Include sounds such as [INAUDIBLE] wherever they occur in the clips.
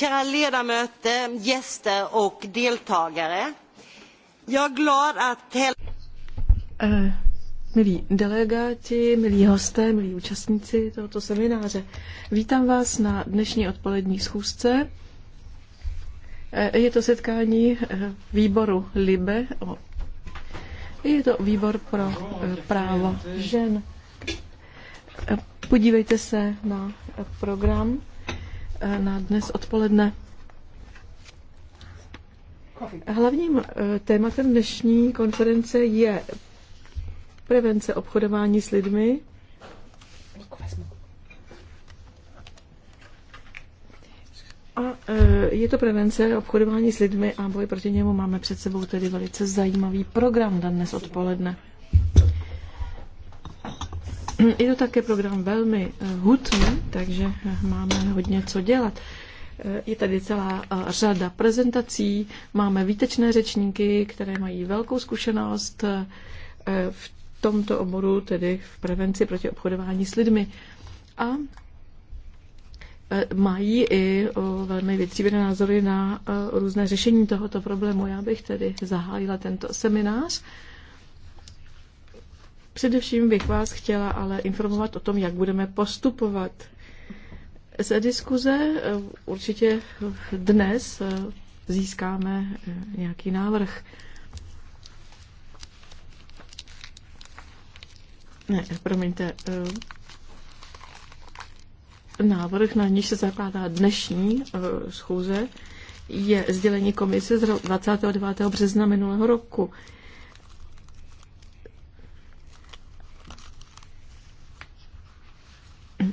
Kära ledamöter, gäster och deltagare. Jag är glad att... Eh, milí delegáti, milí hosté, milí účastníci tohoto semináře, vítám vás na dnešní odpolední schůzce. Eh, je to setkání eh, výboru LIBE. je to výbor pro právo žen. Podívejte se na program na dnes odpoledne. Hlavním eh, tématem dnešní konference je prevence obchodování s lidmi. A eh, je to prevence obchodování s lidmi a boj proti němu. Máme před sebou tedy velice zajímavý program na dnes odpoledne. Je to také program velmi eh, hutný, takže eh, máme hodně co dělat. Eh, je tady celá řada prezentací, máme výtečné řečníky, které mají velkou zkušenost v tomto oboru, tedy v prevenci proti obchodování s lidmi. A mají i velmi vytříbené názory na různé řešení tohoto problému. Já bych tedy zahájila tento seminář Především bych vás chtěla ale informovat o tom, jak budeme postupovat. Ze diskuze eh, určitě dnes eh, získáme eh, nějaký návrh. Ne, promiňte. Návrh, na níž se zakládá dnešní schůze, je sdělení komise z 29. března minulého roku.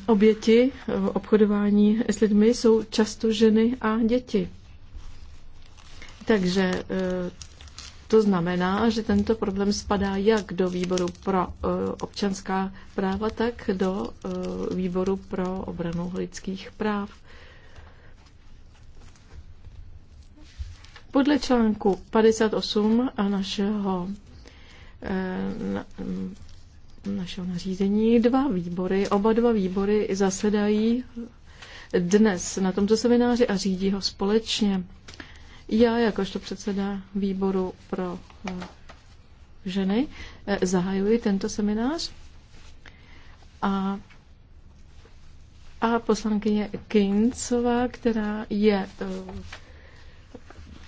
Oběti v obchodování s lidmi jsou často ženy a děti. Takže eh, to znamená, že tento problém spadá jak do výboru pro eh, občanská práva, tak do eh, výboru pro obranu lidských práv. Podle článku 58 našeho našeho nařízení. Dva výbory, oba dva výbory zasedají dnes na tomto semináři a řídí ho společně. Já jakožto předseda výboru pro eh, ženy eh, zahajuji tento seminář a, a poslankyně Kincová, která je eh,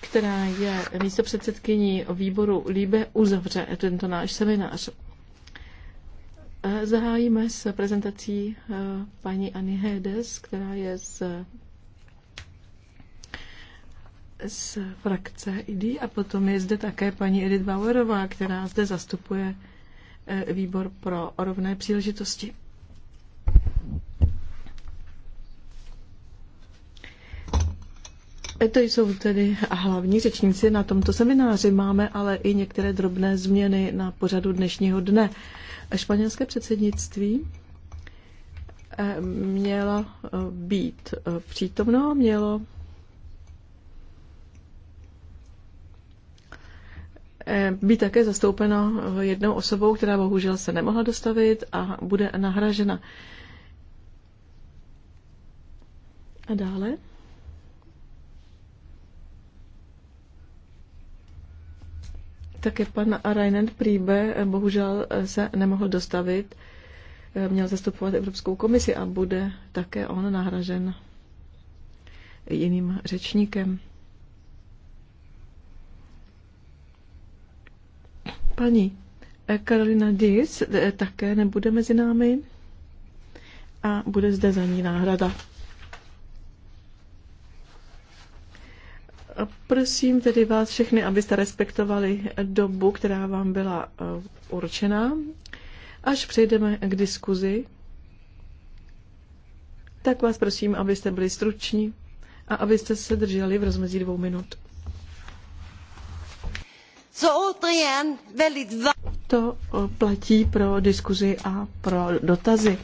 která je místopředsedkyní výboru Líbe, uzavře tento náš seminář. Zahájíme s prezentací eh, paní Anny Hedes, která je z, z frakce ID a potom je zde také paní Edith Bauerová, která zde zastupuje eh, výbor pro rovné příležitosti. Eh, to jsou tedy hlavní řečníci na tomto semináři. Máme ale i některé drobné změny na pořadu dnešního dne. Španělské předsednictví eh, mělo eh, být eh, přítomno, mělo být také zastoupeno jednou osobou, která bohužel se nemohla dostavit a bude nahražena. A dále? Také pan Rainer Príbe eh, bohužel eh, se nemohl dostavit. Eh, měl zastupovat Evropskou komisi a bude také on nahražen jiným řečníkem. Paní Karolina Dis také nebude mezi námi a bude zde za ní náhrada. Prosím tedy vás všechny, abyste respektovali dobu, která vám byla eh, určena, Až přejdeme k diskuzi, tak vás prosím, abyste byli struční a abyste se drželi v rozmezí dvou minut. To eh, platí pro diskuzi a pro dotazy.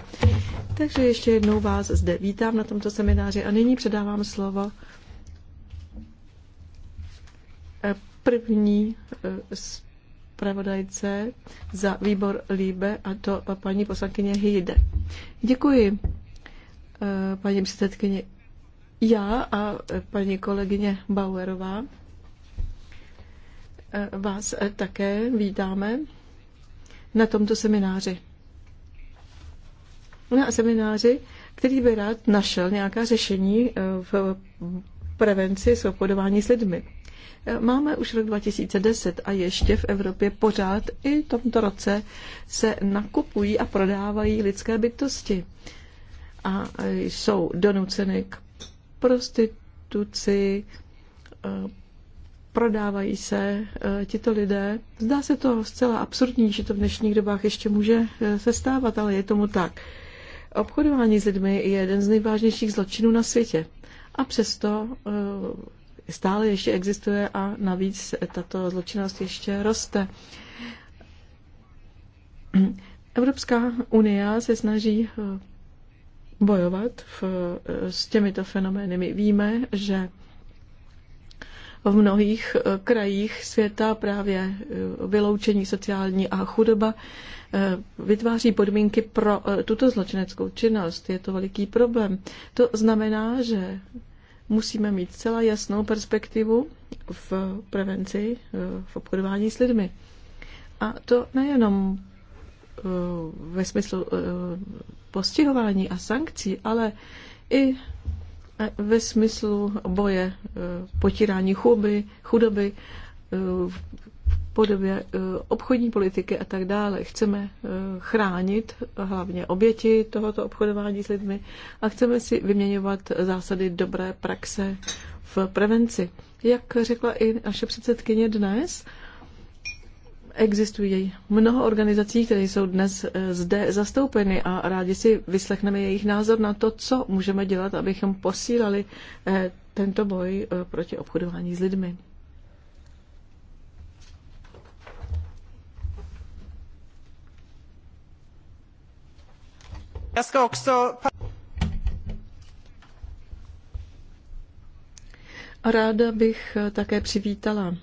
Takže ještě jednou vás zde vítám na tomto semináři a nyní předávám slovo první eh, zpravodajce za výbor Líbe a to paní poslankyně Hyde. Děkuji, eh, paní předsedkyně. Já a eh, paní kolegyně Bauerová vás také vítáme na tomto semináři. Na semináři, který by rád našel nějaká řešení v prevenci s obchodování s lidmi. Máme už rok 2010 a ještě v Evropě pořád i v tomto roce se nakupují a prodávají lidské bytosti a jsou donuceny k prostituci, eh, prodávají se eh, tito lidé. Zdá se to zcela absurdní, že to v dnešních dobách ještě může eh, se stávat, ale je tomu tak. Obchodování s lidmi je jeden z nejvážnějších zločinů na světě. A přesto stále ještě existuje a navíc tato zločinnost ještě roste. Evropská unie se snaží eh, bojovat v, eh, s těmito fenomény. My víme, že v mnohých eh, krajích světa právě vyloučení sociální a chudoba vytváří podmínky pro tuto zločineckou činnost. Je to veliký problém. To znamená, že Musíme mít celá jasnou perspektivu v prevenci, eh, v obchodování s lidmi. A to nejenom eh, ve smyslu eh, postihování a sankcí, ale i ve smyslu boje potírání chuby, chudoby, podobě eh, obchodní politiky a tak dále. Chceme eh, chránit hlavně oběti tohoto obchodování s lidmi a chceme si vyměňovat zásady dobré praxe v prevenci. Jak řekla i naše předsedkyně dnes, existují mnoho organizací, které jsou dnes eh, zde zastoupeny a rádi si vyslechneme jejich názor na to, co můžeme dělat, abychom posílali tento boj proti obchodování s lidmi. Jag ska också... Ráda bych eh, také přivítala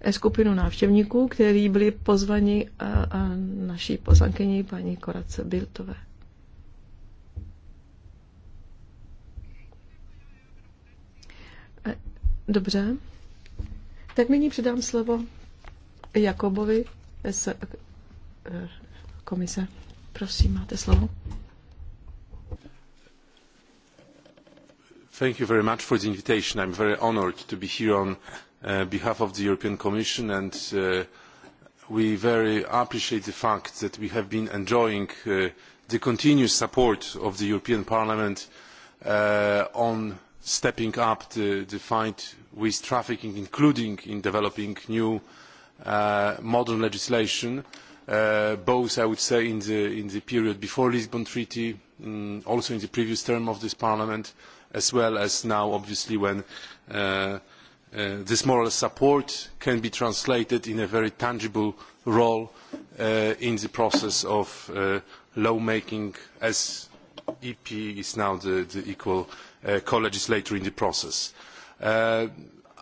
eh, skupinu návštěvníků, kteří byli pozvani a, eh, a naší poslankyni paní Korace Biltové. Dobře. Tak nyní předám slovo Jakobovi z komise. Prosím, máte slovo. Thank you very much for the invitation. I'm very honored to be here on uh, behalf of the European Commission and uh, we very appreciate the fact that we have been enjoying uh, the continuous support of the European Parliament uh, on stepping up the, the, fight with trafficking, including in developing new uh, modern legislation. Uh, Uh, both, I would say, in the, period before the Lisbon Treaty, um, also in the previous term of this Parliament, as well as now, obviously, when uh, uh, this moral support can be translated into a very tangible role in the process of law making as e parliament is now the equal co-legislator in the process.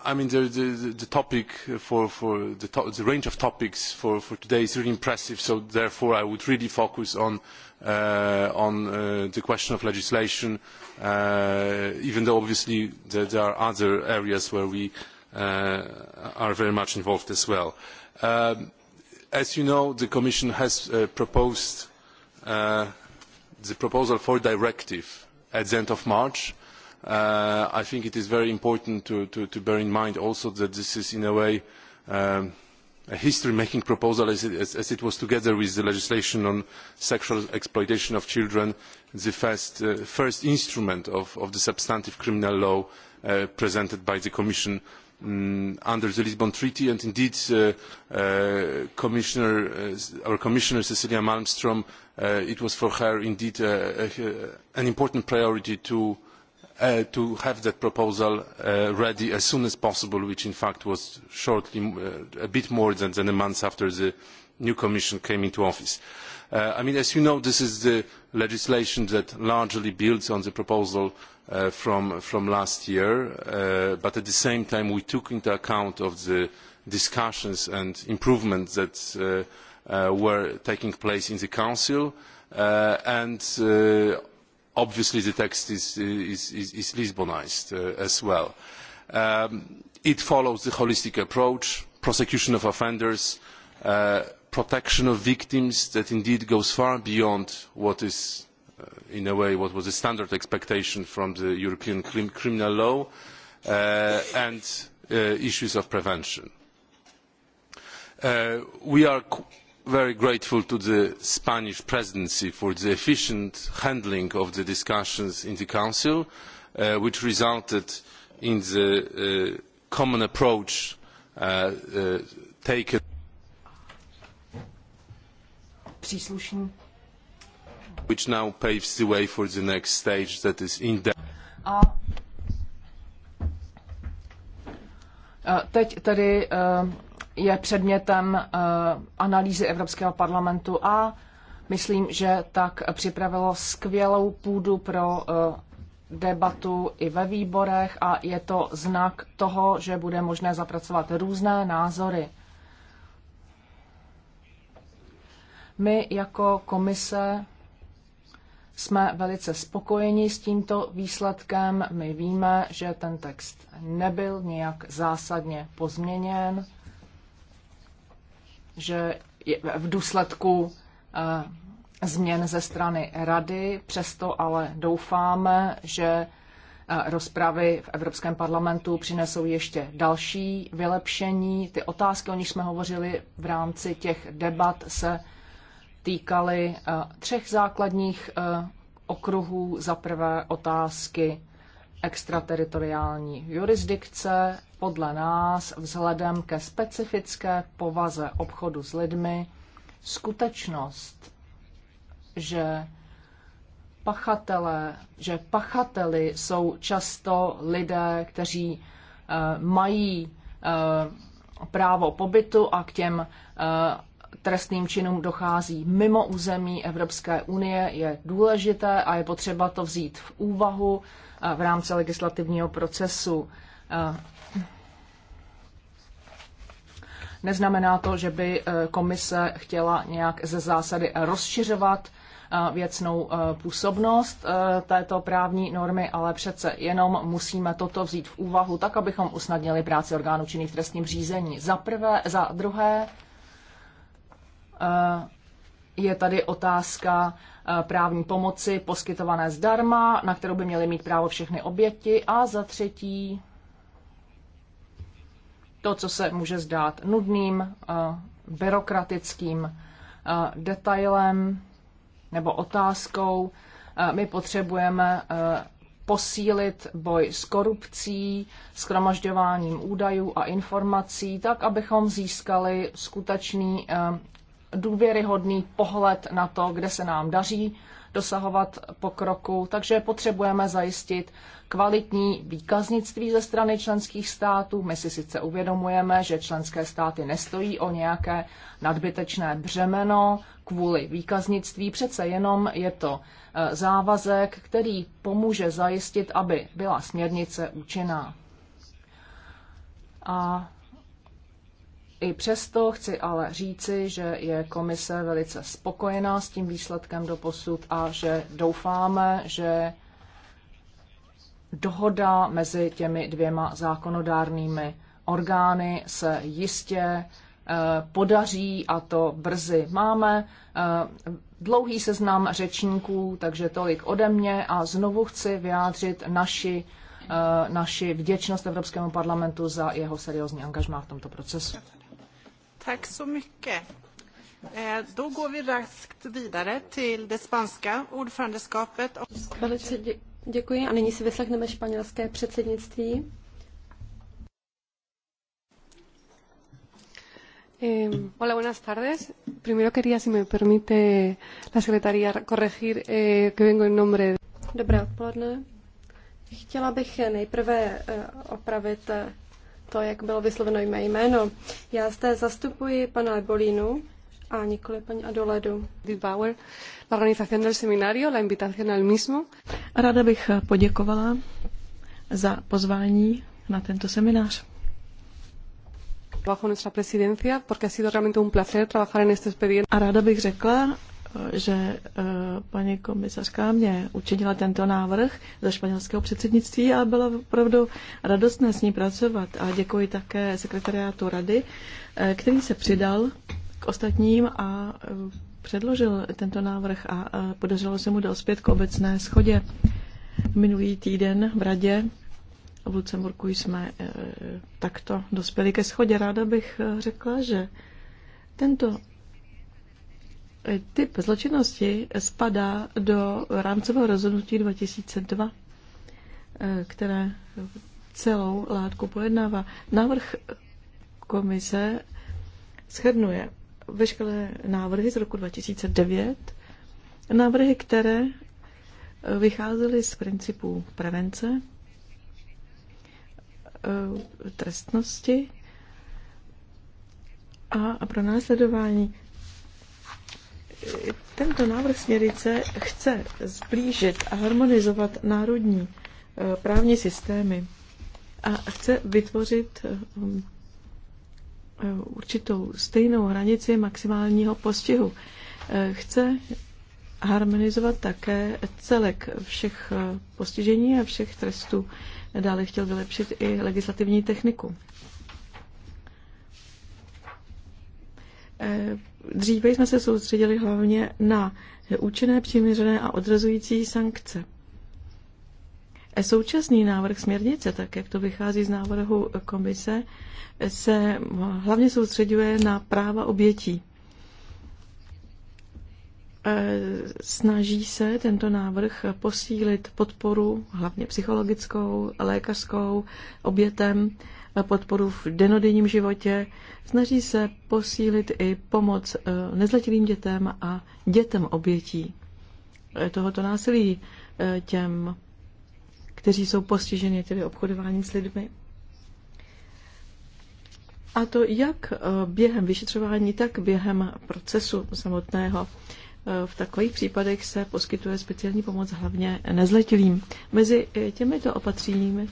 I mean, the, the, the topic for, for the, to the range of topics for, for today is really impressive, so therefore I would really focus on, uh, on uh, the question of legislation, uh, even though obviously there, there are other areas where we uh, are very much involved as well. Um, as you know, the Commission has uh, proposed uh, the proposal for directive at the end of March. Uh, Uh, I think it is very important to, to, to, bear in mind also that this is in a way um, a history-making proposal as it, as, as it, was together with the legislation on sexual exploitation of children, the first, uh, first instrument of, of, the substantive criminal law uh, presented by the Commission um, under the Lisbon Treaty. And indeed, uh, Commissioner, our Commissioner Cecilia Malmström, it was for her indeed an important priority to Uh, to have that proposal uh, ready as soon as possible, which in fact was shortly, uh, a bit more than, than, a month after the new Commission came into office. Uh, I mean, as you know, this is the legislation that largely builds on the proposal uh, from, from, last year, but at the same time we took into account of the discussions and improvements that were taking place in the Council, and obviously the text is, is, is, Lisbonized uh, as well. Um, it follows the holistic approach, prosecution of offenders, uh, protection of victims that indeed goes far beyond what is, uh, in a way, what was the standard expectation from the European crim criminal law uh, and uh, issues of prevention. Uh, we are very grateful to the Spanish presidency for the efficient handling of the discussions in the Council, uh, which resulted in the uh, common approach uh, taken. Which now paves the way for the next stage that is in depth je předmětem eh, analýzy Evropského parlamentu a myslím, že tak připravilo skvělou půdu pro eh, debatu i ve výborech a je to znak toho, že bude možné zapracovat různé názory. My jako komise jsme velice spokojeni s tímto výsledkem. My víme, že ten text nebyl nějak zásadně pozměněn že v důsledku eh, změn ze strany Rady, přesto ale doufáme, že eh, rozpravy v Evropském parlamentu přinesou ještě další vylepšení. Ty otázky, o nich jsme hovořili v rámci těch debat, se týkaly eh, třech základních okruhů. Za prvé otázky extrateritoriální jurisdikce podle nás vzhledem ke specifické povaze obchodu s lidmi skutečnost, že pachatele, že pachateli jsou často lidé, kteří eh, mají eh, právo pobytu a k těm eh, trestným činům dochází mimo území Evropské unie, je důležité a je potřeba to vzít v úvahu eh, v rámci legislativního procesu. Eh, neznamená to, že by eh, komise chtěla nějak ze zásady rozšiřovat věcnou působnost této právní normy, ale přece jenom musíme toto vzít v úvahu, tak abychom usnadnili práci orgánů činných v trestním řízení. Za prvé, za druhé, Eh, je tady otázka eh, právní pomoci poskytované zdarma, na kterou by měly mít právo všechny oběti. A za třetí, to, co se může zdát nudným, eh, byrokratickým detailem nebo otázkou, my potřebujeme posílit boj s korupcí, s údajů a informací, tak abychom získali skutečný důvěryhodný pohled na to, kde se nám daří dosahovat pokroku, takže potřebujeme zajistit kvalitní výkaznictví ze strany členských států. My si sice uvědomujeme, že členské státy nestojí o nějaké nadbytečné břemeno kvůli výkaznictví, přece jenom je to e, závazek, který pomůže zajistit, aby byla směrnice účinná. A i přesto chci ale říci, že je komise velice spokojená s tím výsledkem do posud a že doufáme, že dohoda mezi těmi dvěma zákonodárnými orgány se jistě eh, podaří a to brzy. Máme eh, dlouhý seznam řečníků, takže tolik ode mě a znovu chci vyjádřit naši, eh, naši vděčnost Evropskému parlamentu za jeho seriózní angažmá v tomto procesu. Tack så mycket. Eh, då går vi raskt vidare till det spanska ordförandeskapet. Velice děkuji a nyní si vyslechneme španělské předsednictví. Eh, hola, buenas tardes. Primero quería, si me permite la secretaría, corregir eh, que vengo en nombre de... Dobré odpoledne. Chtěla bych eh, nejprve eh, opravit to, jak bylo vysloveno mé jméno. Já zde zastupuji pana Bolínu a nikoli paní Adoledu. Bauer, la organización del seminario, la invitación al mismo. Ráda bych poděkovala za pozvání na tento seminář. Bajo nuestra presidencia, porque ha sido realmente un placer trabajar en este expediente. A ráda bych řekla, že e, paní komisařka mě učinila tento návrh za španělského předsednictví a bylo opravdu radostné s ní pracovat. A děkuji také sekretariátu rady, e, který se přidal k ostatním a e, předložil tento návrh a podařilo se mu dospět k obecné schodě. Minulý týden v radě v Lucemburku jsme takto dospěli ke schodě. Ráda bych řekla, že tento typ zločinnosti spadá do rámcového rozhodnutí 2002, eh, které celou látku pojednává. Návrh komise shrnuje veškeré návrhy z roku 2009, návrhy, které vycházely z principů prevence, eh, trestnosti a pro následování tento návrh směrnice chce zblížit a harmonizovat národní eh, právní systémy a chce vytvořit eh, um, eh, určitou stejnou hranici maximálního postihu. Chce harmonizovat také celek všech postižení a všech trestů. Dále chtěl vylepšit i legislativní techniku Dříve jsme se soustředili hlavně na účinné, přiměřené a odrazující sankce. E, současný návrh směrnice, tak jak to vychází z návrhu komise, se hlavně soustředuje na práva obětí. E, snaží se tento návrh posílit podporu, hlavně psychologickou, lékařskou obětem podporu v denodenním životě, snaží se posílit i pomoc eh, nezletilým dětem a dětem obětí eh, tohoto násilí, eh, těm, kteří jsou postiženi tedy obchodováním s lidmi. A to jak během vyšetřování, tak během procesu samotného. V takových případech se poskytuje speciální pomoc hlavně nezletilým. Mezi těmito opatřeními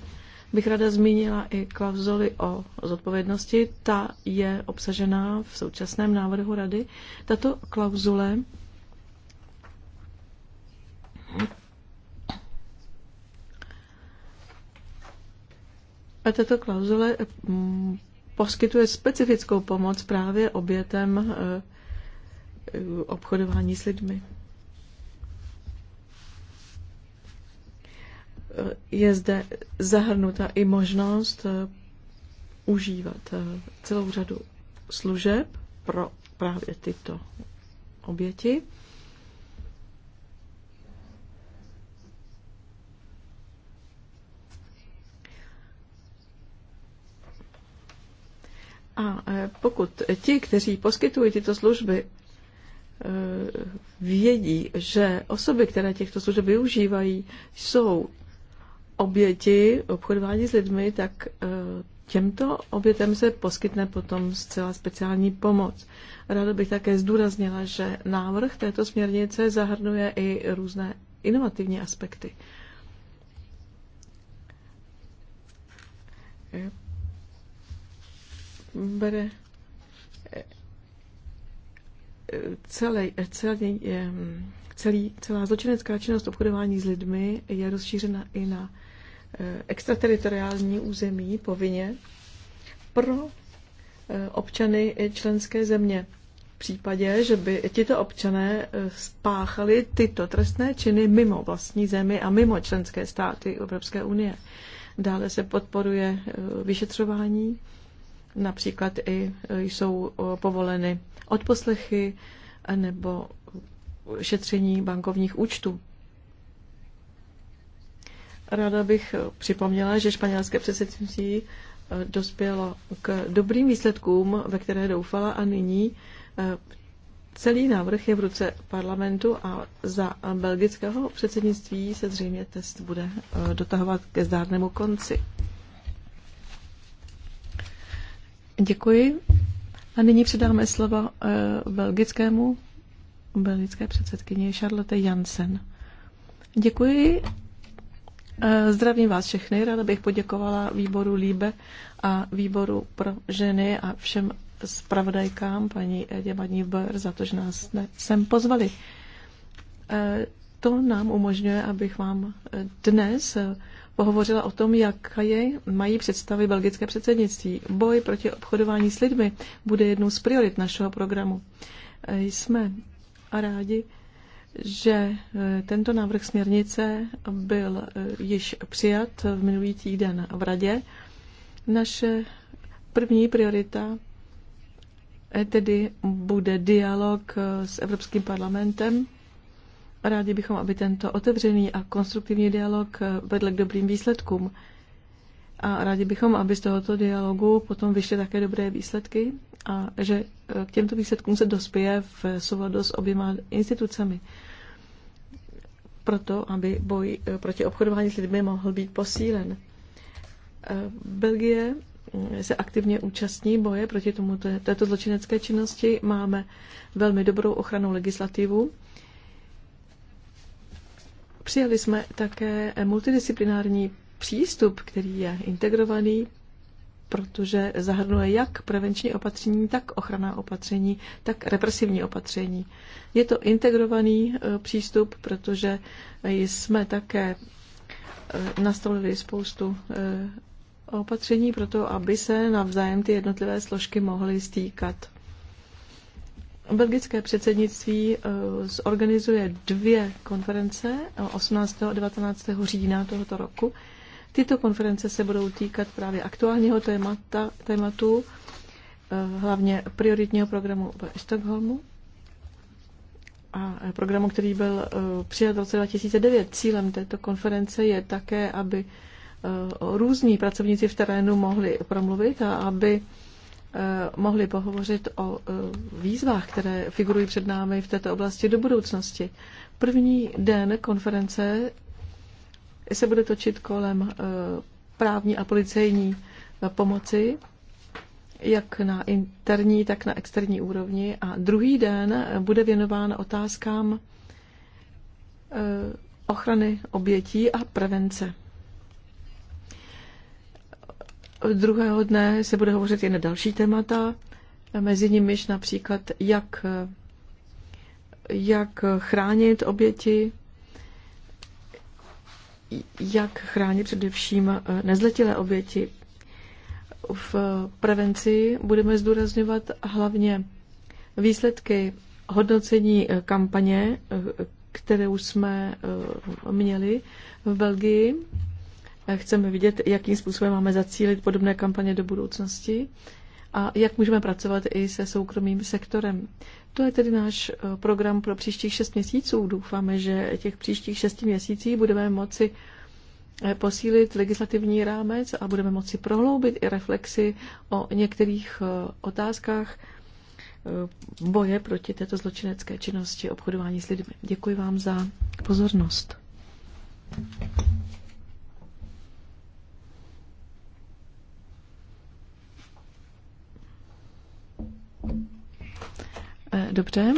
bych ráda zmínila i klauzuli o zodpovědnosti. Ta je obsažená v současném návrhu rady. Tato klauzule A tato klauzule mm, poskytuje specifickou pomoc právě obětem eh, obchodování s lidmi. je zde zahrnuta i možnost eh, užívat eh, celou řadu služeb pro právě tyto oběti. A eh, pokud ti, kteří poskytují tyto služby, vědí, že osoby, které těchto služeb využívají, jsou oběti obchodování s lidmi, tak eh, těmto obětem se poskytne potom zcela speciální pomoc. Ráda bych také zdůraznila, že návrh této směrnice zahrnuje i různé inovativní aspekty. Eh, bere celý, eh, celý, celý, celá zločinecká činnost obchodování s lidmi je rozšířena i na Eh, extrateritoriální území povinně pro eh, občany členské země. V případě, že by tito občané eh, spáchali tyto trestné činy mimo vlastní zemi a mimo členské státy Evropské unie. Dále se podporuje vyšetřování, například i jsou povoleny odposlechy nebo šetření bankovních účtů. Ráda bych připomněla, že španělské předsednictví eh, dospělo k dobrým výsledkům, ve které doufala a nyní eh, celý návrh je v ruce parlamentu a za belgického předsednictví se zřejmě test bude eh, dotahovat ke zdárnému konci. Děkuji. A nyní předáme slova belgickému, belgické předsedkyni Charlotte Jansen. Děkuji Zdravím vás všechny, ráda bych poděkovala výboru Líbe a výboru pro ženy a všem zpravodajkám, paní Edě Badníber, za to, že nás sem pozvali. E, to nám umožňuje, abych vám e, dnes e, pohovořila o tom, jak je mají představy belgické předsednictví. Boj proti obchodování s lidmi bude jednou z priorit našeho programu. Jsme a rádi, že e, tento návrh směrnice byl e, již přijat v minulý týden v Radě. Naše první priorita e, tedy bude dialog s Evropským parlamentem. Rádi bychom, aby tento otevřený a konstruktivní dialog vedl k dobrým výsledkům a rádi bychom, aby z tohoto dialogu potom vyšly také dobré výsledky a že e, k těmto výsledkům se dospěje v souladu s oběma institucemi. Proto, aby boj e, proti obchodování s lidmi mohl být posílen. E, Belgie mm, se aktivně účastní boje proti tomu této zločinecké činnosti. Máme velmi dobrou ochranu legislativu. Přijali jsme také multidisciplinární přístup, který je integrovaný, protože zahrnuje jak prevenční opatření, tak ochranná opatření, tak represivní opatření. Je to integrovaný e, přístup, protože jsme také e, nastavili spoustu e, opatření pro to, aby se navzájem ty jednotlivé složky mohly stýkat. Belgické předsednictví zorganizuje dvě konference 18. a 19. října tohoto roku Tyto konference se budou týkat právě aktuálního témata, tématu, eh, hlavně prioritního programu v Stockholmu a programu, který byl eh, přijat v roce 2009. Cílem této konference je také, aby eh, různí pracovníci v terénu mohli promluvit a aby mohli pohovořit o výzvách, které figurují před námi v této oblasti do budoucnosti. První den konference se bude točit kolem eh, právní a policejní eh, pomoci, jak na interní, tak na externí úrovni. A druhý den eh, bude věnován otázkám ochrany obětí a prevence. Druhého dne se bude hovořit i na další témata, mezi nimiž například, jak, jak chránit oběti jak chránit především eh, nezletilé oběti. V prevenci budeme zdůrazňovat hlavně výsledky hodnocení eh, kampaně, eh, kterou jsme měli v Belgii. Chceme vidět, jakým způsobem máme zacílit podobné kampaně do budoucnosti a jak můžeme pracovat i se soukromým sektorem. To je tedy náš eh, program pro příštích šest měsíců. Doufáme, že těch příštích šesti měsíců budeme moci eh, posílit legislativní rámec a budeme moci prohloubit i reflexy o některých eh, otázkách boje proti této zločinecké činnosti obchodování s lidmi. Děkuji vám za pozornost. Eh, dobře.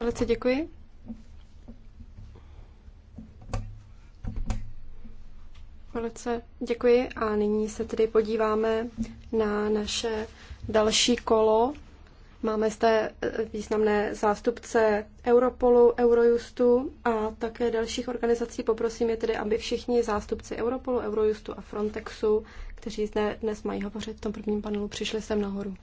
Velice děkuji. Velice děkuji a nyní se tedy podíváme na naše další kolo. Máme zde eh, významné zástupce Europolu, Eurojustu a také dalších organizací. Poprosím je tedy, aby všichni zástupci Europolu, Eurojustu a Frontexu, kteří zde dnes mají hovořit v tom prvním panelu, přišli sem nahoru.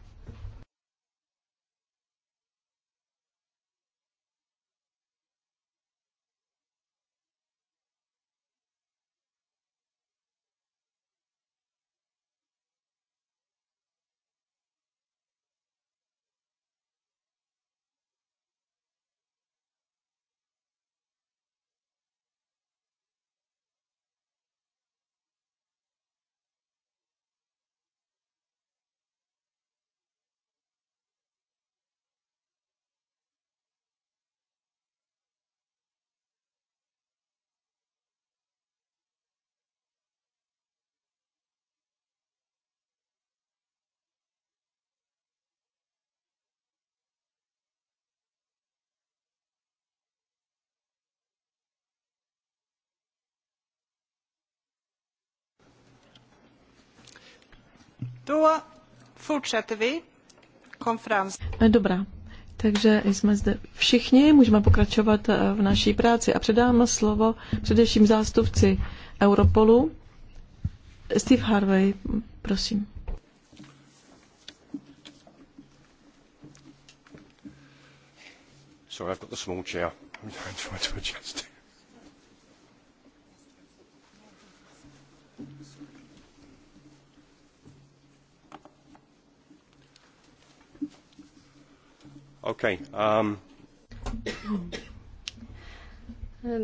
Då fortsätter vi konferens. Eh, dobrá. Takže jsme zde všichni, můžeme pokračovat eh, v naší práci a předám slovo především zástupci Europolu. Steve Harvey, prosím. Sorry, I've got the small chair. I'm [LAUGHS] trying to adjust Um,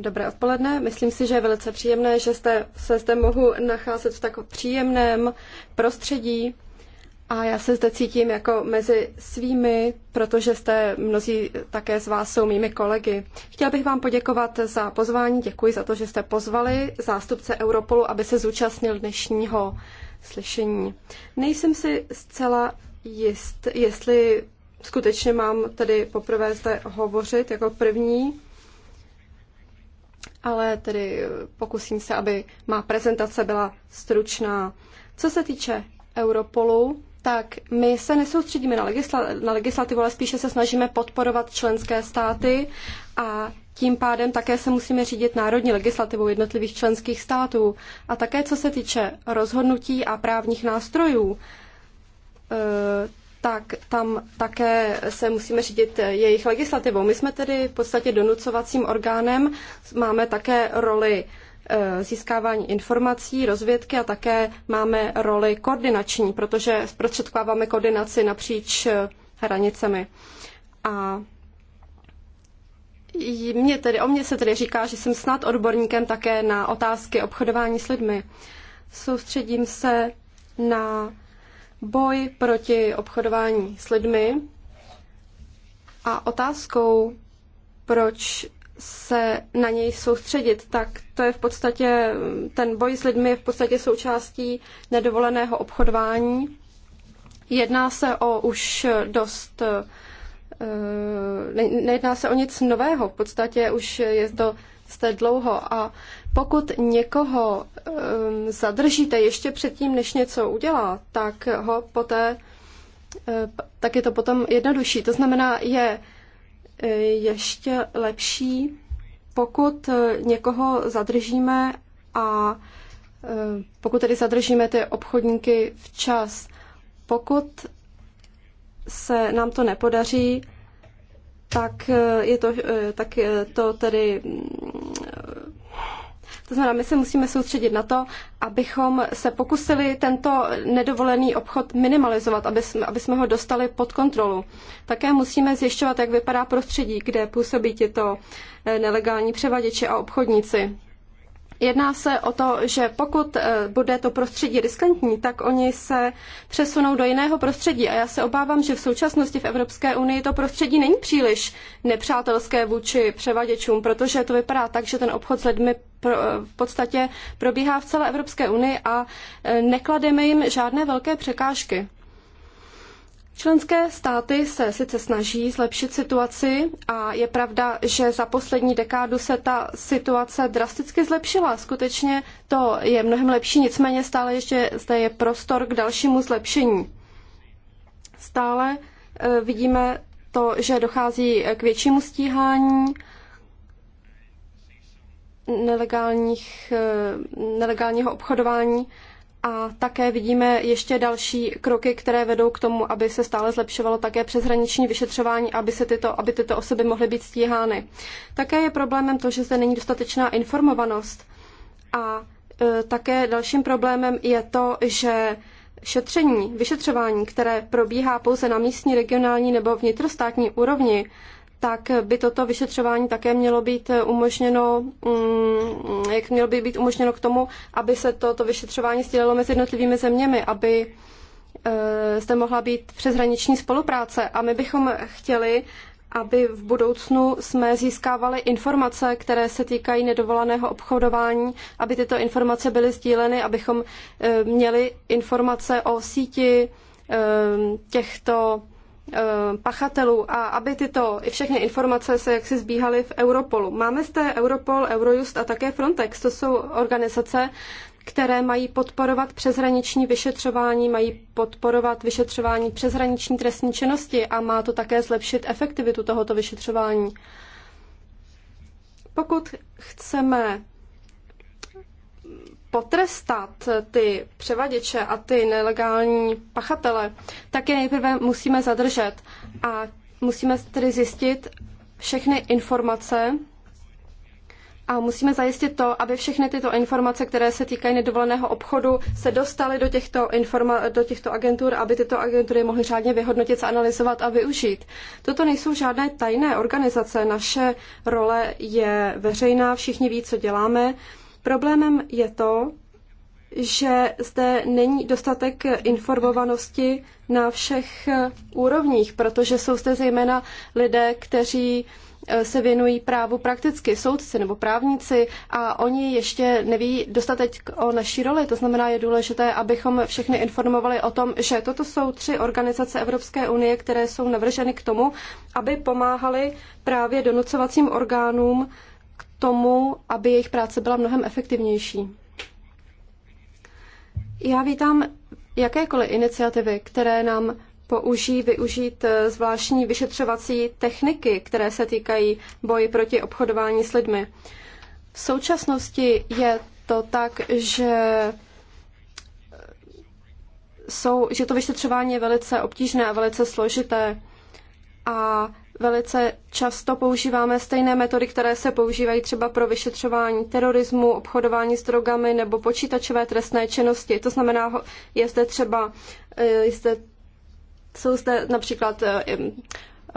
Dobré odpoledne. Myslím si, že je velice příjemné, že jste, se zde mohu nacházet v tak příjemném prostředí. A já se zde cítím jako mezi svými, protože jste mnozí také z vás jsou mými kolegy. Chtěla bych vám poděkovat za pozvání, děkuji za to, že jste pozvali zástupce Europolu, aby se zúčastnil dnešního slyšení. Nejsem si zcela jist, jestli skutečně mám tedy poprvé zde hovořit jako první, ale tedy pokusím se, aby má prezentace byla stručná. Co se týče Europolu, tak my se nesoustředíme na, legisla- na legislativu, ale spíše se snažíme podporovat členské státy a tím pádem také se musíme řídit národní legislativou jednotlivých členských států. A také co se týče rozhodnutí a právních nástrojů, tak tam také se musíme řídit jejich legislativou. My jsme tedy v podstatě donucovacím orgánem, máme také roli eh, získávání informací, rozvědky a také máme roli koordinační, protože zprostředkováváme koordinaci napříč eh, hranicemi. A mě tedy, o mně se tedy říká, že jsem snad odborníkem také na otázky obchodování s lidmi. Soustředím se na boj proti obchodování s lidmi a otázkou, proč se na něj soustředit, tak to je v podstatě, ten boj s lidmi je v podstatě součástí nedovoleného obchodování. Jedná se o už dost, eh, nejedná se o nic nového, v podstatě už je to jste dlouho a pokud někoho um, zadržíte ještě předtím, než něco udělá, tak ho poté, eh, tak je to potom jednodušší. To znamená, je eh, ještě lepší, pokud eh, někoho zadržíme a pokud tedy zadržíme ty obchodníky včas, pokud se nám to nepodaří, tak je to, tak to tedy mm, to znamená, my se musíme soustředit na to, abychom se pokusili tento nedovolený obchod minimalizovat, aby jsme, aby jsme ho dostali pod kontrolu. Také musíme zjišťovat, jak vypadá prostředí, kde působí tyto eh, nelegální převaděči a obchodníci. Jedná se o to, že pokud eh, bude to prostředí riskantní, tak oni se přesunou do jiného prostředí. A já se obávám, že v současnosti v Evropské unii to prostředí není příliš nepřátelské vůči převaděčům, protože to vypadá tak, že ten obchod s lidmi eh, v podstatě probíhá v celé Evropské unii a eh, neklademe jim žádné velké překážky. Členské státy se sice snaží zlepšit situaci a je pravda, že za poslední dekádu se ta situace drasticky zlepšila. Skutečně to je mnohem lepší, nicméně stále ještě zde je prostor k dalšímu zlepšení. Stále e, vidíme to, že dochází k většímu stíhání nelegálních, e, nelegálního obchodování a také vidíme ještě další kroky, které vedou k tomu, aby se stále zlepšovalo také přeshraniční vyšetřování, aby, se tyto, aby tyto osoby mohly být stíhány. Také je problémem to, že zde není dostatečná informovanost. A e, také dalším problémem je to, že šetření, vyšetřování, které probíhá pouze na místní, regionální nebo vnitrostátní úrovni, tak by toto vyšetřování také mělo být umožněno, mm, jak mělo by být umožněno k tomu, aby se toto vyšetřování sdělilo mezi jednotlivými zeměmi, aby eh, zde mohla být přeshraniční spolupráce. A my bychom chtěli, aby v budoucnu jsme získávali informace, které se týkají nedovolaného obchodování, aby tyto informace byly sdíleny, abychom eh, měli informace o síti eh, těchto Eh, pachatelů a aby tyto i všechny informace se jaksi zbíhaly v Europolu. Máme zde Europol, Eurojust a také Frontex. To jsou organizace, které mají podporovat přeshraniční vyšetřování, mají podporovat vyšetřování přeshraniční trestní činnosti a má to také zlepšit efektivitu tohoto vyšetřování. Pokud chceme potrestat ty převaděče a ty nelegální pachatele, tak je nejprve musíme zadržet a musíme tedy zjistit všechny informace a musíme zajistit to, aby všechny tyto informace, které se týkají nedovoleného obchodu, se dostaly do těchto, informa- do těchto agentur, aby tyto agentury mohly řádně vyhodnotit, analyzovat a využít. Toto nejsou žádné tajné organizace. Naše role je veřejná, všichni ví, co děláme. Problémem je to, že zde není dostatek informovanosti na všech úrovních, protože jsou zde zejména lidé, kteří eh, se věnují právu prakticky, soudci nebo právníci a oni ještě neví dostatek o naší roli. To znamená, je důležité, abychom všechny informovali o tom, že toto jsou tři organizace Evropské unie, které jsou navrženy k tomu, aby pomáhali právě donucovacím orgánům tomu, aby jejich práce byla mnohem efektivnější. Já vítám jakékoliv iniciativy, které nám použí využít eh, zvláštní vyšetřovací techniky, které se týkají boji proti obchodování s lidmi. V současnosti je to tak, že eh, jsou, že to vyšetřování je velice obtížné a velice složité a Velice často používáme stejné metody, které se používají třeba pro vyšetřování terorismu, obchodování s drogami nebo počítačové trestné činnosti. To znamená, je zde třeba, eh, je zde, jsou zde například eh, eh,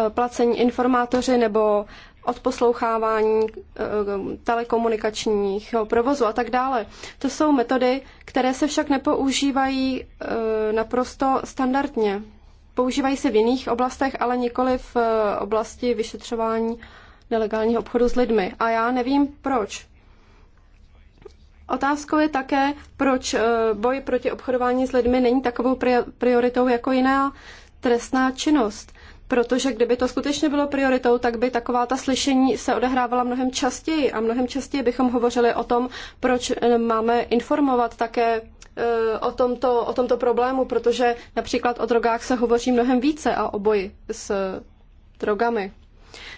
placení informátoři nebo odposlouchávání telekomunikačních provozu a tak dále. To jsou metody, které se však nepoužívají naprosto standardně používají se v jiných oblastech, ale nikoli v eh, oblasti vyšetřování nelegálního obchodu s lidmi. A já nevím proč. Otázkou je také, proč eh, boj proti obchodování s lidmi není takovou prioritou jako jiná trestná činnost protože kdyby to skutečně bylo prioritou, tak by taková ta slyšení se odehrávala mnohem častěji a mnohem častěji bychom hovořili o tom, proč eh, máme informovat také eh, o tomto, o tomto problému, protože například o drogách se hovoří mnohem více a o boji s eh, drogami.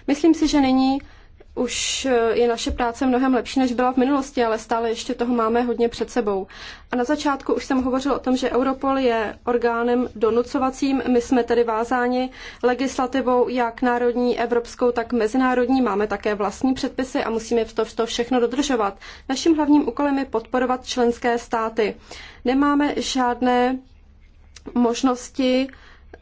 Myslím si, že nyní už eh, je naše práce mnohem lepší, než byla v minulosti, ale stále ještě toho máme hodně před sebou. A na začátku už jsem hovořil o tom, že Europol je orgánem donucovacím. My jsme tedy vázáni legislativou jak národní, evropskou, tak mezinárodní. Máme také vlastní předpisy a musíme to, to všechno dodržovat. Naším hlavním úkolem je podporovat členské státy. Nemáme žádné možnosti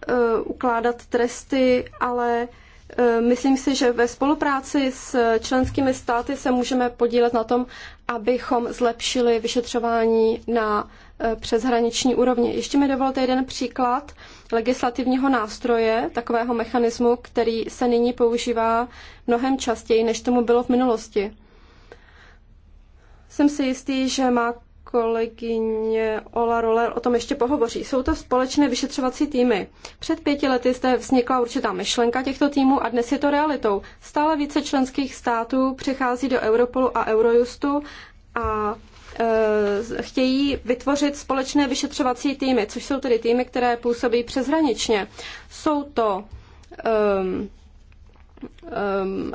uh, ukládat tresty, ale uh, E, myslím si, že ve spolupráci s členskými státy se můžeme podílet na tom, abychom zlepšili vyšetřování na e, přeshraniční úrovni. Ještě mi dovolte jeden příklad legislativního nástroje, takového mechanismu, který se nyní používá mnohem častěji, než tomu bylo v minulosti. Jsem si jistý, že má kolegyně Ola Roller o tom ještě pohovoří. Jsou to společné vyšetřovací týmy. Před pěti lety zde vznikla určitá myšlenka těchto týmů a dnes je to realitou. Stále více členských států přechází do Europolu a Eurojustu a e, chtějí vytvořit společné vyšetřovací týmy, což jsou tedy týmy, které působí přeshraničně. Jsou to um, um,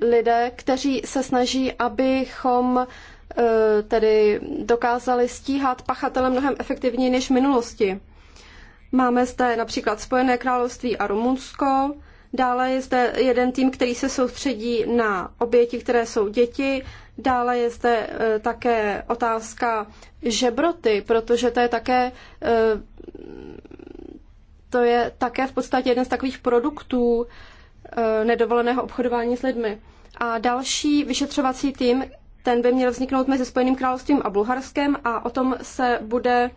lidé, kteří se snaží, abychom Eh, tedy dokázali stíhat pachatele mnohem efektivněji než v minulosti. Máme zde například Spojené království a Rumunsko, dále je zde jeden tým, který se soustředí na oběti, které jsou děti, dále je zde eh, také otázka žebroty, protože to je také eh, to je také v podstatě jeden z takových produktů nedovoleného obchodování s lidmi. A další vyšetřovací tým, ten by měl vzniknout mezi Spojeným královstvím a Bulharskem a o tom se bude,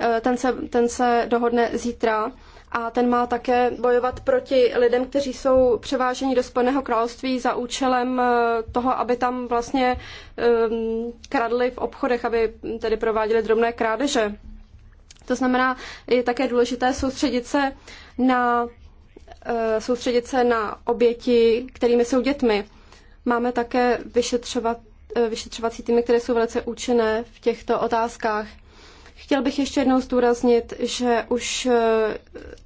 eh, ten se, ten se dohodne zítra a ten má také bojovat proti lidem, kteří jsou převáženi do Spojeného království za účelem eh, toho, aby tam vlastně ehm, kradli v obchodech, aby tedy prováděli drobné krádeže. To znamená, je také důležité soustředit se na, eh, soustředit se na oběti, kterými jsou dětmi. Máme také vyšetřovat E, vyšetřovací týmy, které jsou velice účinné v těchto otázkách. Chtěl bych ještě jednou zdůraznit, že už e,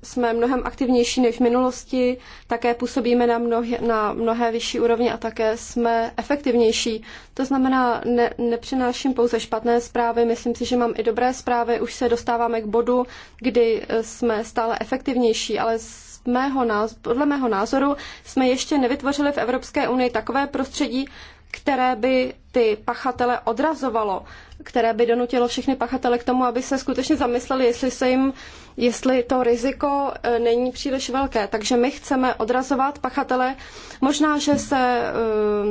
jsme mnohem aktivnější než v minulosti, také působíme na, mnohé, na mnohé vyšší úrovni a také jsme efektivnější. To znamená, ne, nepřináším pouze špatné zprávy, myslím si, že mám i dobré zprávy, už se dostáváme k bodu, kdy e, jsme stále efektivnější, ale z mého, podle mého názoru jsme ještě nevytvořili v Evropské unii takové prostředí, které by ty pachatele odrazovalo, které by donutilo všechny pachatele k tomu, aby se skutečně zamysleli, jestli se jim, jestli to riziko e, není příliš velké. Takže my chceme odrazovat pachatele. Možná, že se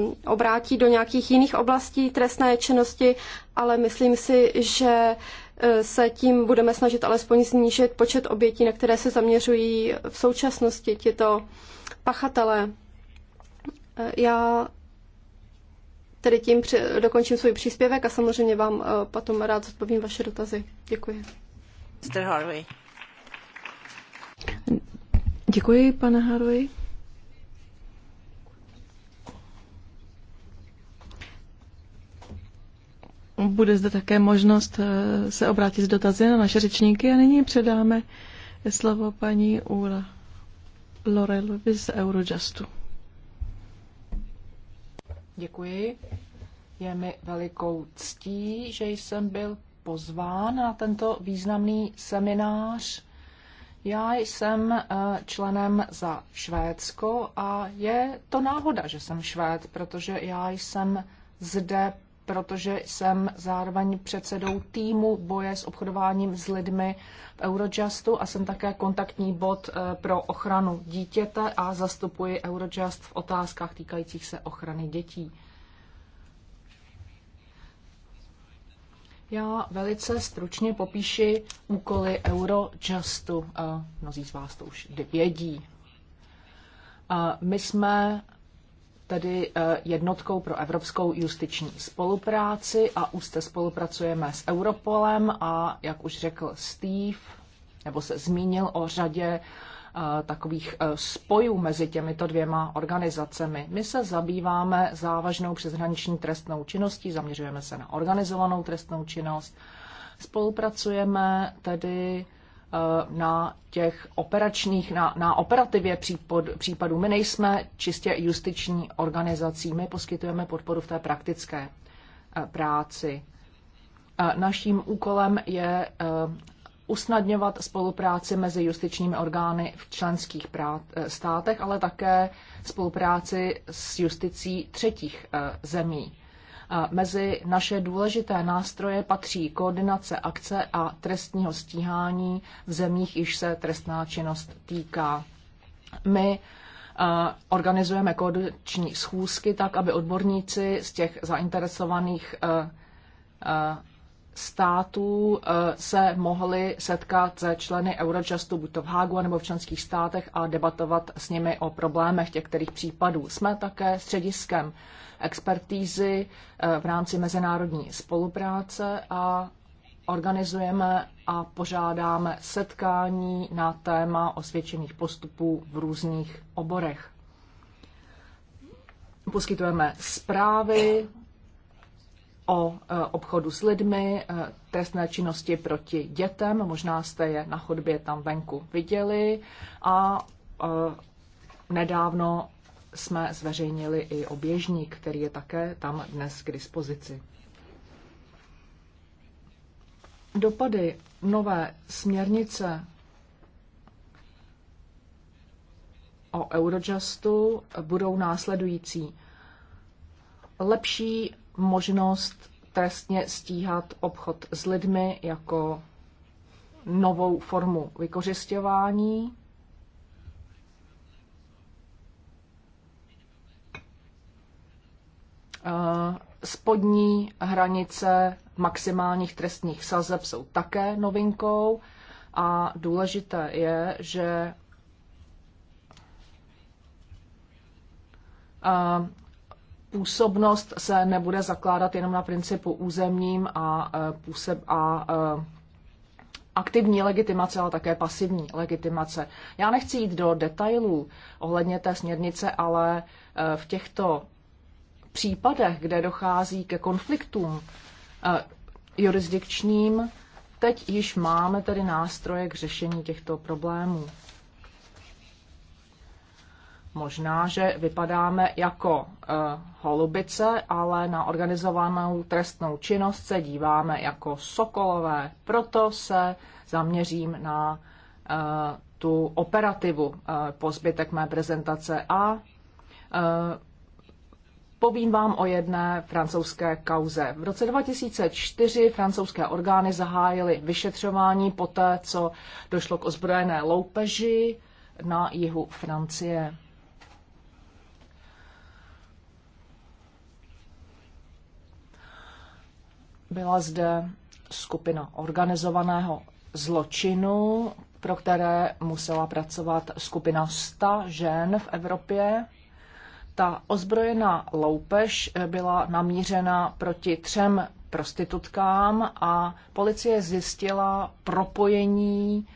um, obrátí do nějakých jiných oblastí trestné činnosti, ale myslím si, že e, se tím budeme snažit alespoň snížit počet obětí, na které se zaměřují v současnosti tyto pachatele. Já Tedy tím dokončím svůj příspěvek a samozřejmě vám eh, potom rád odpovím vaše dotazy. Děkuji. Mr. Harvey. Děkuji, pane Harvey. Bude zde také možnost eh, se obrátit s dotazy na naše řečníky a nyní předáme slovo paní Úra Lorelovi z Eurojustu. Děkuji. Je mi velikou ctí, že jsem byl pozván na tento významný seminář. Já jsem eh, členem za Švédsko a je to náhoda, že jsem Švéd, protože já jsem zde protože jsem zároveň předsedou týmu boje s obchodováním s lidmi v Eurojustu a jsem také kontaktní bod eh, pro ochranu dítěte a zastupuji Eurojust v otázkách týkajících se ochrany dětí. Já velice stručně popíši úkoly Eurojustu. Eh, mnozí z vás to už vědí. Eh, my jsme tedy eh, jednotkou pro evropskou justiční spolupráci a úzce spolupracujeme s Europolem a, jak už řekl Steve, nebo se zmínil o řadě eh, takových eh, spojů mezi těmito dvěma organizacemi. My se zabýváme závažnou přeshraniční trestnou činností, zaměřujeme se na organizovanou trestnou činnost, spolupracujeme tedy Eh, na těch operačních, na, na operativě případ, případů. My nejsme čistě justiční organizací, my poskytujeme podporu v té praktické eh, práci. Eh, naším úkolem je usnadňovat spolupráci mezi justičními orgány v členských státech, ale také spolupráci s justicí třetích zemí. Mezi naše důležité nástroje patří koordinace akce a trestního stíhání v zemích, již se trestná činnost týká. My eh, organizujeme koordinační schůzky tak, aby odborníci z těch zainteresovaných eh, eh, států se mohli setkat se členy Eurojustu buď to v Hágu nebo v členských státech a debatovat s nimi o problémech těch kterých případů. Jsme také střediskem expertízy eh, v rámci mezinárodní spolupráce a organizujeme a pořádáme setkání na téma osvědčených postupů v různých oborech. Poskytujeme zprávy o eh, obchodu s lidmi, eh, trestné činnosti proti dětem, možná jste je na chodbě tam venku viděli a nedávno jsme zveřejnili i oběžník, který je také tam dnes k dispozici. Dopady nové směrnice o Eurojustu budou následující. Lepší možnost trestně stíhat obchod s lidmi jako novou formu vykořišťování, Spodní hranice maximálních trestních sazeb jsou také novinkou a důležité je, že působnost se nebude zakládat jenom na principu územním a, e, působ a e, aktivní legitimace, ale také pasivní legitimace. Já nechci jít do detailů ohledně té směrnice, ale e, v těchto případech, kde dochází ke konfliktům eh, jurisdikčním, teď již máme tedy nástroje k řešení těchto problémů. Možná, že vypadáme jako uh, holubice, ale na organizovanou trestnou činnost se díváme jako sokolové. Proto se zaměřím na uh, tu operativu uh, po zbytek mé prezentace a uh, Povím vám o jedné francouzské kauze. V roce 2004 francouzské orgány zahájily vyšetřování poté, co došlo k ozbrojené loupeži na jihu Francie. Byla zde skupina organizovaného zločinu, pro které musela pracovat skupina 100 žen v Evropě. Ta ozbrojená loupež eh, byla namířena proti třem prostitutkám a policie zjistila propojení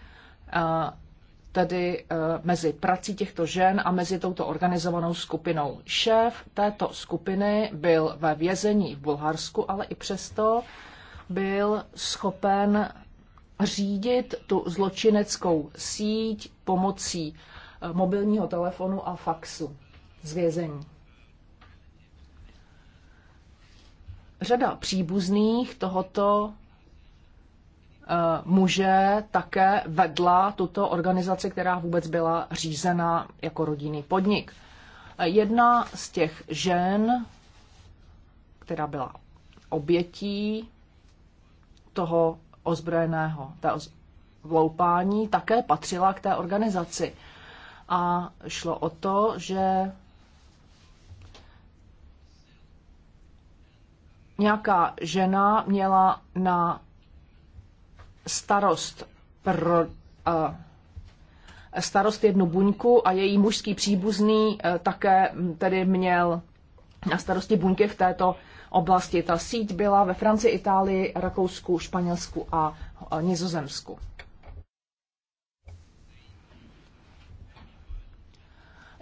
eh, tedy eh, mezi prací těchto žen a mezi touto organizovanou skupinou. Šéf této skupiny byl ve vězení v Bulharsku, ale i přesto byl schopen řídit tu zločineckou síť pomocí mobilního telefonu a faxu z vězení. Řada příbuzných tohoto eh, muže také vedla tuto organizaci, která vůbec byla řízena jako rodinný podnik. Jedna z těch žen, která byla obětí toho ozbrojeného té vloupání, také patřila k té organizaci. A šlo o to, že nějaká žena měla na starost pro, uh, starost jednu buňku a její mužský příbuzný uh, také hm, tedy měl na starosti buňky v této oblasti. Ta síť byla ve Francii, Itálii, Rakousku, Španělsku a uh, Nizozemsku.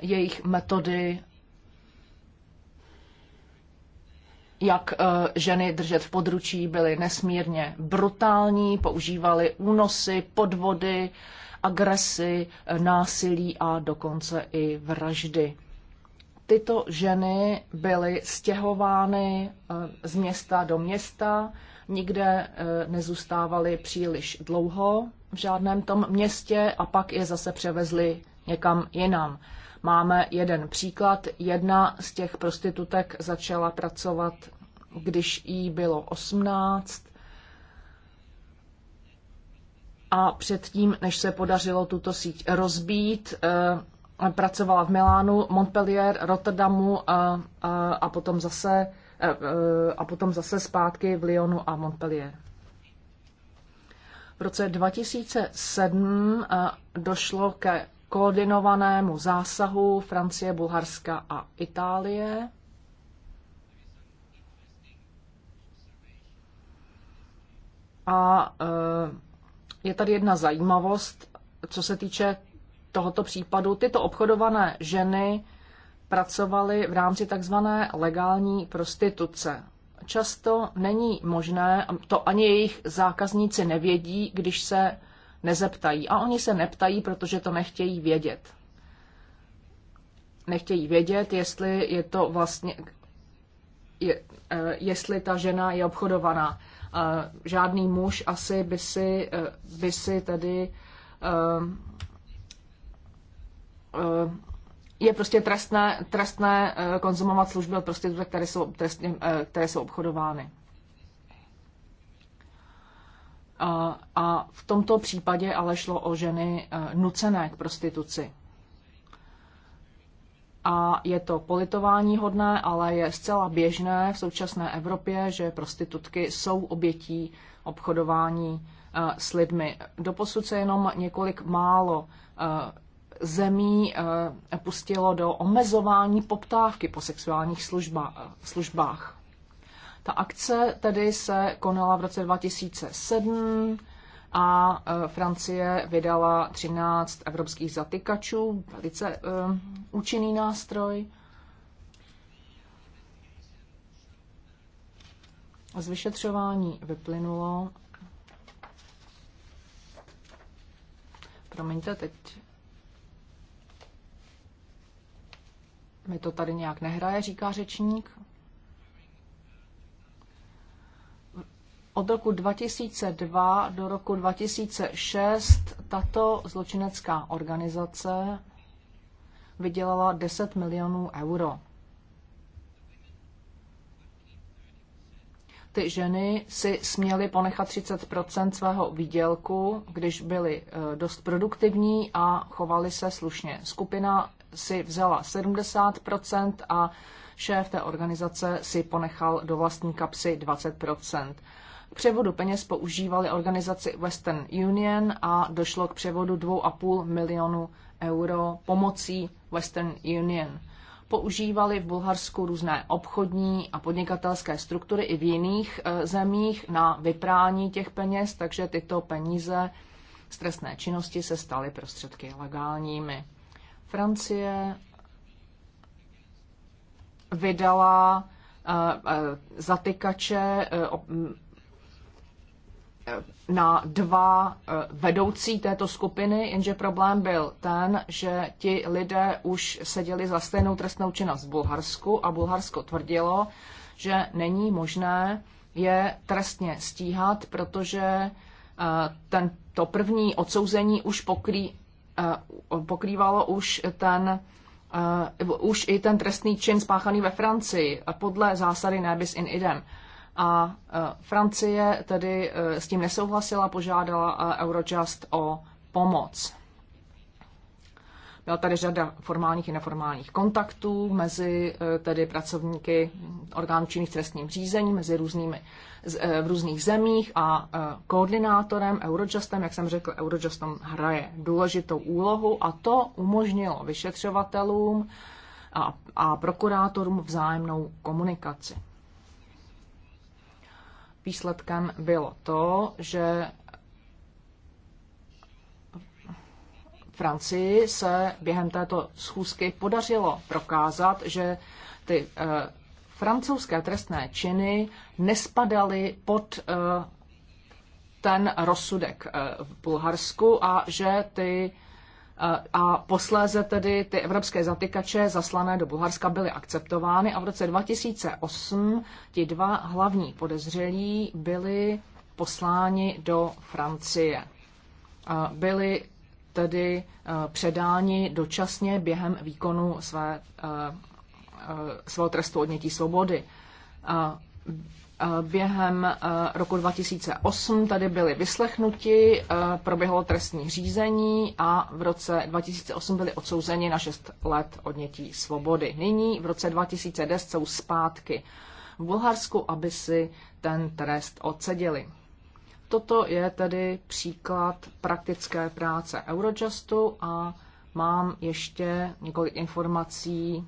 Jejich metody jak eh, ženy držet v područí, byly nesmírně brutální, používaly únosy, podvody, agresi, eh, násilí a dokonce i vraždy. Tyto ženy byly stěhovány eh, z města do města, nikde nezůstávaly příliš dlouho v žádném tom městě a pak je zase převezli někam jinam. Máme jeden příklad. Jedna z těch prostitutek začala pracovat, když jí bylo 18 a předtím, než se podařilo tuto síť rozbít, eh, pracovala v Milánu, Montpellier, Rotterdamu a, eh, a, eh, a, potom zase, a potom zase zpátky v Lyonu a Montpellier. V roce 2007 došlo ke koordinovanému zásahu Francie, Bulharska a Itálie. A e, je tady jedna zajímavost, co se týče tohoto případu. Tyto obchodované ženy pracovaly v rámci takzvané legální prostituce. Často není možné, to ani jejich zákazníci nevědí, když se nezeptají. A oni se neptají, protože to nechtějí vědět. Nechtějí vědět, jestli je to vlastně, je, eh, jestli ta žena je obchodovaná. Eh, žádný muž asi by si, eh, by si tedy je prostě trestné, trestné konzumovat služby od prostitutek, které jsou, trestně, které jsou obchodovány a v tomto případě ale šlo o ženy e, nucené k prostituci. A je to politování hodné, ale je zcela běžné v současné Evropě, že prostitutky jsou obětí obchodování e, s lidmi. Doposud se jenom několik málo e, zemí pustilo do omezování poptávky po sexuálních služba, službách. Ta akce tedy se konala v roce 2007 a e, Francie vydala 13 evropských zatykačů, velice uh, účinný nástroj. Z vyšetřování vyplynulo, promiňte, teď mi to tady nějak nehraje, říká řečník. Od roku 2002 do roku 2006 tato zločinecká organizace vydělala 10 milionů euro. Ty ženy si směly ponechat 30 svého výdělku, když byly eh, dost produktivní a chovaly se slušně. Skupina si vzala 70 a šéf té organizace si ponechal do vlastní kapsy 20 k převodu peněz používali organizaci Western Union a došlo k převodu 2,5 milionu euro pomocí Western Union. Používali v Bulharsku různé obchodní a podnikatelské struktury i v jiných e, zemích na vyprání těch peněz, takže tyto peníze z trestné činnosti se staly prostředky legálními. Francie vydala e, e, zatykače na dva eh, vedoucí této skupiny, jenže problém byl ten, že ti lidé už seděli za stejnou trestnou činnost v Bulharsku a Bulharsko tvrdilo, že není možné je trestně stíhat, protože eh, ten, to první odsouzení už pokrý, eh, pokrývalo už ten už i ten trestný čin spáchaný ve Francii podle zásady nebis in idem a e, Francie tedy e, s tím nesouhlasila, požádala e, Eurojust o pomoc. Byla tady řada formálních i neformálních kontaktů mezi tedy pracovníky orgánů činných trestním řízení, mezi různými v různých zemích a koordinátorem Eurojustem, jak jsem řekl, Eurojustem hraje důležitou úlohu a to umožnilo vyšetřovatelům a, a prokurátorům vzájemnou komunikaci. Výsledkem bylo to, že Francii se během této schůzky podařilo prokázat, že ty eh, francouzské trestné činy nespadaly pod eh, ten rozsudek eh, v Bulharsku a že ty Eh, a posléze tedy ty evropské zatykače zaslané do Bulharska byly akceptovány a v roce 2008 ti dva hlavní podezřelí byli posláni do Francie. Eh, byli tedy eh, předáni dočasně během výkonu své, svého trestu odnětí svobody Eh, během eh, roku 2008 tady byli vyslechnuti, eh, proběhlo trestní řízení a v roce 2008 byli odsouzeni na 6 let odnětí svobody. Nyní v roce 2010 jsou zpátky v Bulharsku, aby si ten trest odseděli. Toto je tedy příklad praktické práce Eurojustu a mám ještě několik informací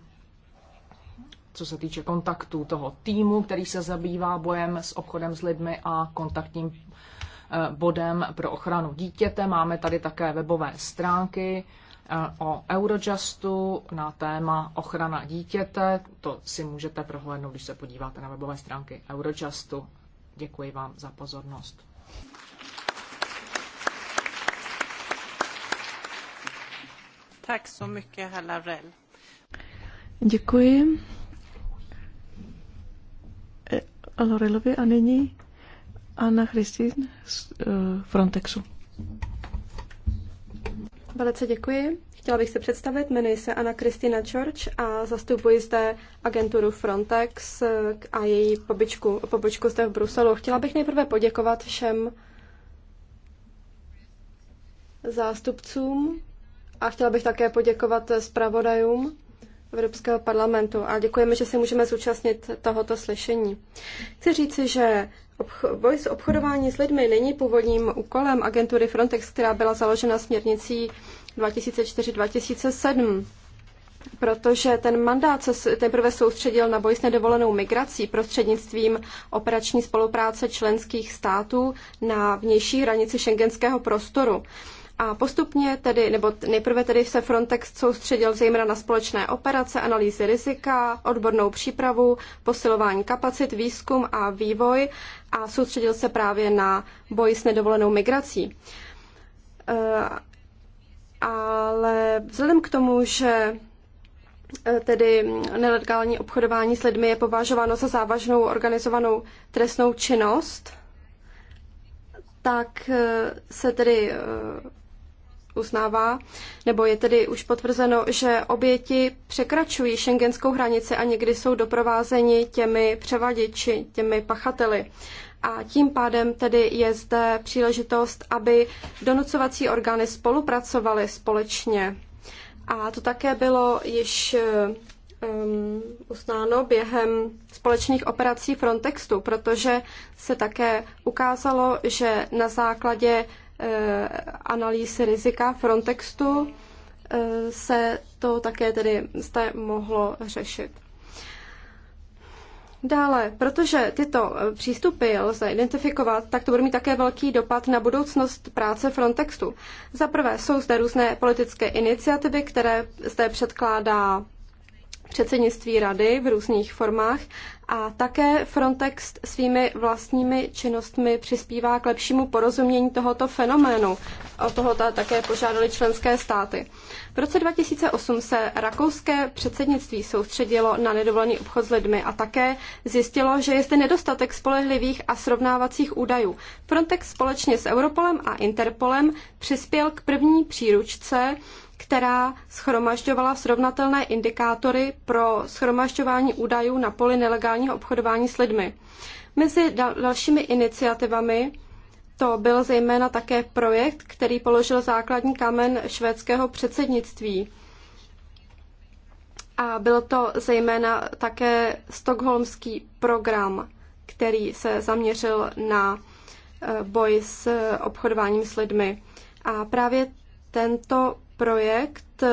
co se týče kontaktů toho týmu, který se zabývá bojem s obchodem s lidmi a kontaktním eh, bodem pro ochranu dítěte. Máme tady také webové stránky eh, o Eurojustu na téma ochrana dítěte. To si můžete prohlédnout, když se podíváte na webové stránky Eurojustu. Děkuji vám za pozornost. Tak so mycket, Děkuji. Lorelovi a nyní Anna Christine z eh, Frontexu. Velice děkuji. Chtěla bych se představit, jmenuji se Anna Kristina George a zastupuji zde agenturu Frontex eh, a její pobočku, pobočku zde v Bruselu. Chtěla bych nejprve poděkovat všem zástupcům a chtěla bych také poděkovat zpravodajům Evropského parlamentu a děkujeme, že se můžeme zúčastnit tohoto slyšení. Chci říci, že boj s obchodování s lidmi není původním úkolem agentury Frontex, která byla založena směrnicí 2004-2007 protože ten mandát se teprve soustředil na boj s nedovolenou migrací prostřednictvím operační spolupráce členských států na vnější hranici šengenského prostoru. A postupně tedy, nebo nejprve tedy se Frontex soustředil zejména na společné operace, analýzy rizika, odbornou přípravu, posilování kapacit, výzkum a vývoj a soustředil se právě na boj s nedovolenou migrací. E, ale vzhledem k tomu, že e, tedy nelegální obchodování s lidmi je považováno za závažnou organizovanou trestnou činnost, tak e, se tedy uznává, nebo je tedy už potvrzeno, že oběti překračují šengenskou hranici a někdy jsou doprovázeni těmi převaděči, těmi pachateli. A tím pádem tedy je zde příležitost, aby donucovací orgány spolupracovaly společně. A to také bylo již um, uznáno během společných operací Frontextu, protože se také ukázalo, že na základě Eh, analýz rizika Frontextu eh, se to také tedy jste mohlo řešit. Dále, protože tyto eh, přístupy lze identifikovat, tak to bude mít také velký dopad na budoucnost práce Frontextu. Za prvé jsou zde různé politické iniciativy, které zde předkládá předsednictví rady v různých formách a také Frontex svými vlastními činnostmi přispívá k lepšímu porozumění tohoto fenoménu. O toho také požádali členské státy. V roce 2008 se rakouské předsednictví soustředilo na nedovolený obchod s lidmi a také zjistilo, že je zde nedostatek spolehlivých a srovnávacích údajů. Frontex společně s Europolem a Interpolem přispěl k první příručce která schromažďovala srovnatelné indikátory pro schromažďování údajů na poli nelegálního obchodování s lidmi. Mezi dalšími iniciativami to byl zejména také projekt, který položil základní kamen švédského předsednictví. A byl to zejména také stokholmský program, který se zaměřil na eh, boj s eh, obchodováním s lidmi. A právě tento projekt,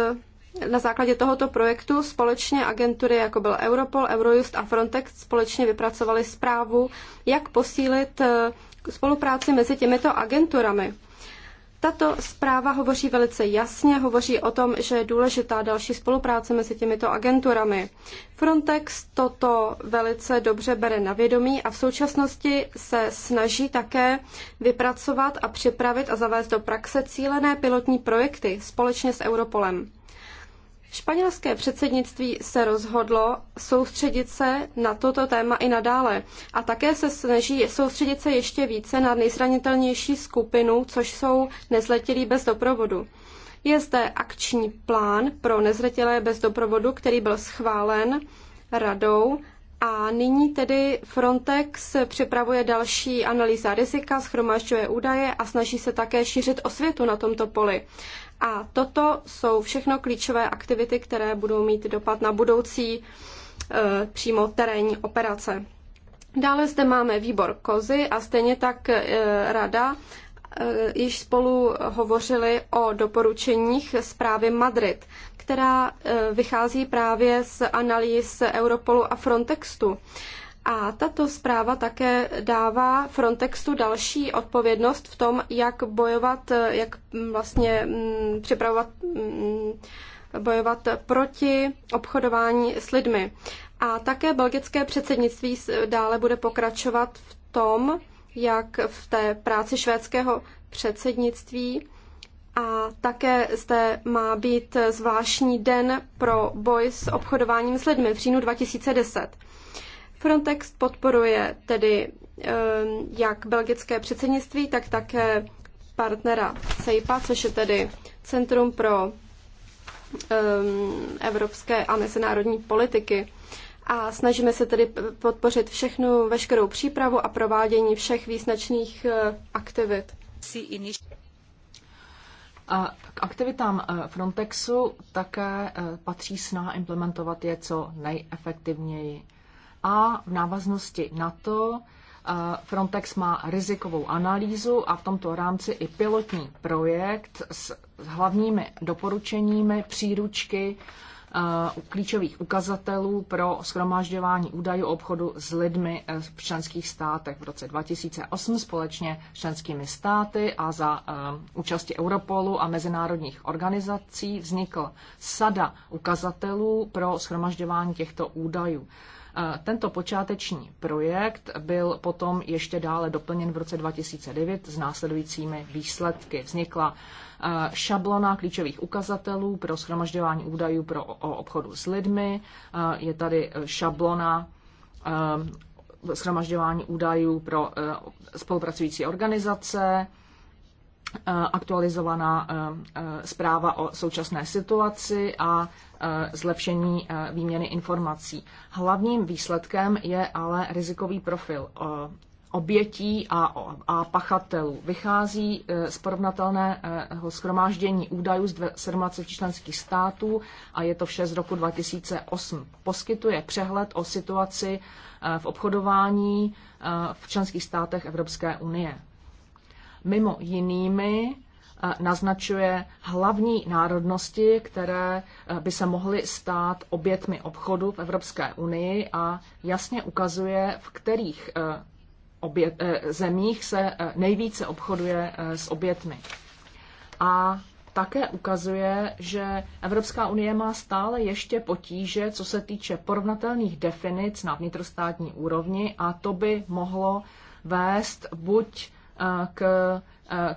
na základě tohoto projektu společně agentury, jako byl Europol, Eurojust a Frontex, společně vypracovali zprávu, jak posílit eh, spolupráci mezi těmito agenturami. Tato zpráva hovoří velice jasně, hovoří o tom, že je důležitá další spolupráce mezi těmito agenturami. Frontex toto velice dobře bere na vědomí a v současnosti se snaží také vypracovat a připravit a zavést do praxe cílené pilotní projekty společně s Europolem. Španělské předsednictví se rozhodlo soustředit se na toto téma i nadále a také se snaží soustředit se ještě více na nejzranitelnější skupinu, což jsou nezletilí bez doprovodu. Je zde akční plán pro nezřetilé bez doprovodu, který byl schválen radou a nyní tedy Frontex připravuje další analýza rizika, schromažďuje údaje a snaží se také šířit osvětu na tomto poli. A toto jsou všechno klíčové aktivity, které budou mít dopad na budoucí e, přímo terénní operace. Dále zde máme výbor Kozy a stejně tak e, rada Eh, již spolu hovořili o doporučeních zprávy Madrid, která eh, vychází právě z analýz Europolu a Frontextu. A tato zpráva také dává Frontextu další odpovědnost v tom, jak bojovat, eh, jak mm, vlastně mm, připravovat mm, bojovat proti obchodování s lidmi. A také belgické předsednictví dále bude pokračovat v tom, jak v té práci švédského předsednictví. A také zde má být zvláštní den pro boj s obchodováním s lidmi v říjnu 2010. Frontex podporuje tedy ehm, jak belgické předsednictví, tak také partnera CEIPA, což je tedy Centrum pro ehm, evropské a mezinárodní politiky a snažíme se tedy podpořit všechnu, veškerou přípravu a provádění všech význačných eh, aktivit. A k aktivitám eh, Frontexu také eh, patří snaha implementovat je co nejefektivněji. A v návaznosti na to Frontex má rizikovou analýzu a v tomto rámci i pilotní projekt s hlavními doporučeními příručky Eh, klíčových ukazatelů pro schromažďování údajů o obchodu s lidmi eh, v členských státech v roce 2008 společně s členskými státy a za eh, účasti Europolu a mezinárodních organizací vznikl sada ukazatelů pro schromažďování těchto údajů. Tento počáteční projekt byl potom ještě dále doplněn v roce 2009 s následujícími výsledky. Vznikla šablona klíčových ukazatelů pro schromažďování údajů pro, o obchodu s lidmi. Je tady e, šablona e, schromažďování údajů pro e, spolupracující organizace, aktualizovaná zpráva o současné situaci a zlepšení výměny informací. Hlavním výsledkem je ale rizikový profil obětí a, a pachatelů. Vychází e, z porovnatelného schromáždění údajů z 27 členských států a je to vše z roku 2008. Poskytuje přehled o situaci e, v obchodování e, v členských státech Evropské unie. Mimo jinými naznačuje hlavní národnosti, které by se mohly stát obětmi obchodu v Evropské unii a jasně ukazuje, v kterých obět, eh, zemích se eh, nejvíce obchoduje eh, s obětmi. A také ukazuje, že Evropská unie má stále ještě potíže, co se týče porovnatelných definic na vnitrostátní úrovni a to by mohlo vést buď k,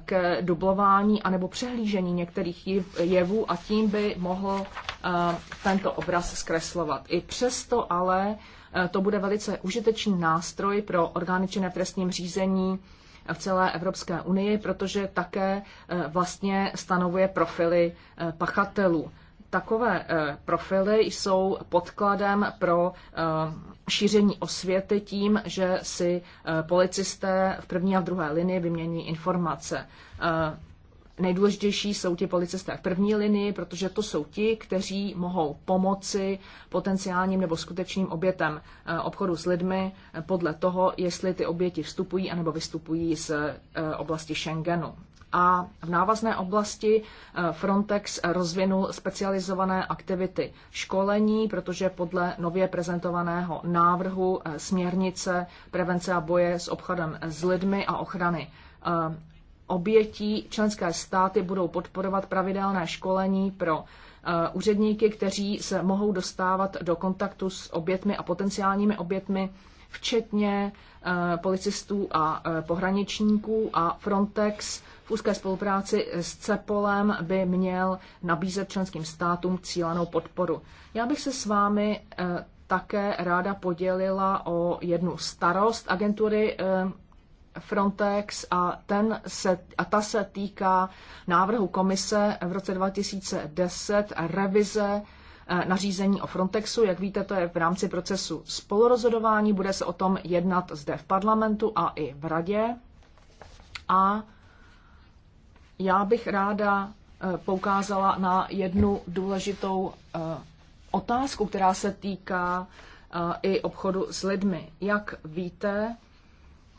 k dublování anebo přehlížení některých jevů a tím by mohl tento obraz zkreslovat. I přesto ale Eh, to bude velice užitečný nástroj pro orgány činné v trestním řízení eh, v celé Evropské unii, protože také eh, vlastně stanovuje profily pachatelů. Takové profily jsou podkladem pro šíření osvěty tím, že si policisté v první a v druhé linii vymění informace nejdůležitější jsou ti policisté v první linii, protože to jsou ti, kteří mohou pomoci potenciálním nebo skutečným obětem eh, obchodu s lidmi eh, podle toho, jestli ty oběti vstupují anebo vystupují z eh, oblasti Schengenu. A v návazné oblasti Frontex rozvinul specializované aktivity školení, protože podle nově prezentovaného návrhu směrnice prevence a boje s obchodem s lidmi a ochrany obětí členské státy budou podporovat pravidelné školení pro eh, úředníky, kteří se mohou dostávat do kontaktu s obětmi a potenciálními obětmi, včetně eh, policistů a eh, pohraničníků a Frontex v úzké spolupráci s CEPOLem by měl nabízet členským státům cílenou podporu. Já bych se s vámi také ráda podělila o jednu starost agentury Frontex a, ten se, a ta se týká návrhu komise v roce 2010 a revize eh, nařízení o Frontexu. Jak víte, to je v rámci procesu spolurozhodování. Bude se o tom jednat zde v parlamentu a i v radě. A já bych ráda eh, poukázala na jednu důležitou eh, otázku, která se týká i obchodu s lidmi. Jak víte,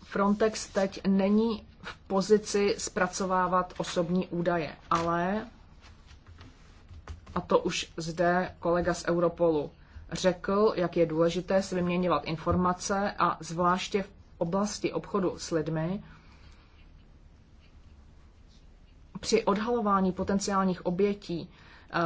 Frontex teď není v pozici zpracovávat osobní údaje, ale, a to už zde kolega z Europolu řekl, jak je důležité si vyměňovat informace a zvláště v oblasti obchodu s lidmi, při odhalování potenciálních obětí eh,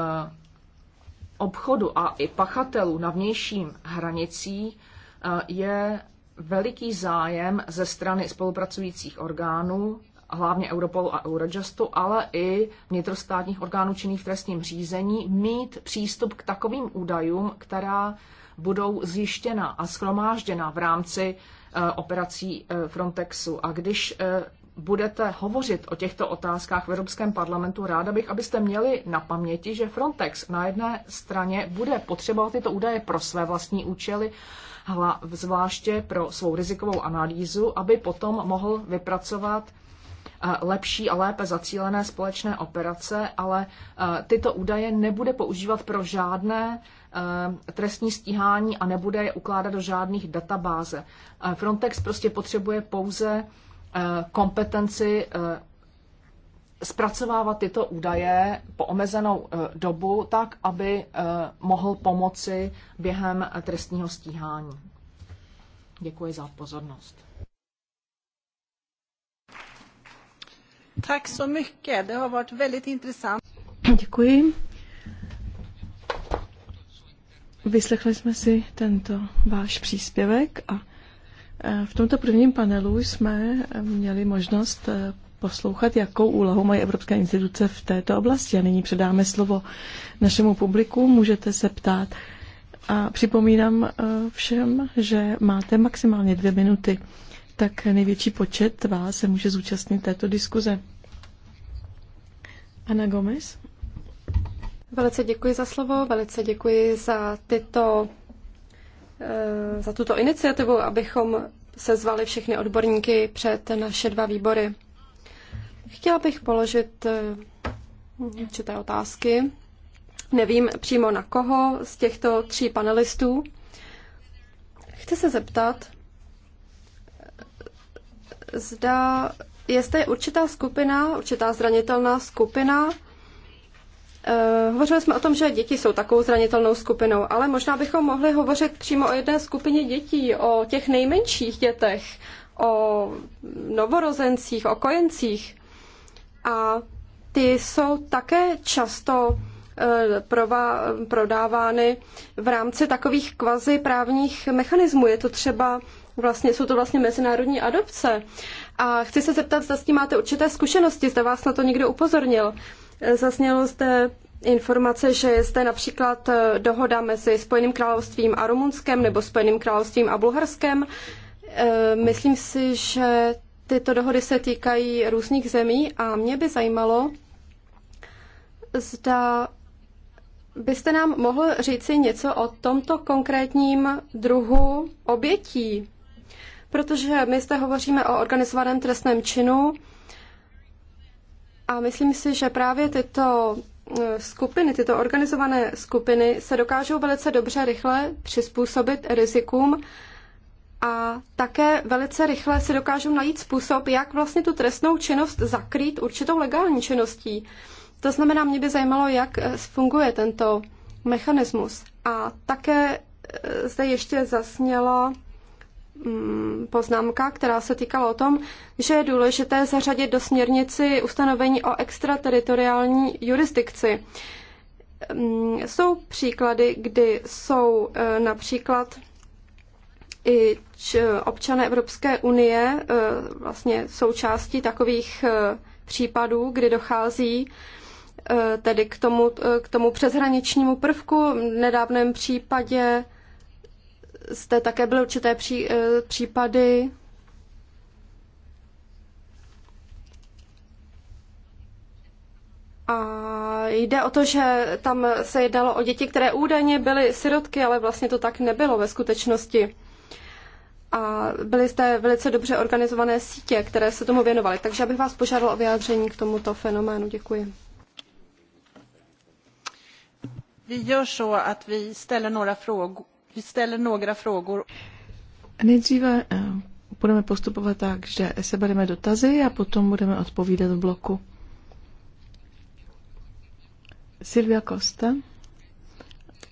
obchodu a i pachatelů na vnějším hranicích eh, je veliký zájem ze strany spolupracujících orgánů, hlavně Europolu a Eurojustu, ale i vnitrostátních orgánů činných v trestním řízení, mít přístup k takovým údajům, která budou zjištěna a schromážděna v rámci eh, operací eh, Frontexu. A když eh, budete hovořit o těchto otázkách v Evropském parlamentu, ráda bych, abyste měli na paměti, že Frontex na jedné straně bude potřebovat tyto údaje pro své vlastní účely, hla, zvláště pro svou rizikovou analýzu, aby potom mohl vypracovat eh, lepší a lépe zacílené společné operace, ale eh, tyto údaje nebude používat pro žádné eh, trestní stíhání a nebude je ukládat do žádných databáze. Frontex prostě potřebuje pouze kompetenci zpracovávat tyto údaje po omezenou e, dobu tak, aby e, mohl pomoci během trestního stíhání. Děkuji za pozornost. Tak so mycket. Det har varit väldigt intressant. Děkuji. Vyslechli jsme si tento váš příspěvek a e, v tomto prvním panelu jsme měli možnost poslouchat, jakou úlohu mají evropské instituce v této oblasti. A nyní předáme slovo našemu publiku, můžete se ptát. A připomínám eh, všem, že máte maximálně dvě minuty, tak největší počet vás se může zúčastnit této diskuze. Ana Gomez. Velice děkuji za slovo, velice děkuji za tyto eh, za tuto iniciativu, abychom sezvali všechny odborníky před naše dva výbory. Chtěla bych položit eh, určité otázky. Nevím přímo na koho z těchto tří panelistů. Chci se zeptat, eh, zda jestli je určitá skupina, určitá zranitelná skupina, eh, hovořili jsme o tom, že děti jsou takovou zranitelnou skupinou, ale možná bychom mohli hovořit přímo o jedné skupině dětí, o těch nejmenších dětech, o novorozencích, o kojencích a ty jsou také často eh, prodávány v rámci takových kvazi právních mechanismů. Je to třeba vlastně, jsou to vlastně mezinárodní adopce. A chci se zeptat, zda s tím máte určité zkušenosti, zda vás na to někdo upozornil. Eh, Zasnělo zde informace, že je zde například eh, dohoda mezi Spojeným královstvím a Rumunskem nebo Spojeným královstvím a Bulharskem. Myslím si, že Tyto dohody se týkají různých zemí a mě by zajímalo, zda byste nám mohl říci něco o tomto konkrétním druhu obětí, protože my zde hovoříme o organizovaném trestném činu a myslím si, že právě tyto eh, skupiny, tyto organizované skupiny se dokážou velice dobře rychle přizpůsobit rizikům, a také velice rychle si dokážou najít způsob, jak vlastně tu trestnou činnost zakrýt určitou legální činností. To znamená, mě by zajímalo, jak eh, funguje tento mechanismus. A také eh, zde ještě zasněla mm, poznámka, která se týkala o tom, že je důležité zařadit do směrnici ustanovení o extrateritoriální jurisdikci. Mm, jsou příklady, kdy jsou eh, například i občané Evropské unie e, vlastně součástí takových e, případů, kdy dochází e, tedy k tomu, k tomu přeshraničnímu prvku. V nedávném případě jste také byly určité pří, případy A jde o to, že tam se jednalo o děti, které údajně byly sirotky, ale vlastně to tak nebylo ve skutečnosti a byly zde velice dobře organizované sítě, které se tomu věnovaly. Takže abych vás požádal o vyjádření k tomuto fenoménu. Děkuji. Vi gör så att vi ställer några frågor. Vi ställer några frågor. Nejdříve eh, budeme postupovat tak, že se bereme dotazy a potom budeme odpovídat v bloku. Silvia Costa.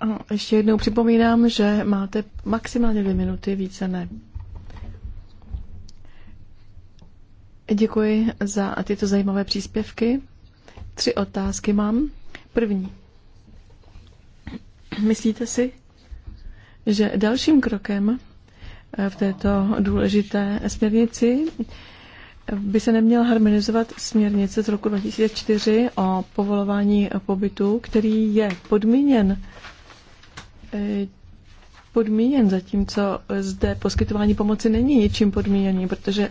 Ano, ještě jednou připomínám, že máte maximálně dvě minuty, více ne. Děkuji za tyto zajímavé příspěvky. Tři otázky mám. První. Myslíte si, že dalším krokem eh, v této důležité směrnici by se neměla harmonizovat směrnice z roku 2004 o povolování pobytu, který je podmíněn eh, podmíněn, zatímco zde poskytování pomoci není ničím podmíněný, protože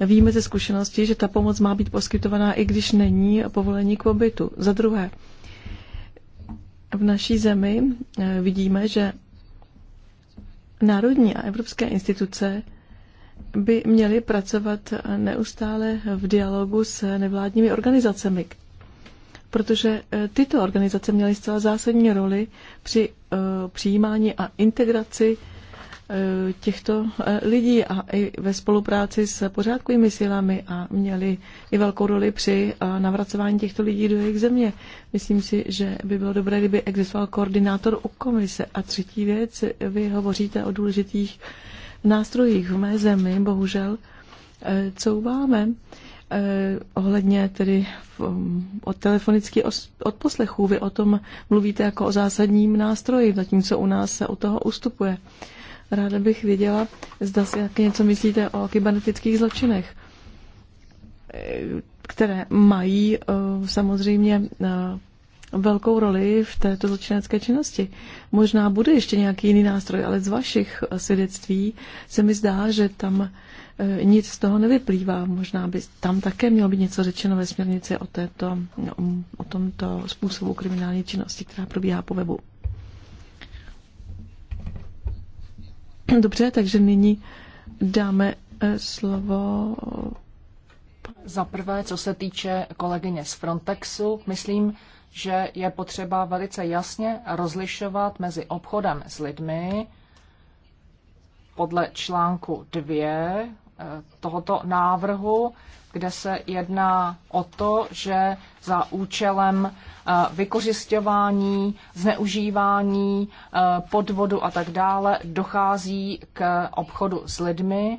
Víme ze zkušenosti, že ta pomoc má být poskytovaná, i když není povolení k pobytu. Za druhé, v naší zemi eh, vidíme, že národní a evropské instituce by měly pracovat neustále v dialogu s nevládními organizacemi, protože eh, tyto organizace měly zcela zásadní roli při eh, přijímání a integraci Eh, těchto eh, lidí a i ve spolupráci s pořádkovými silami a měli i velkou roli při eh, navracování těchto lidí do jejich země. Myslím si, že by bylo dobré, kdyby existoval koordinátor u komise. A třetí věc, vy hovoříte o důležitých nástrojích v mé zemi, bohužel, máme ohledně tedy mm, od telefonických odposlechů. Vy o tom mluvíte jako o zásadním nástroji, zatímco u nás se u toho ustupuje. Ráda bych věděla, zda si jak něco myslíte o kybernetických zločinech, které mají eh, samozřejmě eh, velkou roli v této zločinecké činnosti. Možná bude ještě nějaký jiný nástroj, ale z vašich eh, svědectví se mi zdá, že tam nic z toho nevyplývá. Možná by tam také mělo být něco řečeno ve směrnici o, této, no, o tomto způsobu kriminální činnosti, která probíhá po webu. [CLEARS THROAT] Dobře, takže nyní dáme eh, slovo. Za prvé, co se týče kolegyně z Frontexu, myslím, že je potřeba velice jasně rozlišovat mezi obchodem s lidmi podle článku 2 eh, tohoto návrhu kde se jedná o to, že za účelem eh, vykořišťování, zneužívání, eh, podvodu a tak dále dochází k obchodu s lidmi,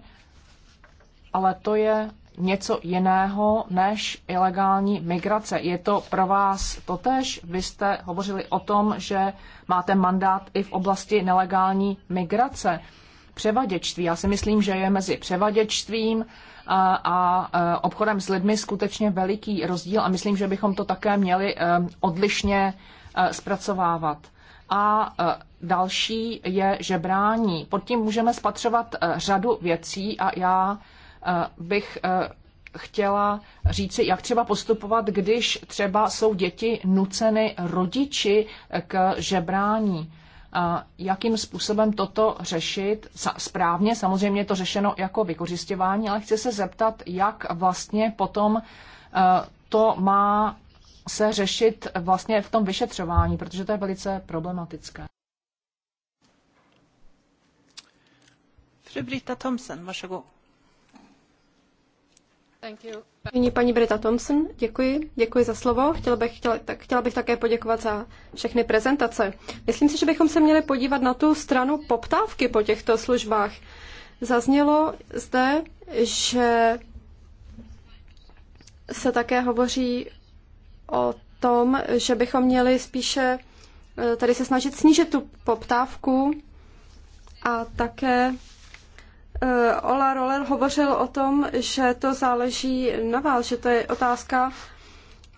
ale to je něco jiného než ilegální migrace. Je to pro vás totež? Vy jste hovořili o tom, že máte mandát i v oblasti nelegální migrace převaděčství. Já si myslím, že je mezi převaděčstvím a, a e, obchodem s lidmi skutečně veliký rozdíl a myslím, že bychom to také měli e, odlišně e, zpracovávat. A další je žebrání. Pod tím můžeme spatřovat řadu věcí a já bych chtěla říci, jak třeba postupovat, když třeba jsou děti nuceny rodiči k žebrání jakým způsobem toto řešit správně. Samozřejmě je to řešeno jako vykořistěvání, ale chci se zeptat, jak vlastně potom e, to má se řešit vlastně v tom vyšetřování, protože to je velice problematické. Fribrita Thompson, Thomsen, Nyní paní Brita Thompson, děkuji, děkuji za slovo. Chtěla bych, chtěla, tak, chtěla bych také poděkovat za všechny prezentace. Myslím si, že bychom se měli podívat na tu stranu poptávky po těchto službách. Zaznělo zde, že se také hovoří o tom, že bychom měli spíše eh, tady se snažit snížit tu poptávku a také Eh, Ola Roller hovořil o tom, že to záleží na vás, že to je otázka,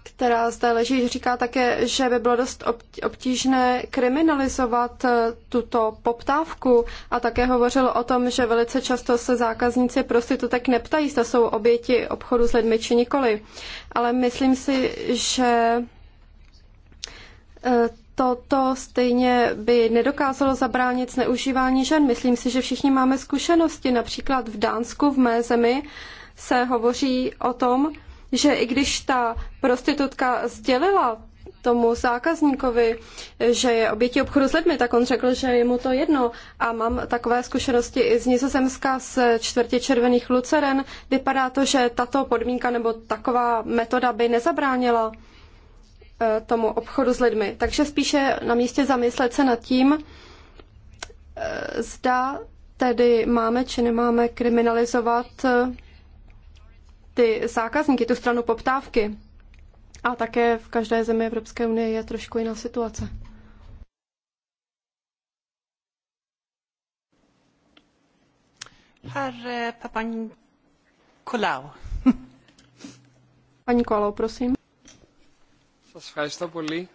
která zde leží, říká také, že by bylo dost obtížné kriminalizovat eh, tuto poptávku a také hovořil o tom, že velice často se zákazníci prostitutek neptají, zda jsou oběti obchodu s lidmi či nikoli. Ale myslím si, že eh, toto stejně by nedokázalo zabránit zneužívání žen. Myslím si, že všichni máme zkušenosti. Například v Dánsku, v mé zemi, se hovoří o tom, že i když ta prostitutka sdělila tomu zákazníkovi, že je obětí obchodu s lidmi, tak on řekl, že je mu to jedno. A mám takové zkušenosti i z Nizozemska z čtvrtě červených luceren. Vypadá to, že tato podmínka nebo taková metoda by nezabránila Eh, tomu obchodu s lidmi. Takže spíše na místě zamyslet se nad tím, eh, zda tedy máme či nemáme kriminalizovat eh, ty zákazníky, tu stranu poptávky. A také v každé zemi Evropské unie je trošku jiná situace. Par paní Kolau. paní Kolau, prosím. Σας ευχαριστώ πολύ.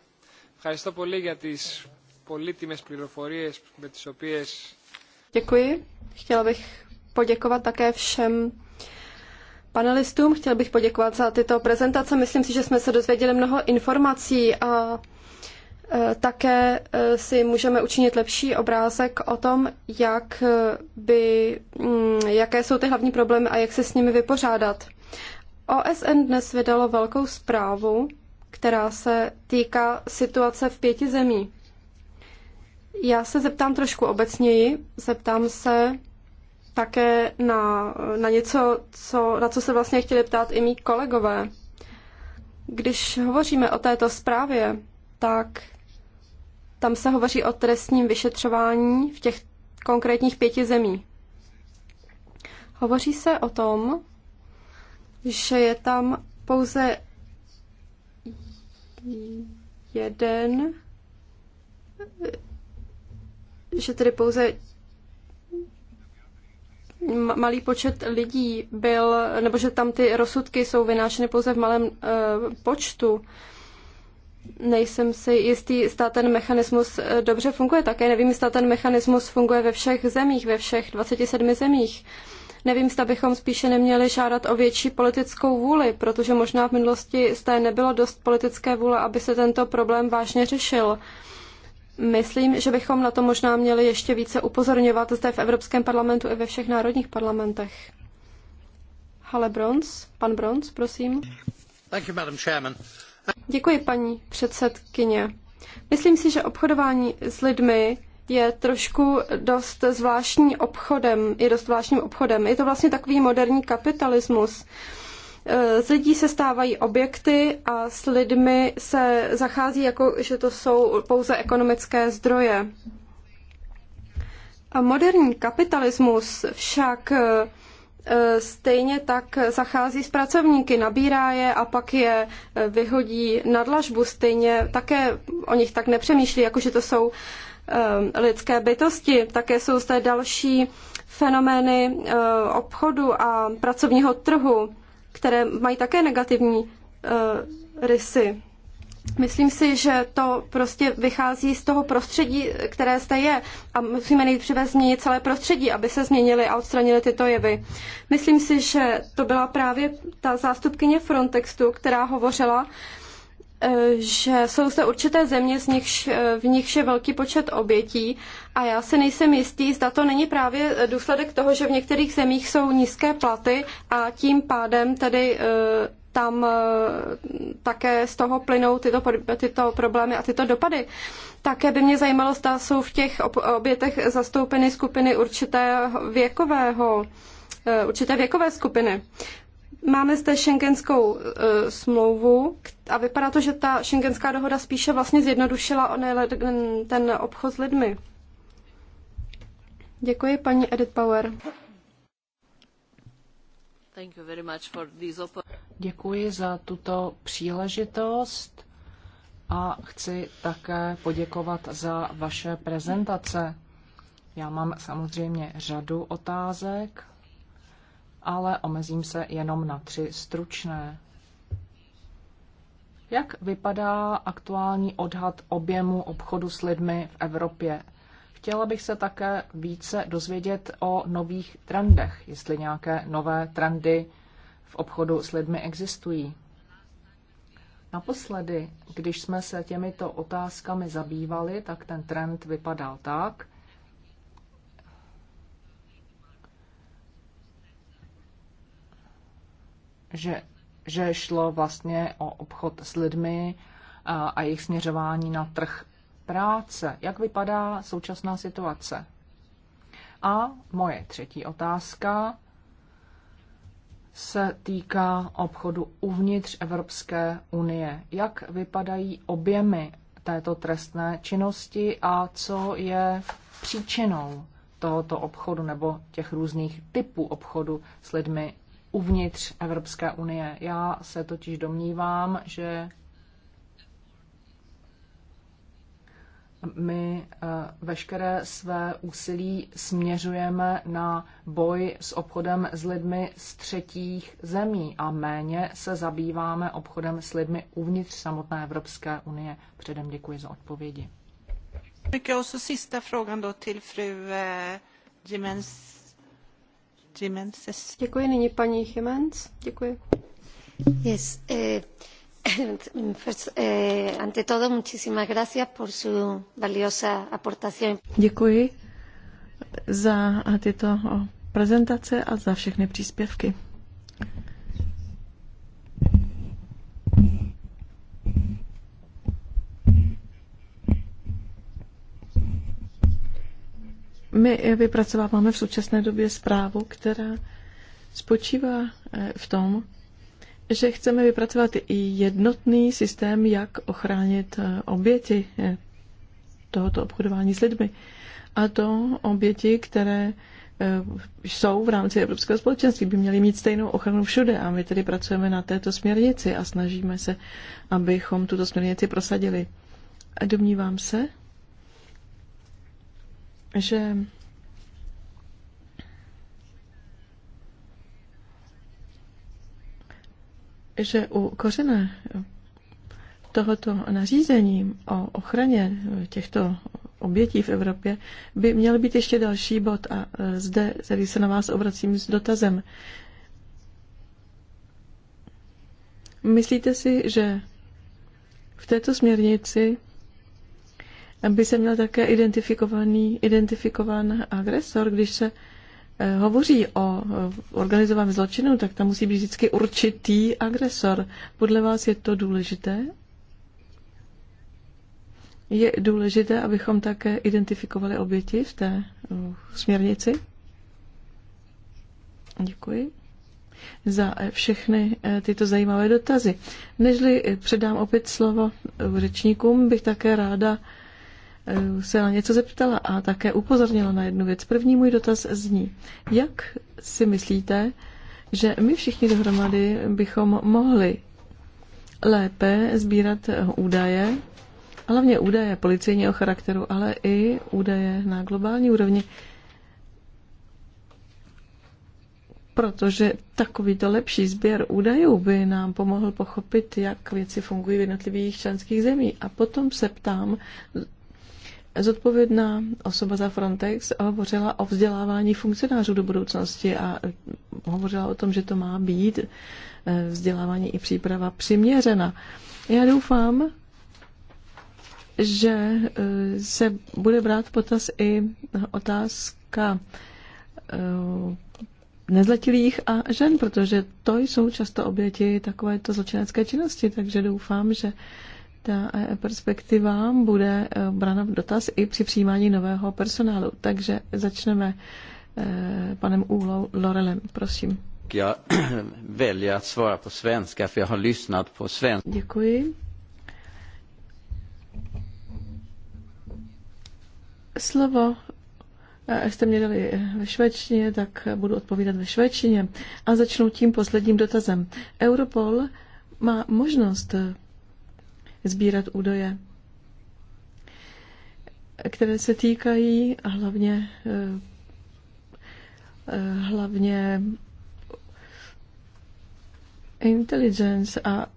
Ευχαριστώ πολύ για τις πολύτιμες πληροφορίες με τις οποίες... Děkuji. Chtěla bych poděkovat také všem panelistům. Chtěl bych poděkovat za tyto prezentace. Myslím si, že jsme se dozvěděli mnoho informací a e, také e, si můžeme učinit lepší obrázek o tom, jak by, mm, jaké jsou ty hlavní problémy a jak se s nimi vypořádat. OSN dnes vydalo velkou zprávu která se týká situace v pěti zemí. Já se zeptám trošku obecněji, zeptám se také na, na něco, co, na co se vlastně chtěli ptát i mý kolegové. Když hovoříme o této zprávě, tak tam se hovoří o trestním vyšetřování v těch konkrétních pěti zemí. Hovoří se o tom, že je tam pouze jeden, že tedy pouze malý počet lidí byl, nebo že tam ty rozsudky jsou vynášeny pouze v malém eh, počtu. Nejsem si jistý, zda ten mechanismus eh, dobře funguje. Také nevím, zda ten mechanismus funguje ve všech zemích, ve všech 27 zemích. Nevím, zda bychom spíše neměli žádat o větší politickou vůli, protože možná v minulosti zde nebylo dost politické vůle, aby se tento problém vážně řešil. Myslím, že bychom na to možná měli ještě více upozorňovat zde v Evropském parlamentu i ve všech národních parlamentech. Hale Brons, pan Brons, prosím. Thank you, Madam Chairman. Děkuji, paní předsedkyně. Myslím si, že obchodování s lidmi je trošku dost zvláštní obchodem, je dost zvláštním obchodem. Je to vlastně takový moderní kapitalismus. E, z lidí se stávají objekty a s lidmi se zachází jako, že to jsou pouze ekonomické zdroje. A moderní kapitalismus však e, e, stejně tak zachází s pracovníky, nabírá je a pak je vyhodí na dlažbu. Stejně také o nich tak nepřemýšlí, jakože to jsou Eh, lidské bytosti. Také jsou zde další fenomény eh, obchodu a pracovního trhu, které mají také negativní eh, rysy. Myslím si, že to prostě vychází z toho prostředí, které zde je a musíme nejdříve změnit celé prostředí, aby se změnily a odstranily tyto jevy. Myslím si, že to byla právě ta zástupkyně Frontextu, která hovořila Eh, že jsou zde určité země, z nichž, eh, v nichž je velký počet obětí a já si nejsem jistý, zda to není právě eh, důsledek toho, že v některých zemích jsou nízké platy a tím pádem tedy tam také z toho plynou tyto, tyto problémy a tyto dopady. Také by mě zajímalo, zda jsou v těch obětech zastoupeny skupiny určité věkového, určité věkové skupiny. Máme zde šengenskou uh, smlouvu a vypadá to, že ta šengenská dohoda spíše vlastně zjednodušila ten obchod s lidmi. Děkuji, paní Edith Power. Děkuji za tuto příležitost a chci také poděkovat za vaše prezentace. Já mám samozřejmě řadu otázek, ale omezím se jenom na tři stručné. Jak vypadá aktuální odhad objemu obchodu s lidmi v Evropě? Chtěla bych se také více dozvědět o nových trendech, jestli nějaké nové trendy v obchodu s lidmi existují. Naposledy, když jsme se těmito otázkami zabývali, tak ten trend vypadal tak, že, že šlo vlastně o obchod s lidmi a, a jejich směřování na trh práce. Jak vypadá současná situace? A moje třetí otázka se týká obchodu uvnitř Evropské unie. Jak vypadají objemy této trestné činnosti a co je příčinou tohoto obchodu nebo těch různých typů obchodu s lidmi uvnitř Evropské unie. Já se totiž domnívám, že my eh, veškeré své úsilí směřujeme na boj s obchodem s lidmi z třetích zemí a méně se zabýváme obchodem s lidmi uvnitř samotné Evropské unie. Předem děkuji za odpovědi. Děkuji. Děkuji. Děkuji. Děkuji. Děkuji. Děkuji. Děkuji. fru eh, Jimens Děkuji, nyní paní Děkuji. Yes, eh, [CLEARS THROAT] eh, ante todo, muchísimas gracias por su valiosa aportación. Děkuji za tyto prezentace a za všechny příspěvky. My vypracováváme v současné době zprávu, která spočívá eh, v tom, že chceme vypracovat i jednotný systém, jak ochránit eh, oběti eh, tohoto obchodování s lidmi. A to oběti, které jsou v rámci Evropského společenství, by měly mít stejnou ochranu všude. A my tedy pracujeme na této směrnici a snažíme se, abychom tuto směrnici prosadili. A domnívám se, že že u kořene tohoto nařízení o ochraně těchto obětí v Evropě by měl být ještě další bod a e, zde tady se na vás obracím s dotazem. Myslíte si, že v této směrnici by se měl také identifikovaný, identifikován agresor, když se eh, hovoří o eh, organizovaném zločinu, tak tam musí být vždycky určitý agresor. Podle vás je to důležité? Je důležité, abychom také identifikovali oběti v té eh, směrnici? Děkuji za všechny tyto zajímavé dotazy. Nežli předám opět slovo řečníkům, bych také ráda Eh, se na něco zeptala a také upozornila na jednu věc. První můj dotaz zní, jak si myslíte, že my všichni dohromady bychom mohli lépe sbírat eh, údaje, hlavně údaje policejního charakteru, ale i údaje na globální úrovni, protože takovýto lepší sběr údajů by nám pomohl pochopit, jak věci fungují v jednotlivých členských zemí. A potom se ptám, Zodpovědná osoba za Frontex hovořila o vzdělávání funkcionářů do budoucnosti a e, hovořila o tom, že to má být e, vzdělávání i příprava přiměřena. Já doufám, že e, se bude brát potaz i otázka nezletilých a žen, protože to jsou často oběti takovéto zločinecké činnosti, takže doufám, že ta e e perspektiva bude eh, brana v dotaz i při přijímání nového personálu. Takže začneme eh, panem Úlou Lorelem, prosím. Já [CLEARS THROAT] velja att svara på svenska, för jag har lyssnat på svenska. Děkuji. Slovo jak eh, jste mě dali ve švédštině, tak budu odpovídat ve švédštině. A začnu tím posledním dotazem. Europol má možnost sbírat údaje, které se týkají a hlavně, eh, eh, hlavně intelligence a eh,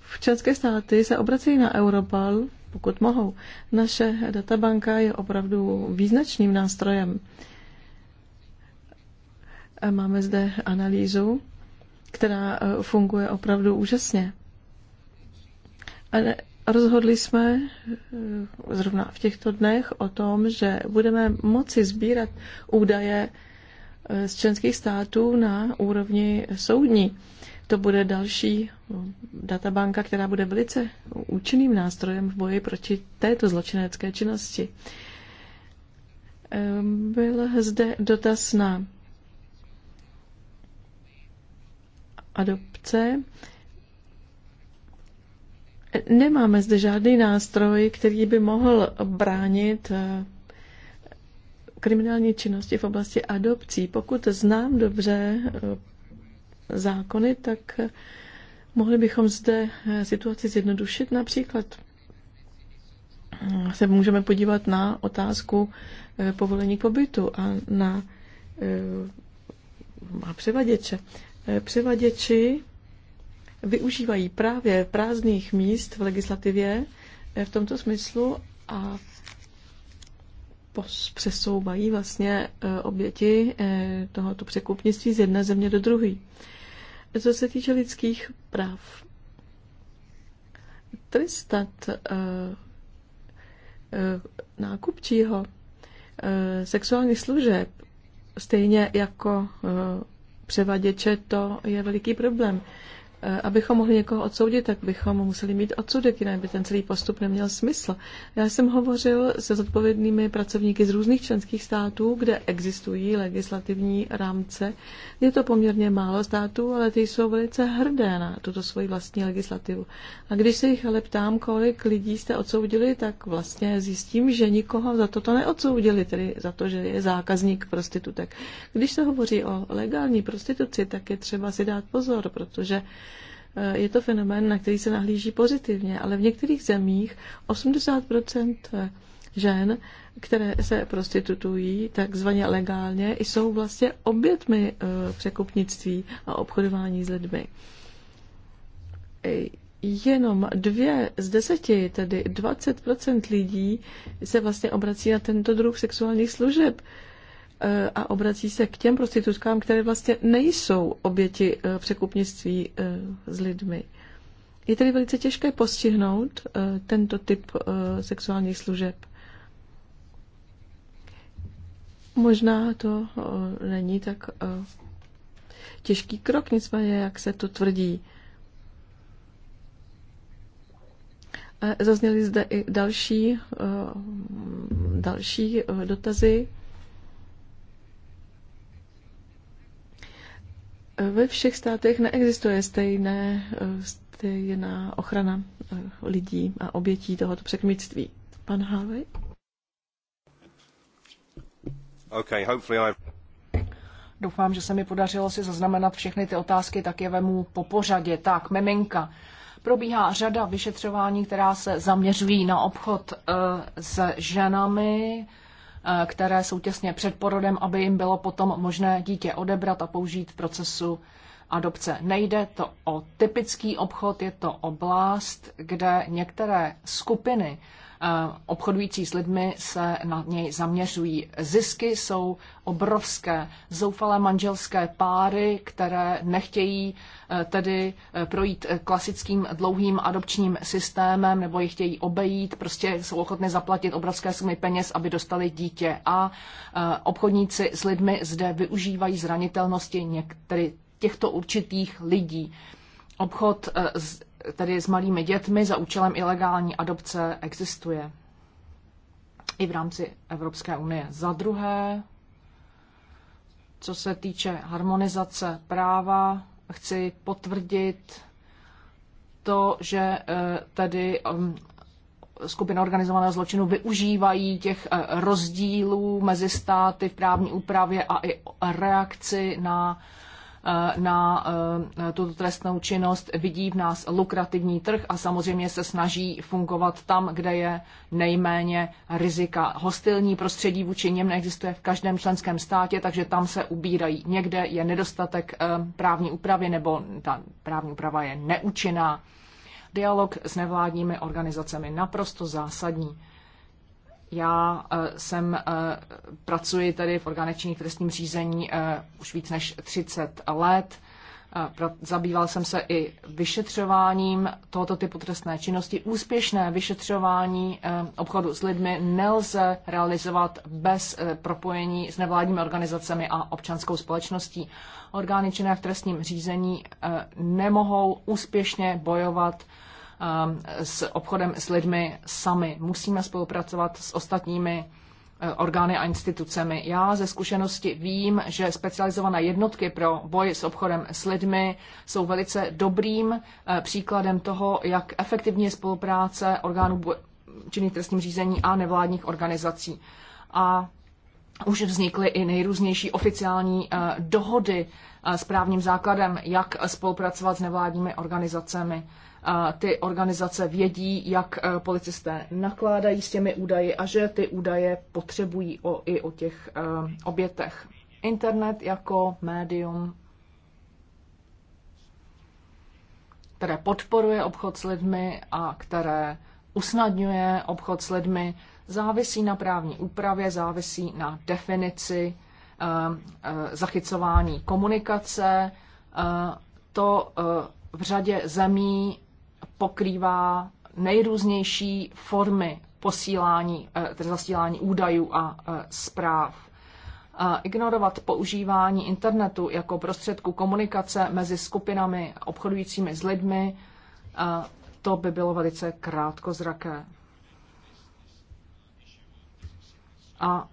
v české státy se obrací na Europol, pokud mohou. Naše databanka je opravdu význačným nástrojem. Máme zde analýzu, která funguje opravdu úžasně. Rozhodli jsme eh, zrovna v těchto dnech o tom, že budeme moci sbírat údaje eh, z členských států na úrovni soudní. To bude další eh, databanka, která bude velice účinným nástrojem v boji proti této zločinecké činnosti. Ehm, byl zde dotaz na adopce. Nemáme zde žádný nástroj, který by mohl bránit eh, kriminální činnosti v oblasti adopcí. Pokud znám dobře eh, zákony, tak eh, mohli bychom zde situaci zjednodušit. Například se můžeme podívat na otázku povolení pobytu a na a převaděče. Převaděči využívají právě prázdných míst v legislativě eh, v tomto smyslu a přesouvají vlastně eh, oběti eh, tohoto překupnictví z jedné země do druhé. Co se týče lidských práv, Tristat nákupčího sexuálních služeb, stejně jako převaděče, to je veliký problém. Eh, abychom mohli někoho odsoudit, tak bychom museli mít odsudek, jinak by ten celý postup neměl smysl. Já jsem hovořil se zodpovědnými pracovníky z různých členských států, kde existují legislativní rámce. Je to poměrně málo států, ale ty jsou velice hrdé na tuto svoji vlastní legislativu. A když se jich ale ptám, kolik lidí jste odsoudili, tak vlastně zjistím, že nikoho za toto neodsoudili, tedy za to, že je zákazník prostitutek. Když se hovoří o legální prostituci, tak je třeba si dát pozor, protože je to fenomén, na který se nahlíží pozitivně, ale v některých zemích 80 eh, žen, které se prostitutují takzvaně legálně, jsou vlastně obětmi eh, překupnictví a obchodování s lidmi. Eh, jenom dvě z deseti, tedy 20 lidí, se vlastně obrací na tento druh sexuálních služeb Eh, a obrací se k těm prostitutkám, které vlastně nejsou oběti eh, překupnictví eh, s lidmi. Je tedy velice těžké postihnout tento typ sexuálních služeb. Možná to není tak těžký krok, nicméně, jak se to tvrdí. Zazněly zde i další, další dotazy Ve všech státech neexistuje stejné, stejná ochrana eh, lidí a obětí tohoto překmictví. Pan Harvey? Okay, hopefully I... Doufám, že se mi podařilo si zaznamenat všechny ty otázky, tak je vemu po pořadě. Tak, Meminka. Probíhá řada vyšetřování, která se zaměřují na obchod uh, s ženami, Eh, které jsou těsně před porodem, aby jim bylo potom možné dítě odebrat a použít v procesu adopce. Nejde to o typický obchod, je to oblast, kde některé skupiny Eh, obchodující s lidmi se na něj zaměřují. Zisky jsou obrovské. Zoufalé manželské páry, které nechtějí eh, tedy eh, projít klasickým dlouhým adopčním systémem nebo je chtějí obejít, prostě jsou ochotny zaplatit obrovské sumy peněz, aby dostali dítě. A obchodníci s lidmi zde využívají zranitelnosti některých těchto určitých lidí. Obchod s tedy s malými dětmi za účelem ilegální adopce existuje i v rámci Evropské unie. Za druhé, co se týče harmonizace práva, chci potvrdit to, že eh, tedy mm, skupina organizovaného zločinu využívají těch eh, rozdílů mezi státy v právní úpravě a i reakci na Eh, na eh, tuto trestnou činnost, vidí v nás lukrativní trh a samozřejmě se snaží fungovat tam, kde je nejméně rizika. Hostilní prostředí vůči něm neexistuje v každém členském státě, takže tam se ubírají. Někde je nedostatek eh, právní úpravy nebo ta právní úprava je neúčinná. Dialog s nevládními organizacemi naprosto zásadní já eh, jsem eh, pracuji tady v orgánečních trestním řízení eh, už víc než 30 let. Zabýval jsem se i vyšetřováním tohoto typu trestné činnosti. Úspěšné vyšetřování obchodu s lidmi nelze realizovat bez propojení s nevládními organizacemi a občanskou společností. Orgány činné v trestním řízení nemohou úspěšně bojovat Eh, s obchodem s lidmi sami. Musíme spolupracovat s ostatními eh, orgány a institucemi. Já ze zkušenosti vím, že specializované jednotky pro boj s obchodem s lidmi jsou velice dobrým eh, příkladem toho, jak efektivně je spolupráce orgánů činných trestním řízení a nevládních organizací. A už vznikly i nejrůznější oficiální dohody s právním základem, jak spolupracovat s nevládními organizacemi ty organizace vědí, jak eh, policisté nakládají s těmi údaji a že ty údaje potřebují o, i o těch eh, obětech. Internet jako médium, které podporuje obchod s lidmi a které usnadňuje obchod s lidmi, závisí na právní úpravě, závisí na definici eh, zachycování komunikace. To v řadě zemí pokrývá nejrůznější formy posílání, eh, tedy zasílání údajů a eh, zpráv. Eh, ignorovat používání internetu jako prostředku komunikace mezi skupinami obchodujícími s lidmi, to by bylo velice krátkozraké. A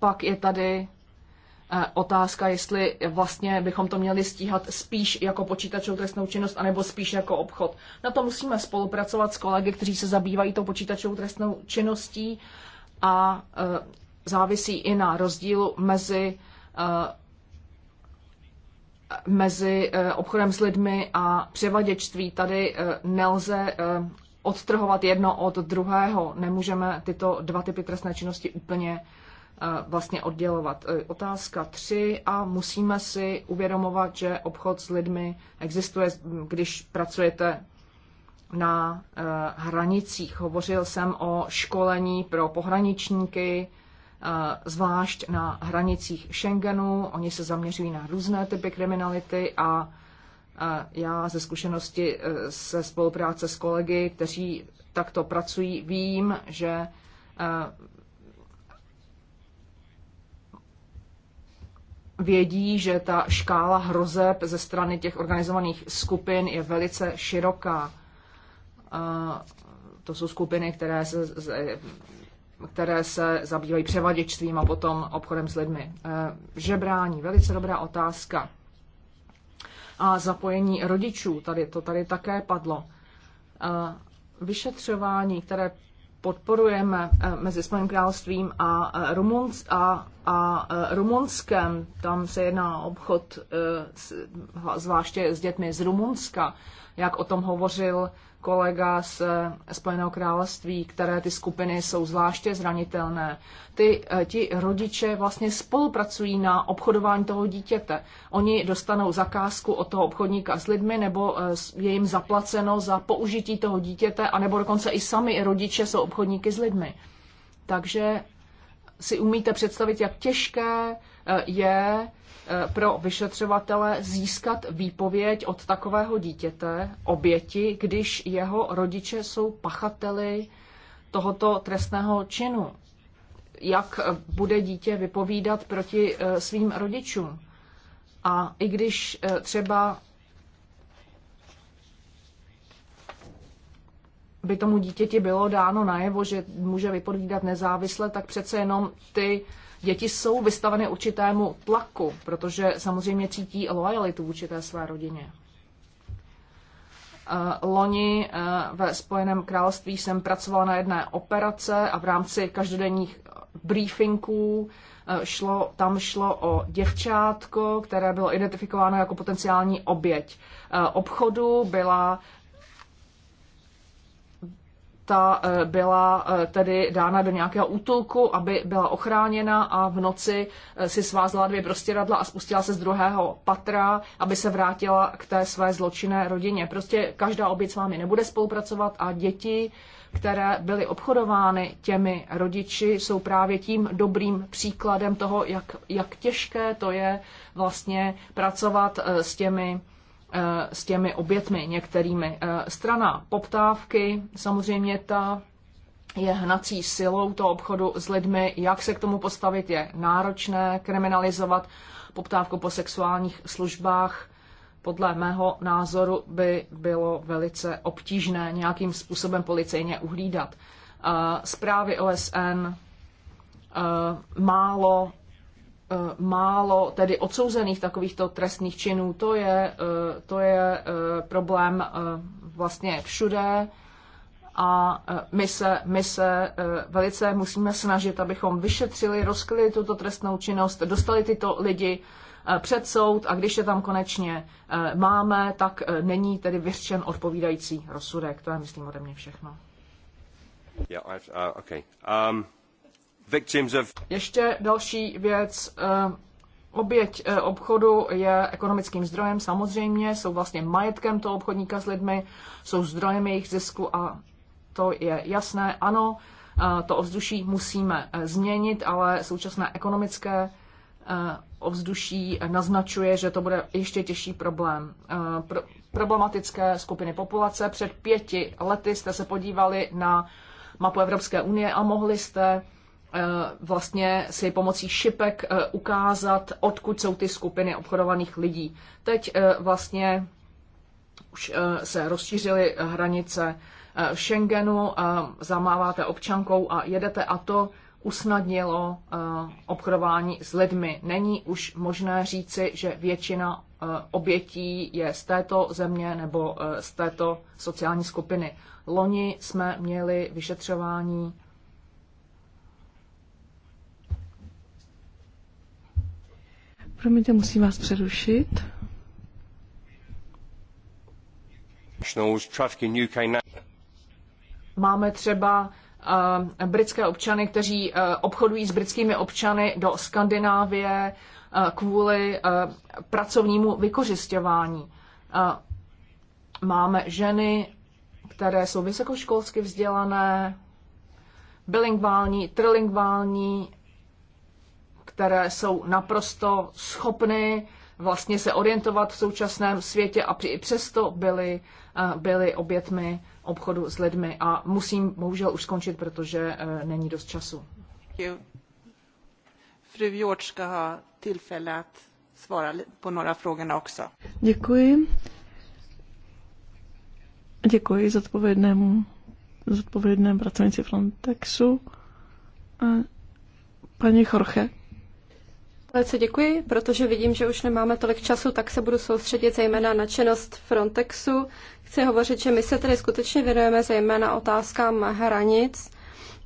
pak je tady otázka, jestli vlastně bychom to měli stíhat spíš jako počítačovou trestnou činnost, anebo spíš jako obchod. Na to musíme spolupracovat s kolegy, kteří se zabývají tou počítačovou trestnou činností a e, závisí i na rozdílu mezi e, mezi e, obchodem s lidmi a převaděčství. Tady nelze odtrhovat jedno od druhého. Nemůžeme tyto dva typy trestné činnosti úplně Eh, vlastně oddělovat. Eh, otázka tři a musíme si uvědomovat, že obchod s lidmi existuje, když pracujete na eh, hranicích. Hovořil jsem o školení pro pohraničníky, zvlášť na hranicích Schengenu. Oni se zaměřují na různé typy kriminality a já ze zkušenosti se spolupráce s kolegy, kteří takto pracují, vím, že vědí, že ta škála hrozeb ze strany těch organizovaných skupin je velice široká. To jsou skupiny, které se, které se zabývají převaděčstvím a potom obchodem s lidmi. E, žebrání, velice dobrá otázka. A zapojení rodičů, tady to tady také padlo. E, vyšetřování, které podporujeme eh, mezi Spojeným královstvím a, eh, Rumunsk, a, a eh, Rumunskem. Tam se jedná o obchod zvláště s dětmi z Rumunska, jak o tom hovořil kolega z eh, Spojeného království, které ty skupiny jsou zvláště zranitelné. Ty, eh, ti rodiče vlastně spolupracují na obchodování toho dítěte. Oni dostanou zakázku od toho obchodníka s lidmi, nebo eh, je jim zaplaceno za použití toho dítěte, anebo dokonce i sami rodiče jsou obchodníky s lidmi. Takže si umíte představit, jak těžké je Eh, pro vyšetřovatele získat výpověď od takového dítěte, oběti, když jeho rodiče jsou pachateli tohoto trestného činu. Jak bude dítě vypovídat proti eh, svým rodičům? A i když eh, třeba by tomu dítěti bylo dáno najevo, že může vypovídat nezávisle, tak přece jenom ty děti jsou vystaveny určitému tlaku, protože samozřejmě cítí lojalitu vůči té své rodině. Eh, loni eh, ve Spojeném království jsem pracovala na jedné operace a v rámci každodenních briefingů eh, šlo, tam šlo o děvčátko, které bylo identifikováno jako potenciální oběť obchodu, byla ta eh, byla eh, tedy dána do nějakého útulku, aby byla ochráněna a v noci eh, si svázla dvě prostěradla a spustila se z druhého patra, aby se vrátila k té své zločinné rodině. Prostě každá oběť s vámi nebude spolupracovat a děti, které byly obchodovány těmi rodiči, jsou právě tím dobrým příkladem toho, jak, jak těžké to je vlastně pracovat s těmi Eh, s těmi obětmi některými. Eh, strana poptávky, samozřejmě ta je hnací silou toho obchodu s lidmi, jak se k tomu postavit je náročné, kriminalizovat poptávku po sexuálních službách podle mého názoru by bylo velice obtížné nějakým způsobem policejně uhlídat. Eh, zprávy OSN málo Eh, málo tedy odsouzených takovýchto trestných činů. To je, eh, to je eh, problém vlastně všude a my se, my se velice musíme snažit, abychom vyšetřili, rozkryli tuto trestnou činnost, dostali tyto lidi před soud a když je tam konečně máme, tak není tedy vyřčen odpovídající rozsudek. To je, myslím, ode mě všechno. Yeah, I've, uh, okay. um... Ještě další věc. Eh, oběť eh, obchodu je ekonomickým zdrojem samozřejmě, jsou vlastně majetkem toho obchodníka s lidmi, jsou zdrojem jejich zisku a to je jasné. Ano, eh, to ovzduší musíme změnit, ale současné ekonomické ovzduší naznačuje, že to bude ještě těžší problém. Pro problematické skupiny populace. Před pěti lety jste se podívali na mapu Evropské unie a mohli jste Eh, vlastně si pomocí šipek eh, ukázat, odkud jsou ty skupiny obchodovaných lidí. Teď eh, vlastně už se rozšířily hranice v Schengenu, zamáváte občankou a jedete a to usnadnilo obchodování s lidmi. Není už možné říci, že většina obětí je z této země nebo z této sociální skupiny. Loni jsme měli vyšetřování Promiňte, musím vás přerušit. Máme třeba uh, britské občany, kteří uh, obchodují s britskými občany do Skandinávie uh, kvůli uh, pracovnímu vykořišťování. Uh, máme ženy, které jsou vysokoškolsky vzdělané, bilingvální, trilingvální, které jsou naprosto schopny vlastně se orientovat v současném světě a i přesto byly, eh, byly obětmi obchodu s lidmi. A musím bohužel už skončit, protože eh, není dost času. Fru Děkuji. Děkuji zodpovědnému zodpovědné pracovnici Frontexu. A paní Jorge. Velice děkuji, protože vidím, že už nemáme tolik času, tak se budu soustředit zejména na činnost Frontexu. Chci hovořit, že my se tedy skutečně věnujeme zejména otázkám hranic,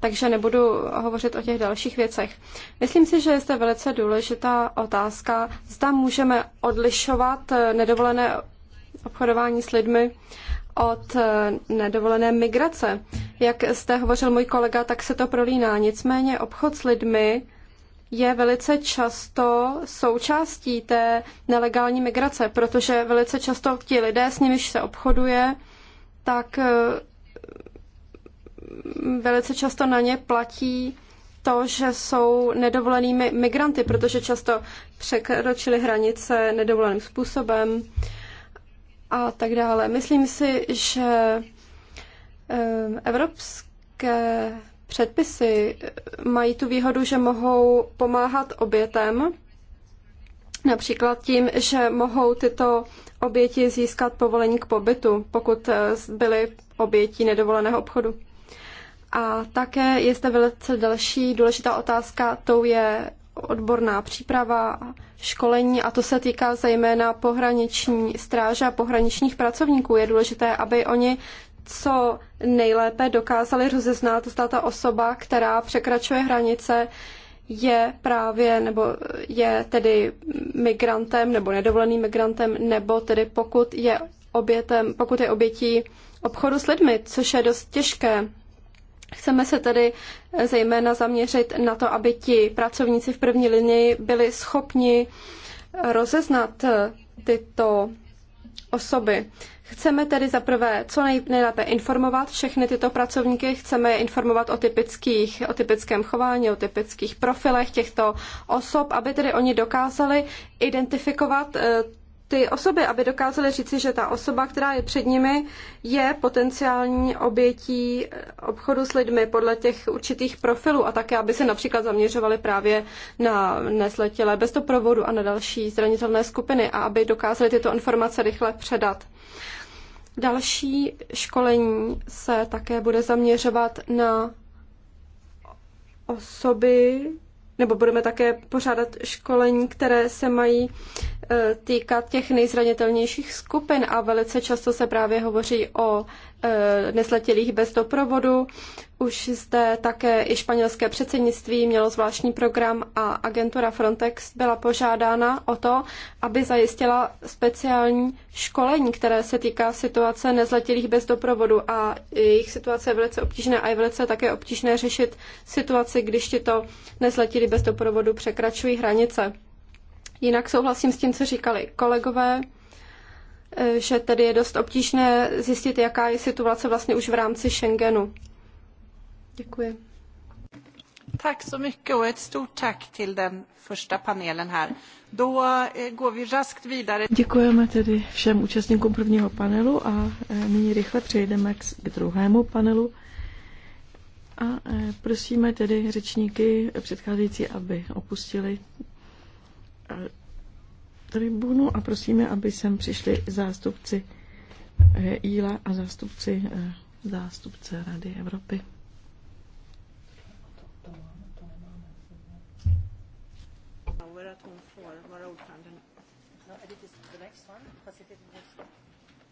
takže nebudu hovořit o těch dalších věcech. Myslím si, že je zde velice důležitá otázka, zda můžeme odlišovat nedovolené obchodování s lidmi od eh, nedovolené migrace. Jak jste hovořil můj kolega, tak se to prolíná. Nicméně obchod s lidmi je velice často součástí té nelegální migrace, protože velice často ti lidé, s nimiž se obchoduje, tak eh, velice často na ně platí to, že jsou nedovolenými migranty, protože často překročili hranice nedovoleným způsobem a tak dále. Myslím si, že eh, evropské Předpisy mají tu výhodu, že mohou pomáhat obětem, například tím, že mohou tyto oběti získat povolení k pobytu, pokud eh, byly obětí nedovoleného obchodu. A také je zde velice další důležitá otázka, tou je odborná příprava, školení a to se týká zejména pohraniční stráže a pohraničních pracovníků. Je důležité, aby oni co nejlépe dokázali rozeznat, zda ta osoba, která překračuje hranice, je právě nebo je tedy migrantem nebo nedovoleným migrantem, nebo tedy pokud je obětem, pokud je obětí obchodu s lidmi, což je dost těžké. Chceme se tedy zejména zaměřit na to, aby ti pracovníci v první linii byli schopni rozeznat tyto osoby. Chceme tedy zaprvé co nejlépe informovat všechny tyto pracovníky, chceme je informovat o, typických, o typickém chování, o typických profilech těchto osob, aby tedy oni dokázali identifikovat eh, ty osoby, aby dokázali říci, že ta osoba, která je před nimi, je potenciální obětí eh, obchodu s lidmi podle těch určitých profilů a také, aby se například zaměřovali právě na nesletilé bez doprovodu a na další zranitelné skupiny a aby dokázali tyto informace rychle předat. Další školení se také bude zaměřovat na osoby, nebo budeme také pořádat školení, které se mají e, týkat těch nejzranitelnějších skupin a velice často se právě hovoří o Eh, nesletilých bez doprovodu. Už zde také i španělské předsednictví mělo zvláštní program a agentura Frontex byla požádána o to, aby zajistila speciální školení, které se týká situace nezletilých bez doprovodu a jejich situace je velice obtížné a je velice také obtížné řešit situaci, když tyto nezletilí bez doprovodu překračují hranice. Jinak souhlasím s tím, co říkali kolegové. Eh, že tedy je dost obtížné zjistit, jaká je situace vlastně už v rámci Schengenu. Děkuji. Tak så mycket och ett stort tack till den första panelen här. Då eh, går vi raskt vidare. Děkujeme tedy všem účastníkům prvního panelu a eh, nyní rychle přejdeme k druhému panelu. A prosíme tedy řečníky předcházející, aby opustili tribunu a prosíme, aby sem přišli zástupci eh, Jíla a zástupci eh, zástupce Rady Evropy.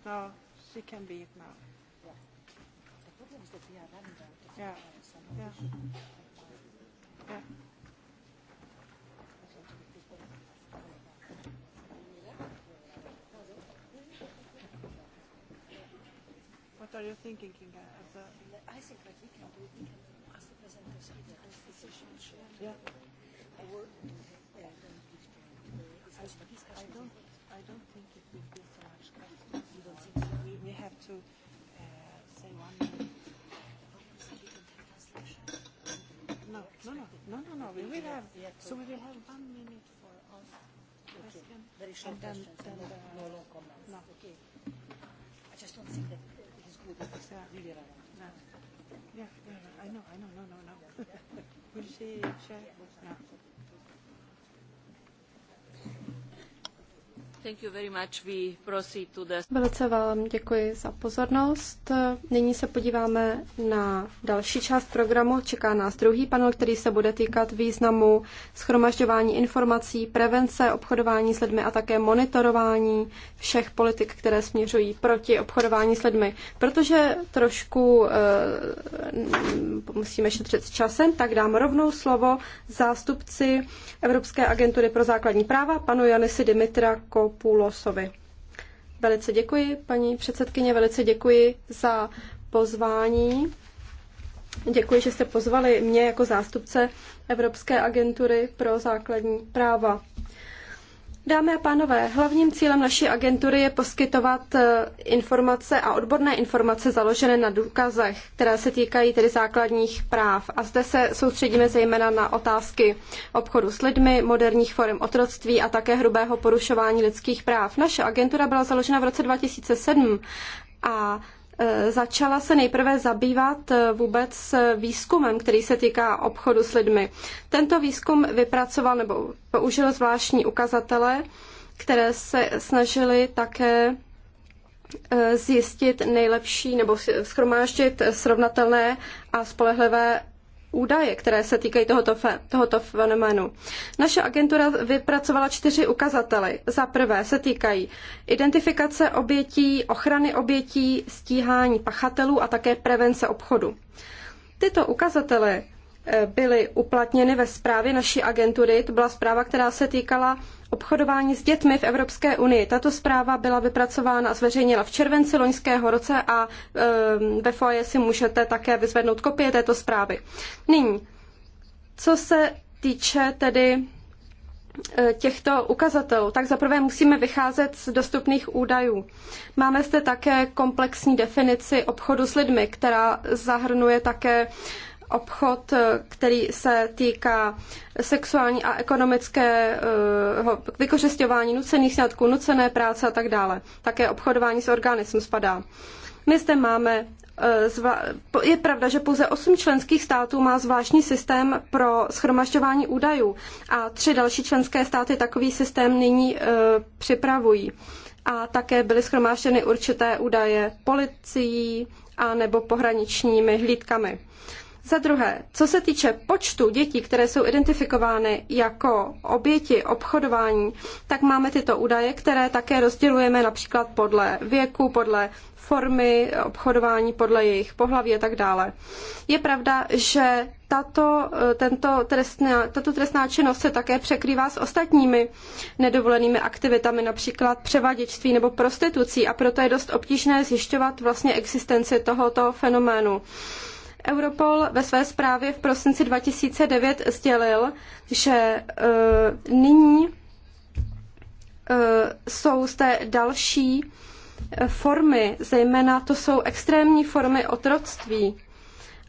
No, yeah. What are you thinking, Inga, As a I think what we can do, we can ask the presenters to give us decision. Yeah. Or, uh, I, I don't. I don't think it will be so much. You don't think so? We, we have to uh, say one no, no, no, no, no, no, no. We will have. So we will have one minute for us. Okay. Question, Very short and then, questions. Then, then, uh, no long no comments. No. Okay. I just don't think that. Yeah, yeah, I know, I know, no, no, no. Will she share? No. Velice vám děkuji za pozornost. Nyní se podíváme na další část programu. Čeká nás druhý panel, který se bude týkat významu schromažďování informací, prevence obchodování s lidmi a také monitorování všech politik, které směřují proti obchodování s lidmi. Protože trošku uh, musíme šetřit s časem, tak dám rovnou slovo zástupci Evropské agentury pro základní práva, panu Janisi Dimitra Koup Půlosovi. Velice děkuji, paní předsedkyně, velice děkuji za pozvání. Děkuji, že jste pozvali mě jako zástupce Evropské agentury pro základní práva. Dámy a pánové, hlavním cílem naší agentury je poskytovat eh, informace a odborné informace založené na důkazech, které se týkají tedy základních práv. A zde se soustředíme zejména na otázky obchodu s lidmi, moderních forem otroctví a také hrubého porušování lidských práv. Naše agentura byla založena v roce 2007 a Eh, začala se nejprve zabývat eh, vůbec eh, výzkumem, který se týká obchodu s lidmi. Tento výzkum vypracoval nebo použil zvláštní ukazatele, které se snažili také zjistit nejlepší nebo schromáždit srovnatelné a spolehlivé údaje, které se týkají tohoto, fe, tohoto fenoménu. Naše agentura vypracovala čtyři ukazatele. Za prvé se týkají identifikace obětí, ochrany obětí, stíhání pachatelů a také prevence obchodu. Tyto ukazatele byly uplatněny ve zprávě naší agentury. To byla zpráva, která se týkala obchodování s dětmi v Evropské unii. Tato zpráva byla vypracována a zveřejněna v červenci loňského roce a ehm, ve foje si můžete také vyzvednout kopie této zprávy. Nyní, co se týče tedy e, těchto ukazatelů, tak zaprvé musíme vycházet z dostupných údajů. Máme zde také komplexní definici obchodu s lidmi, která zahrnuje také obchod, eh, který se týká sexuální a ekonomického vykořišťování nucených sňatků, nucené práce a tak dále. Také obchodování s orgány sem spadá. My zde máme eh, je pravda, že pouze osm členských států má zvláštní systém pro schromažďování údajů a tři další členské státy takový systém nyní eh, připravují. A také byly schromážděny určité údaje policií a nebo pohraničními hlídkami. Za druhé, co se týče počtu dětí, které jsou identifikovány jako oběti obchodování, tak máme tyto údaje, které také rozdělujeme například podle věku, podle formy obchodování, podle jejich pohlaví a tak dále. Je pravda, že tato, tento trestná, tato trestná činnost se také překrývá s ostatními nedovolenými aktivitami, například převaděčství nebo prostitucí a proto je dost obtížné zjišťovat vlastně existenci tohoto fenoménu. Europol ve své zprávě v prosinci 2009 sdělil, že uh, nyní uh, jsou zde další eh, formy, zejména to jsou extrémní formy otroctví.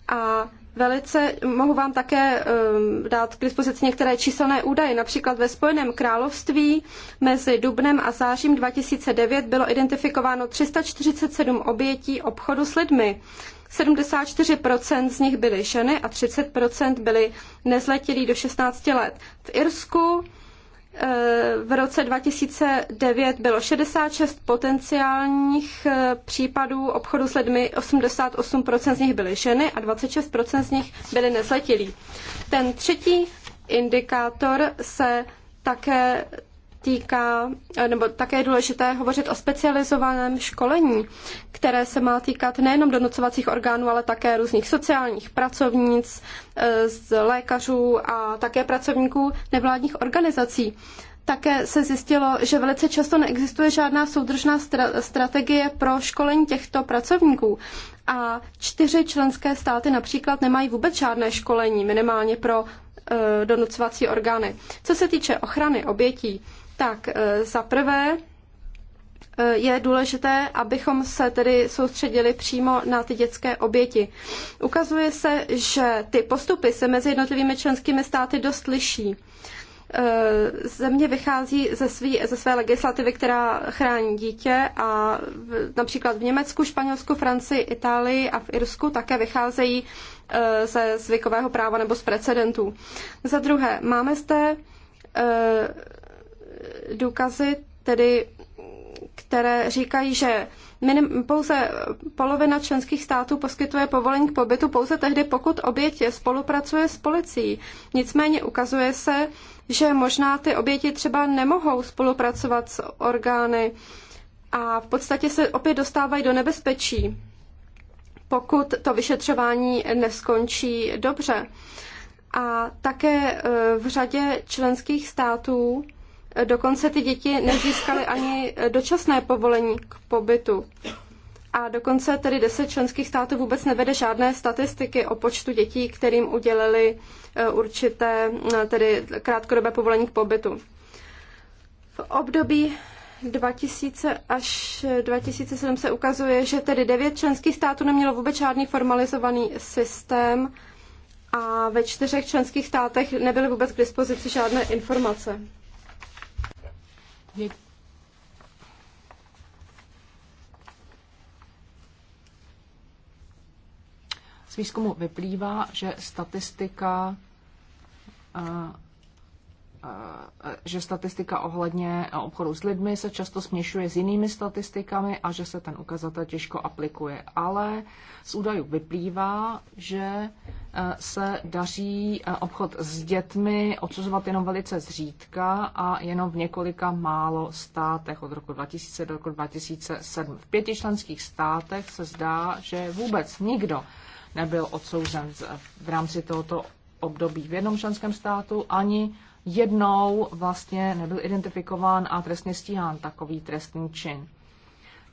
A velice mohu vám také um, dát k dispozici některé číselné údaje. Například ve Spojeném království mezi dubnem a zářím 2009 bylo identifikováno 347 obětí obchodu s lidmi. 74% z nich byly ženy a 30% byly nezletilí do 16 let. V Irsku eh, v roce 2009 bylo 66 potenciálních eh, případů obchodu s lidmi, 88% z nich byly ženy a 26% z nich byly nezletilí. Ten třetí indikátor se také týká, eh, nebo také je důležité hovořit o specializovaném školení, které se má týkat nejenom donucovacích orgánů, ale také různých sociálních pracovnic, eh, lékařů a také pracovníků nevládních organizací. Také se zjistilo, že velice často neexistuje žádná soudržná stra- strategie pro školení těchto pracovníků. A čtyři členské státy například nemají vůbec žádné školení, minimálně pro e, donucovací orgány. Co se týče ochrany obětí, tak eh, za prvé eh, je důležité, abychom se tedy soustředili přímo na ty dětské oběti. Ukazuje se, že ty postupy se mezi jednotlivými členskými státy dost liší. Eh, země vychází ze, svý, ze své legislativy, která chrání dítě a v, například v Německu, Španělsku, Francii, Itálii a v Irsku také vycházejí ze zvykového práva nebo z precedentů. Za druhé, máme zde důkazy, tedy které říkají, že minim, pouze polovina členských států poskytuje povolení k pobytu pouze tehdy, pokud oběť spolupracuje s policií. Nicméně ukazuje se, že možná ty oběti třeba nemohou spolupracovat s orgány a v podstatě se opět dostávají do nebezpečí, pokud to vyšetřování neskončí dobře. A také eh, v řadě členských států Dokonce ty děti nezískaly ani dočasné povolení k pobytu. A dokonce tedy deset členských států vůbec nevede žádné statistiky o počtu dětí, kterým udělili eh, určité eh, tedy krátkodobé povolení k pobytu. V období 2000 až 2007 se ukazuje, že tedy devět členských států nemělo vůbec žádný formalizovaný systém a ve čtyřech členských státech nebyly vůbec k dispozici žádné informace je Z výzkumu vyplývá, že statistika eh, Eh, eh, že statistika ohledně obchodu s lidmi se často směšuje s jinými statistikami a že se ten ukazatel těžko aplikuje. Ale z údajů vyplývá, že eh, se daří obchod s dětmi odsuzovat jenom velice zřídka a jenom v několika málo státech od roku 2000 do roku 2007. V pěti členských státech se zdá, že vůbec nikdo nebyl odsouzen v rámci tohoto období v jednom členském státu ani jednou vlastně nebyl identifikován a trestně stíhán takový trestný čin.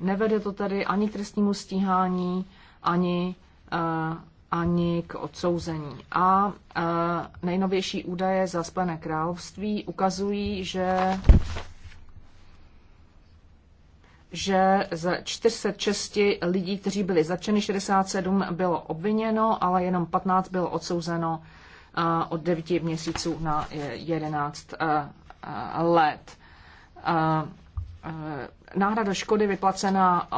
Nevede to tedy ani k trestnímu stíhání, ani, uh, ani k odsouzení. A uh, nejnovější údaje za Spojené království ukazují, že že ze 406 lidí, kteří byli začeny, 67 bylo obviněno, ale jenom 15 bylo odsouzeno od 9 měsíců na 11 eh, eh, let. Eh, náhrada škody vyplacená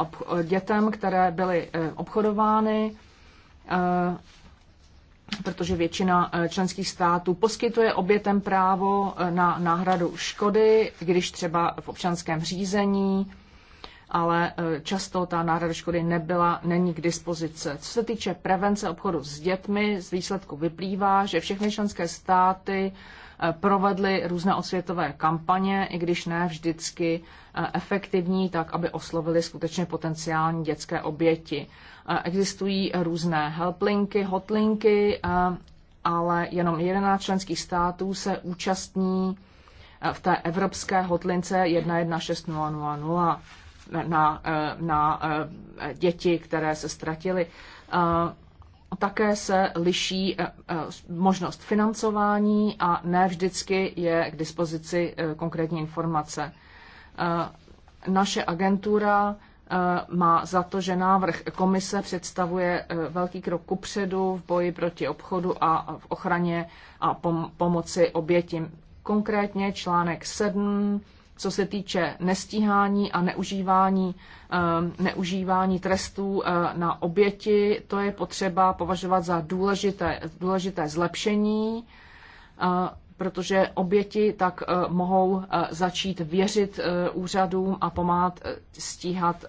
dětem, které byly obchodovány, protože většina členských států poskytuje obětem právo na náhradu škody, když třeba v občanském řízení ale eh, často ta náhrada škody nebyla, není k dispozici. Co se týče prevence obchodu s dětmi, z výsledku vyplývá, že všechny členské státy eh, provedly různé osvětové kampaně, i když ne vždycky eh, efektivní, tak aby oslovili skutečně potenciální dětské oběti. Existují různé helplinky, hotlinky, ale jenom 11 členských států se účastní v té evropské hotlince 116000 na, eh, na eh, děti, které se ztratily. Eh, také se liší možnost financování a ne vždycky je k dispozici konkrétní informace. Naše agentura má za to, že návrh komise představuje velký krok kupředu v boji proti obchodu a v ochraně a pomoci obětím. Konkrétně článek 7 co se týče nestíhání a neužívání, ehm, neužívání trestů eh, na oběti, to je potřeba považovat za důležité, důležité zlepšení, eh, protože oběti tak eh, mohou začít věřit úřadům a pomáhat stíhat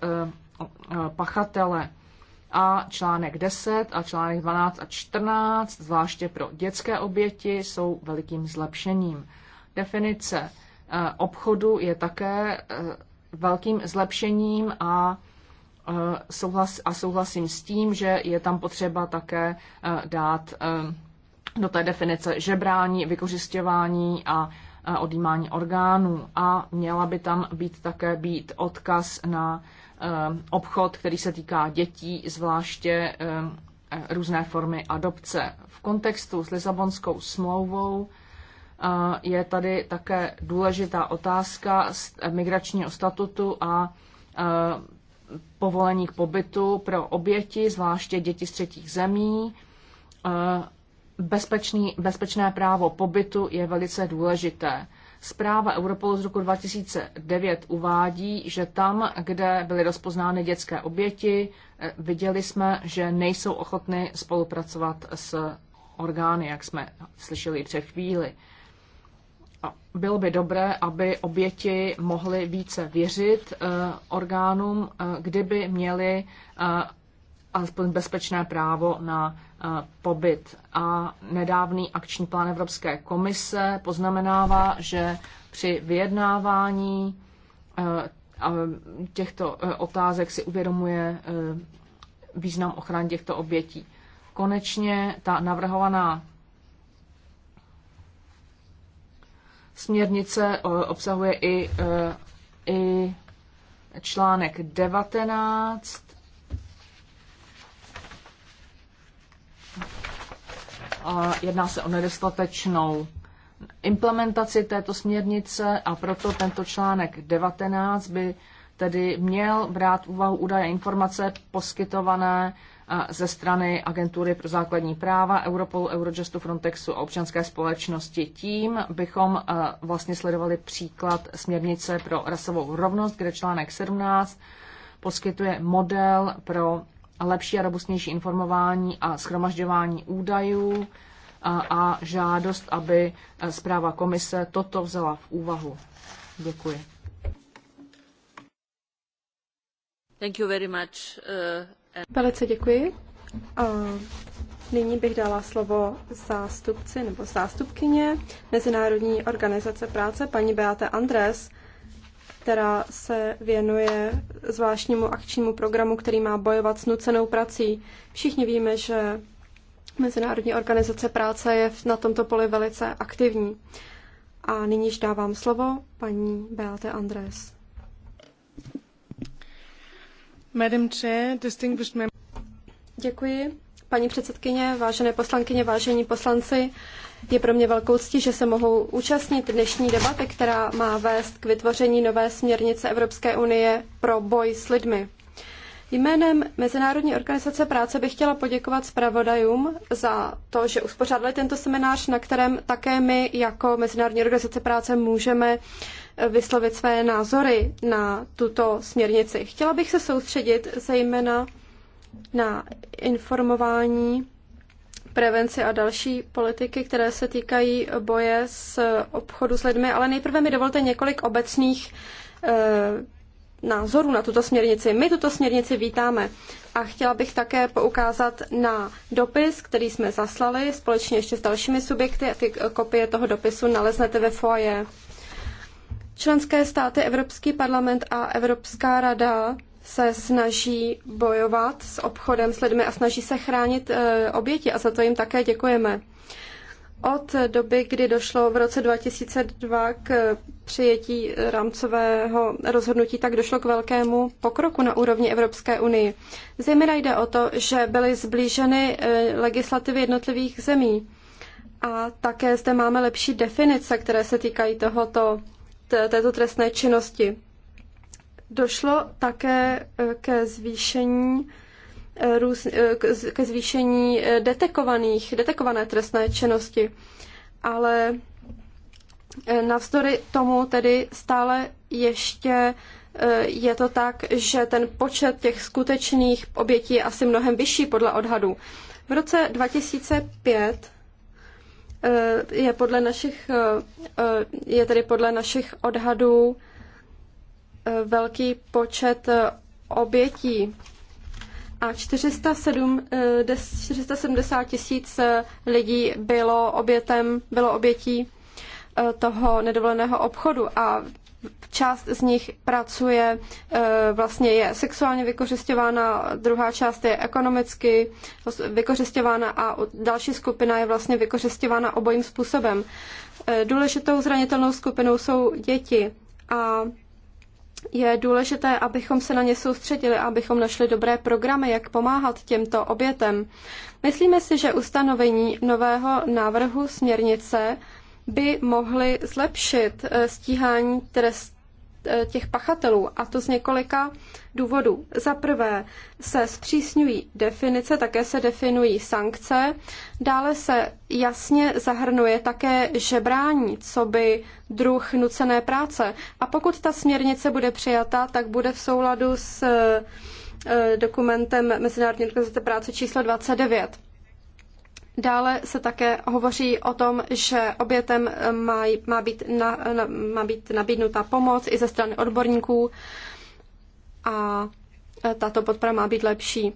pachatele. A článek 10 a článek 12 a 14, zvláště pro dětské oběti, jsou velikým zlepšením. Definice Eh, obchodu je také eh, velkým zlepšením a, eh, souhlas, a souhlasím s tím, že je tam potřeba také dát do té definice žebrání, vykořišťování a odjímání orgánů a měla by tam být také být odkaz na obchod, který se týká dětí, zvláště různé formy adopce. V kontextu s Lisabonskou smlouvou je tady také důležitá otázka migračního statutu a e, povolení k pobytu pro oběti, zvláště děti z třetích zemí. E, bezpečný, bezpečné právo pobytu je velice důležité. Zpráva Europolu z roku 2009 uvádí, že tam, kde byly rozpoznány dětské oběti, e, viděli jsme, že nejsou ochotny spolupracovat s orgány, jak jsme slyšeli před chvíli bylo by dobré, aby oběti mohly více věřit eh, orgánům, eh, kdyby měli eh, alespoň bezpečné právo na pobyt. A nedávný akční plán Evropské komise poznamenává, že při vyjednávání těchto otázek si uvědomuje význam ochrany těchto obětí. Konečně ta navrhovaná Směrnice eh, obsahuje i, eh, i článek 19. Jedná se o nedostatečnou implementaci této směrnice a proto tento článek 19 by tedy měl brát v úvahu údaje informace poskytované ze strany Agentury pro základní práva, Europolu, Eurojustu, Frontexu a občanské společnosti. Tím bychom eh, vlastně sledovali příklad směrnice pro rasovou rovnost, kde článek 17 poskytuje model pro lepší a robustnější informování a schromažďování údajů eh, a žádost, aby eh, zpráva komise toto vzala v úvahu. Děkuji. Thank you very much. Uh... Velice děkuji. A nyní bych dala slovo zástupci nebo zástupkyně Mezinárodní organizace práce paní Beate Andres, která se věnuje zvláštnímu akčnímu programu, který má bojovat s nucenou prací. Všichni víme, že Mezinárodní organizace práce je na tomto poli velice aktivní. A nyníž dávám slovo paní Beate Andres. Děkuji. Paní předsedkyně, vážené poslankyně, vážení poslanci, je pro mě velkou ctí, že se mohou účastnit dnešní debaty, která má vést k vytvoření nové směrnice Evropské unie pro boj s lidmi. Jménem Mezinárodní organizace práce bych chtěla poděkovat zpravodajům za to, že uspořádali tento seminář, na kterém také my jako Mezinárodní organizace práce můžeme eh, vyslovit své názory na tuto směrnici. Chtěla bych se soustředit zejména na informování, prevenci a další politiky, které se týkají boje s obchodu s lidmi, ale nejprve mi dovolte několik obecných eh, názoru na tuto směrnici. My tuto směrnici vítáme a chtěla bych také poukázat na dopis, který jsme zaslali společně ještě s dalšími subjekty. Ty kopie toho dopisu naleznete ve foaje. Členské státy, Evropský parlament a Evropská rada se snaží bojovat s obchodem s lidmi a snaží se chránit eh, oběti a za to jim také děkujeme. Od doby, kdy došlo v roce 2002 k přijetí rámcového rozhodnutí, tak došlo k velkému pokroku na úrovni Evropské unie. Zejména jde o to, že byly zblíženy eh, legislativy jednotlivých zemí. A také zde máme lepší definice, které se týkají tohoto, této trestné činnosti. Došlo také eh, ke zvýšení růz, eh, ke zvýšení eh, detekovaných, detekované trestné činnosti. Ale eh, navzdory tomu tedy stále ještě je to tak, že ten počet těch skutečných obětí je asi mnohem vyšší podle odhadů. V roce 2005 je podle našich, je tedy podle našich odhadů velký počet obětí a 407, 470 eh, tisíc eh, lidí bylo, obětem, bylo obětí eh, toho nedovoleného obchodu a část z nich pracuje, vlastně je sexuálně vykořišťována, druhá část je ekonomicky vykořišťována a další skupina je vlastně vykořišťována obojím způsobem. Důležitou zranitelnou skupinou jsou děti a je důležité, abychom se na ně soustředili, abychom našli dobré programy, jak pomáhat těmto obětem. Myslíme si, že ustanovení nového návrhu směrnice by mohly zlepšit eh, stíhání trest eh, těch pachatelů, a to z několika důvodů. Za prvé se zpřísňují definice, také se definují sankce. Dále se jasně zahrnuje také žebrání, co by druh nucené práce. A pokud ta směrnice bude přijata, tak bude v souladu s e, dokumentem Mezinárodní organizace práce číslo 29. Dále se také hovoří o tom, že obětem e, má, má, být, na, na, má být nabídnuta pomoc i ze strany odborníků a tato podpora má být lepší.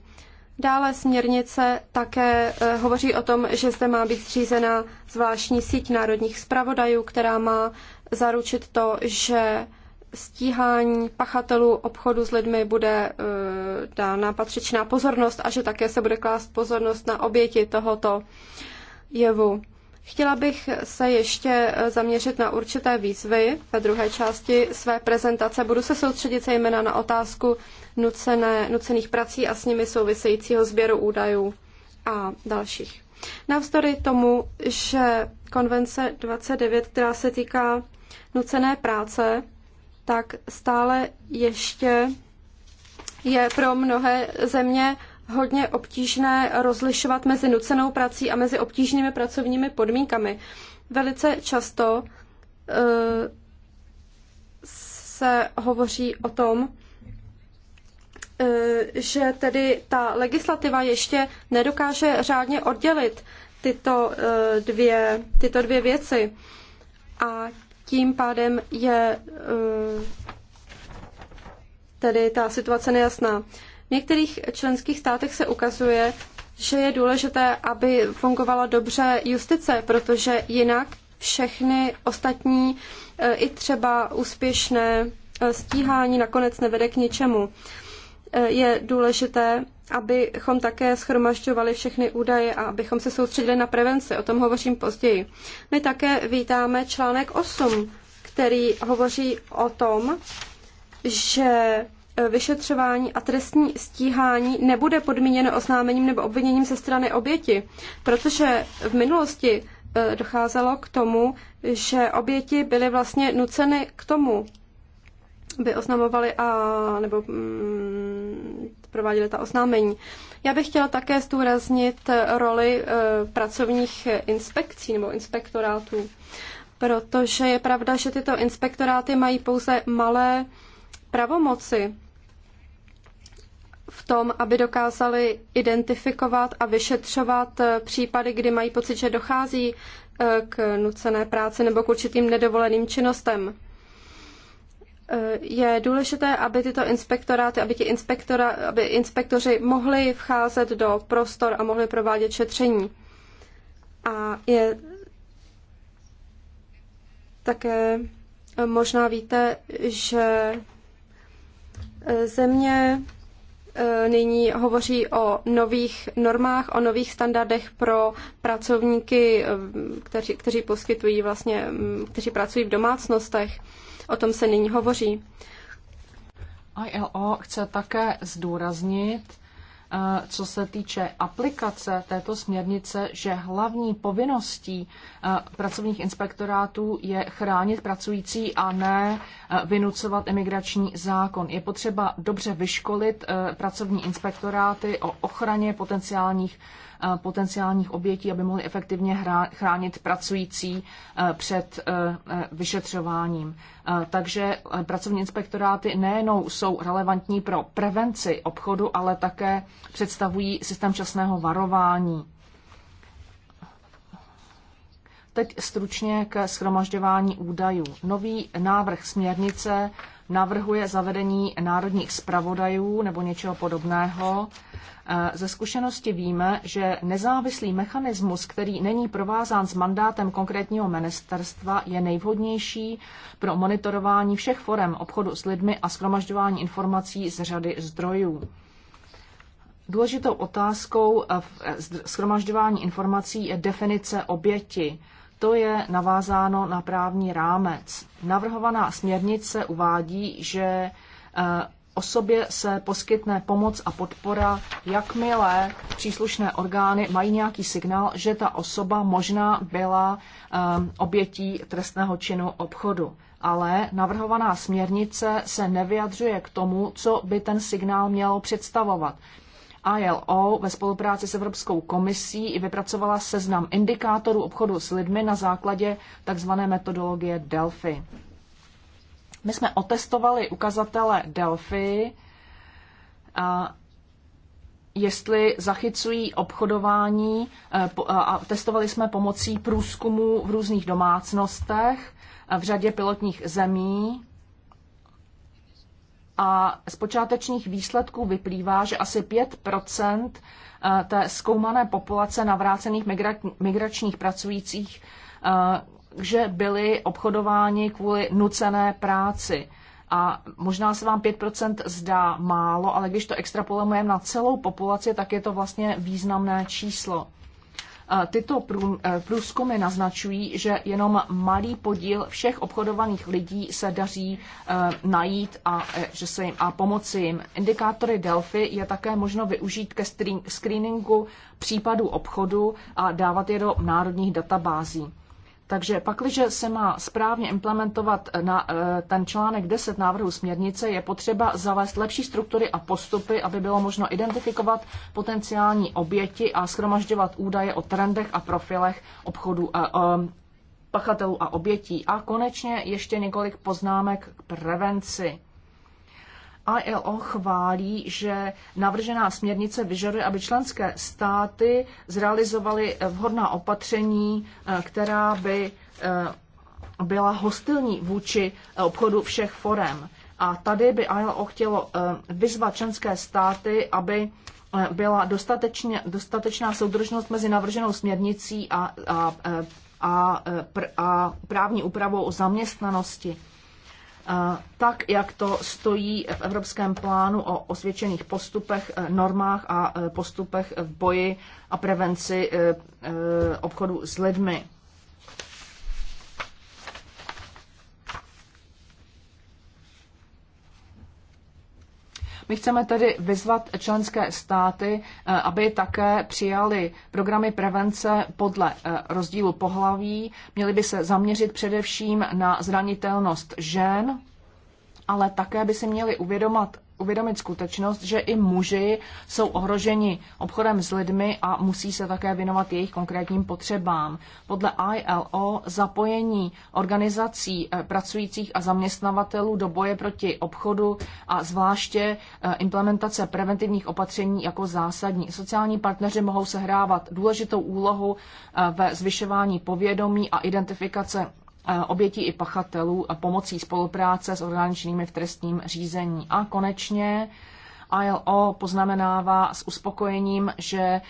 Dále směrnice také eh, hovoří o tom, že zde má být zřízena zvláštní síť národních zpravodajů, která má zaručit to, že stíhání pachatelů obchodu s lidmi bude eh, dána patřičná pozornost a že také se bude klást pozornost na oběti tohoto jevu. Chtěla bych se ještě eh, zaměřit na určité výzvy ve druhé části své prezentace. Budu se soustředit zejména na otázku nucené, nucených prací a s nimi souvisejícího sběru údajů a dalších. Navzdory tomu, že konvence 29, která se týká nucené práce, tak stále ještě je pro mnohé země hodně obtížné rozlišovat mezi nucenou prací a mezi obtížnými pracovními podmínkami. Velice často eh, se hovoří o tom, eh, že tedy ta legislativa ještě nedokáže řádně oddělit tyto eh, dvě, tyto dvě věci. A tím pádem je tedy ta situace nejasná. V některých členských státech se ukazuje, že je důležité, aby fungovala dobře justice, protože jinak všechny ostatní, eh, i třeba úspěšné eh, stíhání nakonec nevede k ničemu. Eh, je důležité, abychom také schromažďovali všechny údaje a abychom se soustředili na prevenci. O tom hovořím později. My také vítáme článek 8, který hovoří o tom, že vyšetřování a trestní stíhání nebude podmíněno oznámením nebo obviněním ze strany oběti, protože v minulosti eh, docházelo k tomu, že oběti byly vlastně nuceny k tomu, by oznamovali a, nebo mm, prováděli ta oznámení. Já bych chtěla také zdůraznit roli e, pracovních inspekcí nebo inspektorátů, protože je pravda, že tyto inspektoráty mají pouze malé pravomoci tom, aby dokázali identifikovat a vyšetřovat eh, případy, kdy mají pocit, že dochází eh, k nucené práci nebo k určitým nedovoleným činnostem. Eh, je důležité, aby tyto inspektoráty, aby, ti inspektora, aby inspektoři mohli vcházet do prostor a mohli provádět šetření. A je také možná víte, že země Eh, nyní hovoří o nových normách, o nových standardech pro pracovníky, eh, kteří, kteří poskytují vlastně, mm, kteří pracují v domácnostech. O tom se nyní hovoří. ILO chce také zdůraznit, Eh, co se týče aplikace této směrnice, že hlavní povinností eh, pracovních inspektorátů je chránit pracující a ne eh, vynucovat imigrační zákon. Je potřeba dobře vyškolit pracovní inspektoráty o ochraně potenciálních Eh, potenciálních obětí, aby mohli efektivně chránit pracující eh, před eh, vyšetřováním. Takže pracovní inspektoráty nejenom jsou relevantní pro prevenci obchodu, ale také představují systém časného varování. Teď stručně k schromažďování údajů. Nový návrh směrnice navrhuje zavedení národních zpravodajů nebo něčeho podobného. Eh, ze zkušenosti víme, že nezávislý mechanismus, který není provázán s mandátem konkrétního ministerstva, je nejvhodnější pro monitorování všech forem obchodu s lidmi a schromažďování informací z řady zdrojů. Důležitou otázkou eh, v eh, schromažďování informací je definice oběti to je navázáno na právní rámec. Navrhovaná směrnice uvádí, že eh, osobě se poskytne pomoc a podpora, jakmile příslušné orgány mají nějaký signál, že ta osoba možná byla eh, obětí trestného činu obchodu. Ale navrhovaná směrnice se nevyjadřuje k tomu, co by ten signál měl představovat. ILO ve spolupráci s Evropskou komisí vypracovala seznam indikátorů obchodu s lidmi na základě tzv. metodologie Delphi. My jsme otestovali ukazatele Delphi, a jestli zachycují obchodování e, a testovali jsme pomocí průzkumu v různých domácnostech v řadě pilotních zemí a z počátečních výsledků vyplývá, že asi 5 eh, té zkoumané populace navrácených migračních pracujících, eh, že byli obchodováni kvůli nucené práci. A možná se vám 5% zdá málo, ale když to extrapolujeme na celou populaci, tak je to vlastně významné číslo. Tyto eh, průzkumy naznačují, že jenom malý podíl všech obchodovaných lidí se daří eh, najít a, eh, že se jim, a pomoci jim. Indikátory Delphi je také možno využít ke screeningu případů obchodu a dávat je do národních databází. Takže pakliže se má správně implementovat na eh, ten článek 10 návrhu směrnice, je potřeba zavést lepší struktury a postupy, aby bylo možno identifikovat potenciální oběti a schromažďovat údaje o trendech a profilech obchodu eh, eh, pachatelů a obětí. A konečně ještě několik poznámek k prevenci. ILO chválí, že navržená směrnice vyžaduje, aby členské státy zrealizovaly vhodná opatření, eh, která by eh, byla hostilní vůči eh, obchodu všech forem. A tady by ILO chtělo vyzvat členské státy, aby byla dostatečně, dostatečná soudržnost mezi navrženou směrnicí a, a, a, a, pr, a právní úpravou o zaměstnanosti tak, jak to stojí v Evropském plánu o osvědčených postupech, eh, normách a eh, postupech v boji a prevenci eh, obchodu s lidmi. My chceme tedy vyzvat členské státy, eh, aby také přijali programy prevence podle eh, rozdílu pohlaví. Měli by se zaměřit především na zranitelnost žen, ale také by si měli uvědomat, uvědomit skutečnost, že i muži jsou ohroženi obchodem s lidmi a musí se také věnovat jejich konkrétním potřebám. Podle ILO zapojení organizací eh, pracujících a zaměstnavatelů do boje proti obchodu a zvláště eh, implementace preventivních opatření jako zásadní. Sociální partneři mohou sehrávat důležitou úlohu eh, ve zvyšování povědomí a identifikace obětí i pachatelů pomocí spolupráce s orgány v trestním řízení. A konečně ILO poznamenává s uspokojením, že e,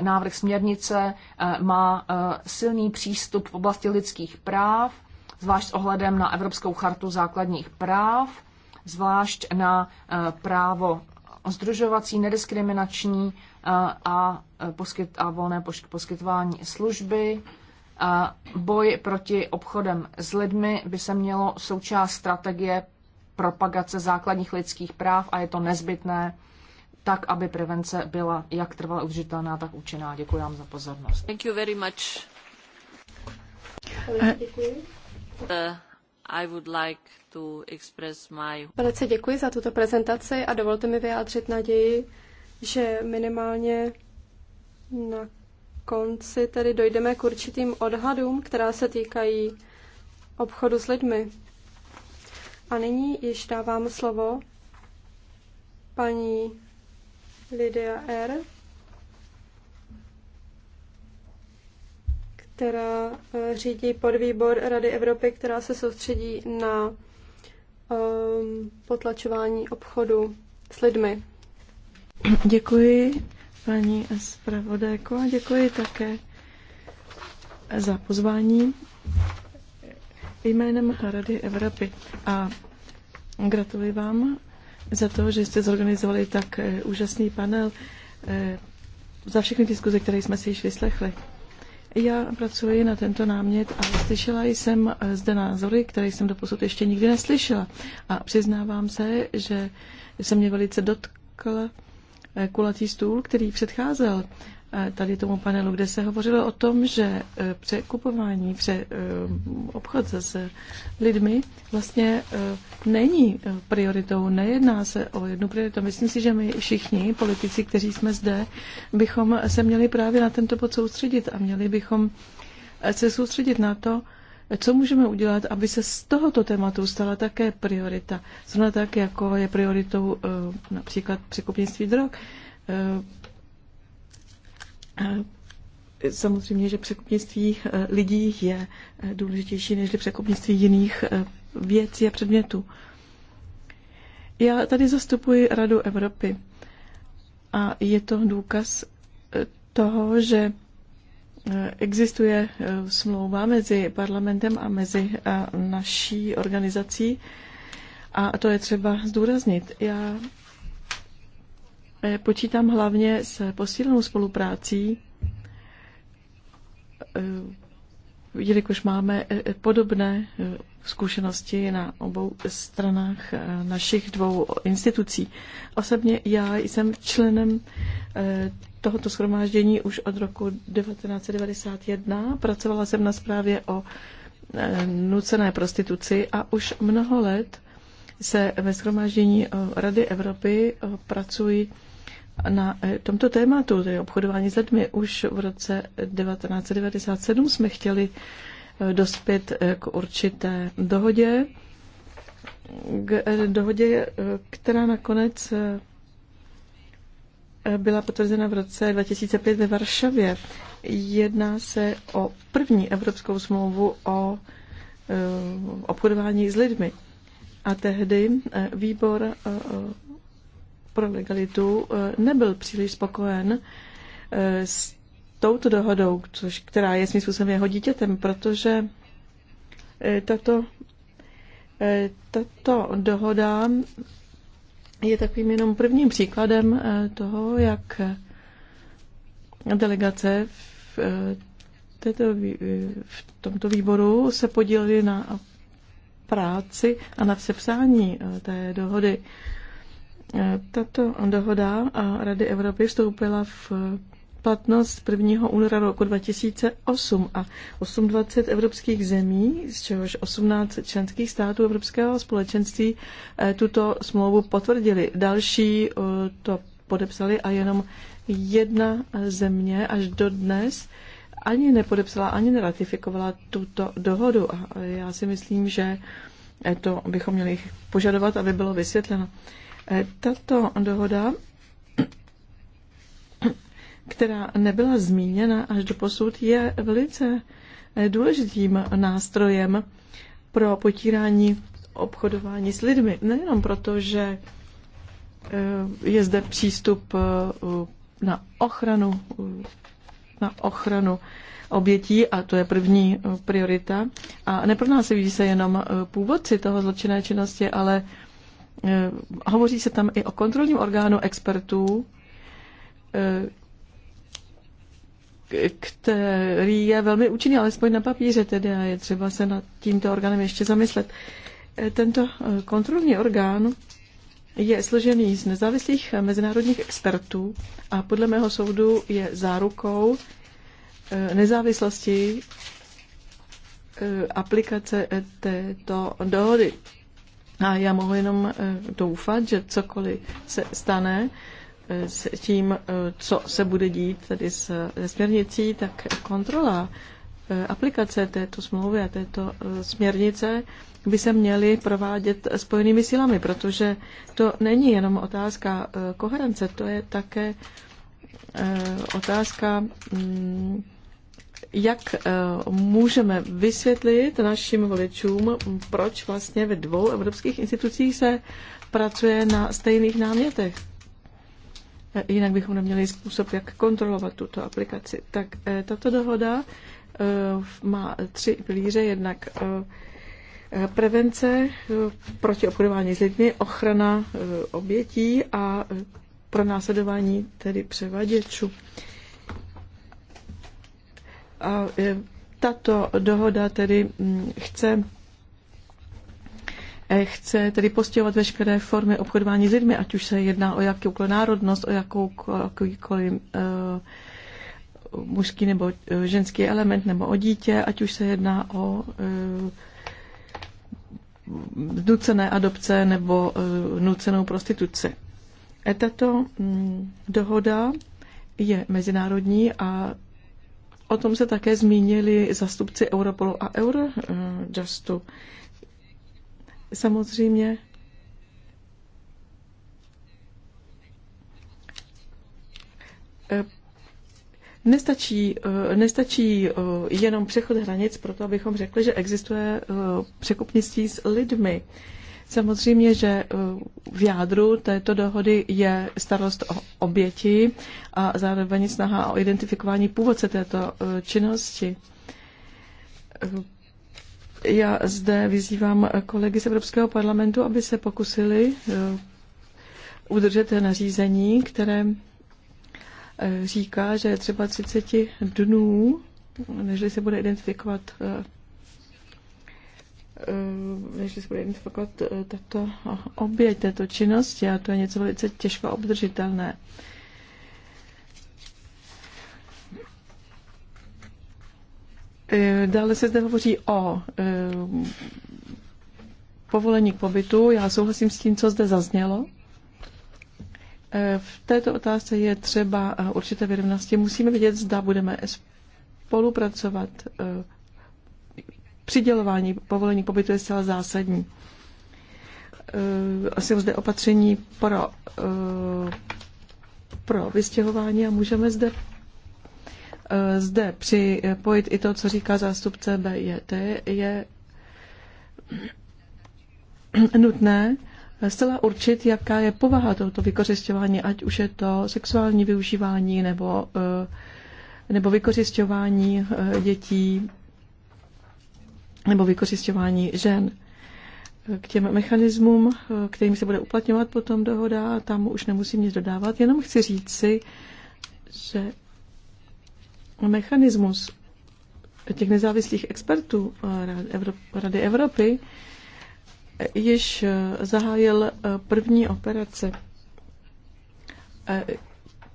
návrh směrnice e, má e, silný přístup v oblasti lidských práv, zvlášť s ohledem na Evropskou chartu základních práv, zvlášť na právo združovací, nediskriminační a, poskyt, a volné poskytování služby, a boj proti obchodem s lidmi by se mělo součást strategie propagace základních lidských práv a je to nezbytné tak, aby prevence byla jak trvale udržitelná, tak účinná. Děkuji vám za pozornost. Thank you very much. Eh. Děkuji. Eh, I would like to express my... Velice děkuji za tuto prezentaci a dovolte mi vyjádřit naději, že minimálně na konci tedy dojdeme k určitým odhadům, která se týkají obchodu s lidmi. A nyní již dávám slovo paní Lidia R., která eh, řídí podvýbor Rady Evropy, která se soustředí na um, potlačování obchodu s lidmi. Děkuji paní zpravodajko a děkuji také za pozvání jménem Rady Evropy a gratuluji vám za to, že jste zorganizovali tak eh, úžasný panel, eh, za všechny diskuze, které jsme si již vyslechli. Já pracuji na tento námět a slyšela jsem eh, zde názory, které jsem doposud ještě nikdy neslyšela. A přiznávám se, že se mě velice dotkla. Eh, kulatý stůl, který předcházel eh, tady tomu panelu, kde se hovořilo o tom, že eh, překupování, pře, obchod se lidmi vlastně není prioritou, nejedná se o jednu prioritu. Myslím si, že my všichni politici, kteří jsme zde, bychom se měli právě na tento bod soustředit a měli bychom se soustředit na to, co můžeme udělat, aby se z tohoto tématu stala také priorita? Zrovna tak, jako je prioritou eh, například překupnictví drog. Eh, eh, samozřejmě, že překupnictví lidí je důležitější než překupnictví jiných věcí a předmětů. Já tady zastupuji Radu Evropy a je to důkaz toho, že Existuje eh, smlouva mezi parlamentem a mezi naší organizací a to je třeba zdůraznit. Já eh, počítám hlavně s posílenou spoluprácí, eh, jelikož máme podobné zkušenosti na obou stranách eh, našich dvou institucí. Osobně já jsem členem eh, tohoto schromáždění už od roku 1991. Pracovala jsem na zprávě o eh, nucené prostituci a už mnoho let se ve schromáždění Rady Evropy pracuji na tomto tématu, tedy obchodování s lidmi, už v roce 1997 jsme chtěli dospět eh, k určité dohodě, k eh, dohodě, eh, která nakonec byla potvrzena v roce 2005 ve Varšavě. Jedná se o první evropskou smlouvu o obchodování s lidmi. A tehdy výbor pro legalitu nebyl příliš spokojen s touto dohodou, což, která je svým způsobem jeho dítětem, protože eh, tato, eh, tato dohoda je takovým jenom prvním příkladem eh, toho, jak delegace v, této, v tomto výboru se podílely na práci a na sepsání té dohody. Tato dohoda a Rady Evropy vstoupila v platnost 1. února roku 2008 a 820 evropských zemí, z čehož 18 členských států Evropského společenství eh, tuto smlouvu potvrdili. Další eh, to podepsali a jenom jedna země až do dnes ani nepodepsala, ani neratifikovala tuto dohodu. A já si myslím, že eh, to bychom měli požadovat, aby bylo vysvětleno. Tato dohoda která nebyla zmíněna až do posud, je velice eh, důležitým nástrojem pro potírání obchodování s lidmi. Nejenom proto, že eh, je zde přístup eh, na ochranu, na ochranu obětí a to je první priorita. A nepronásilí se jenom původci toho zločinné činnosti, ale hovoří se tam i o kontrolním orgánu expertů, který je velmi účinný, alespoň na papíře tedy a je třeba se nad tímto orgánem ještě zamyslet. E, tento e, kontrolní orgán je složený z nezávislých mezinárodních expertů a podle mého soudu je zárukou e, nezávislosti aplikace této dohody. A já mohu jenom doufat, že cokoliv se stane, s tím, eh, co se bude dít tady s směrnicí, tak kontrola eh, aplikace této smlouvy a této eh, směrnice by se měly provádět spojenými silami, protože to není jenom otázka koherence, to je také otázka, mm, jak můžeme vysvětlit našim voličům, proč vlastně ve dvou evropských institucích se pracuje na stejných námětech. Eh, jinak bychom neměli způsob, jak kontrolovat tuto aplikaci. Tak eh, tato dohoda eh, má tři pilíře, jednak prevence proti obchodování s lidmi, ochrana obětí a pro následování tedy převaděčů. A tato dohoda tedy hm, chce chce tedy postihovat veškeré formy obchodování s lidmi, ať už se jedná o jakoukoliv národnost, o jakoukoliv uh, mužský nebo eh, ženský element, nebo o dítě, ať už se jedná o uh, nucené adopce nebo uh, nucenou prostituci. E, tato mm, dohoda je mezinárodní a o tom se také zmínili zastupci Europolu a Eurojustu. Uh, samozřejmě eh, Nestačí, eh, nestačí eh, jenom přechod hranic proto, abychom řekli, že existuje překupnictví s lidmi. Samozřejmě, že v jádru této dohody je starost o oběti a zároveň snaha o identifikování původce této činnosti já zde vyzývám kolegy z Evropského parlamentu, aby se pokusili eh, udržet nařízení, které eh, říká, že je třeba 30 dnů, než se bude identifikovat eh, než se bude identifikovat tato oběť této činnosti a to je něco velice těžko obdržitelné. Eh, dále se zde hovoří o eh, povolení k pobytu. Já souhlasím s tím, co zde zaznělo. Eh, v této otázce je třeba určité vyrovnanosti. Musíme vidět, zda budeme spolupracovat. Přidělování povolení k pobytu je zcela zásadní. Asi zde opatření pro, pro vystěhování a můžeme zde Eh, zde připojit i to, co říká zástupce BIT, je [CLEARS THROAT] nutné zcela určit, jaká je povaha tohoto vykořišťování, ať už je to sexuální využívání nebo, eh, nebo vykořišťování eh, dětí nebo vykořišťování žen. K těm mechanismům, kterým se bude uplatňovat potom dohoda, tam už nemusím nic dodávat, jenom chci říct si, že mechanismus těch nezávislých expertů eh, Rady Evropy eh, již eh, zahájil první operace.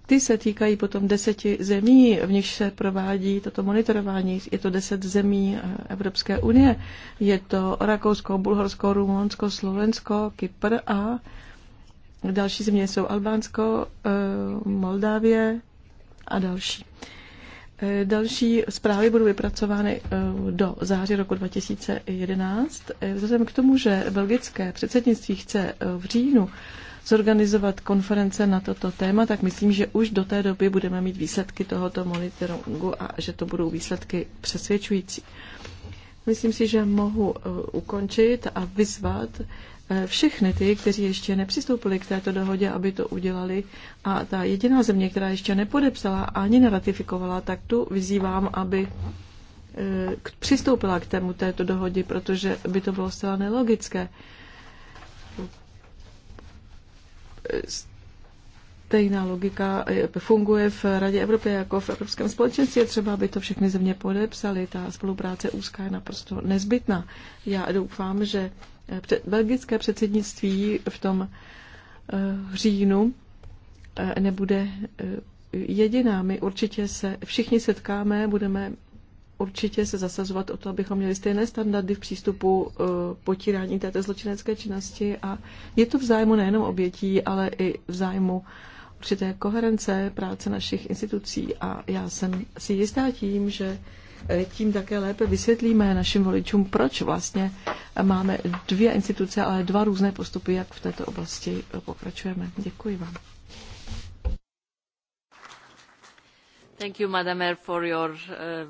Ty se týkají potom deseti zemí, v nichž se provádí toto monitorování. Je to deset zemí Evropské unie. Je to Rakousko, Bulharsko, Rumunsko, Slovensko, Kypr a další země jsou Albánsko, Moldávie a další. Eh, další zprávy budou vypracovány eh, do září roku 2011. Eh, vzhledem k tomu, že belgické předsednictví chce v říjnu zorganizovat konference na toto téma, tak myslím, že už do té doby budeme mít výsledky tohoto monitoringu a že to budou výsledky přesvědčující. Myslím si, že mohu ukončit a vyzvat Eh, všechny ty, kteří ještě nepřistoupili k této dohodě, aby to udělali. A ta jediná země, která ještě nepodepsala ani neratifikovala, tak tu vyzývám, aby eh, přistoupila k tému této dohodě, protože by to bylo zcela nelogické. Eh, stejná logika funguje v Radě Evropy jako v Evropském společenství. Je třeba, aby to všechny země podepsaly. Ta spolupráce úzká je naprosto nezbytná. Já doufám, že belgické předsednictví v tom eh, říjnu eh, nebude eh, jediná. My určitě se všichni setkáme, budeme určitě se zasazovat o to, abychom měli stejné standardy v přístupu potírání této zločinecké činnosti a je to v zájmu nejenom obětí, ale i v zájmu určité koherence práce našich institucí a já jsem si jistá tím, že E, tím také lépe vysvětlíme našim voličům, proč vlastně máme dvě instituce, ale dva různé postupy, jak v této oblasti pokračujeme. Děkuji vám. Thank you, Madam Air, for your, uh,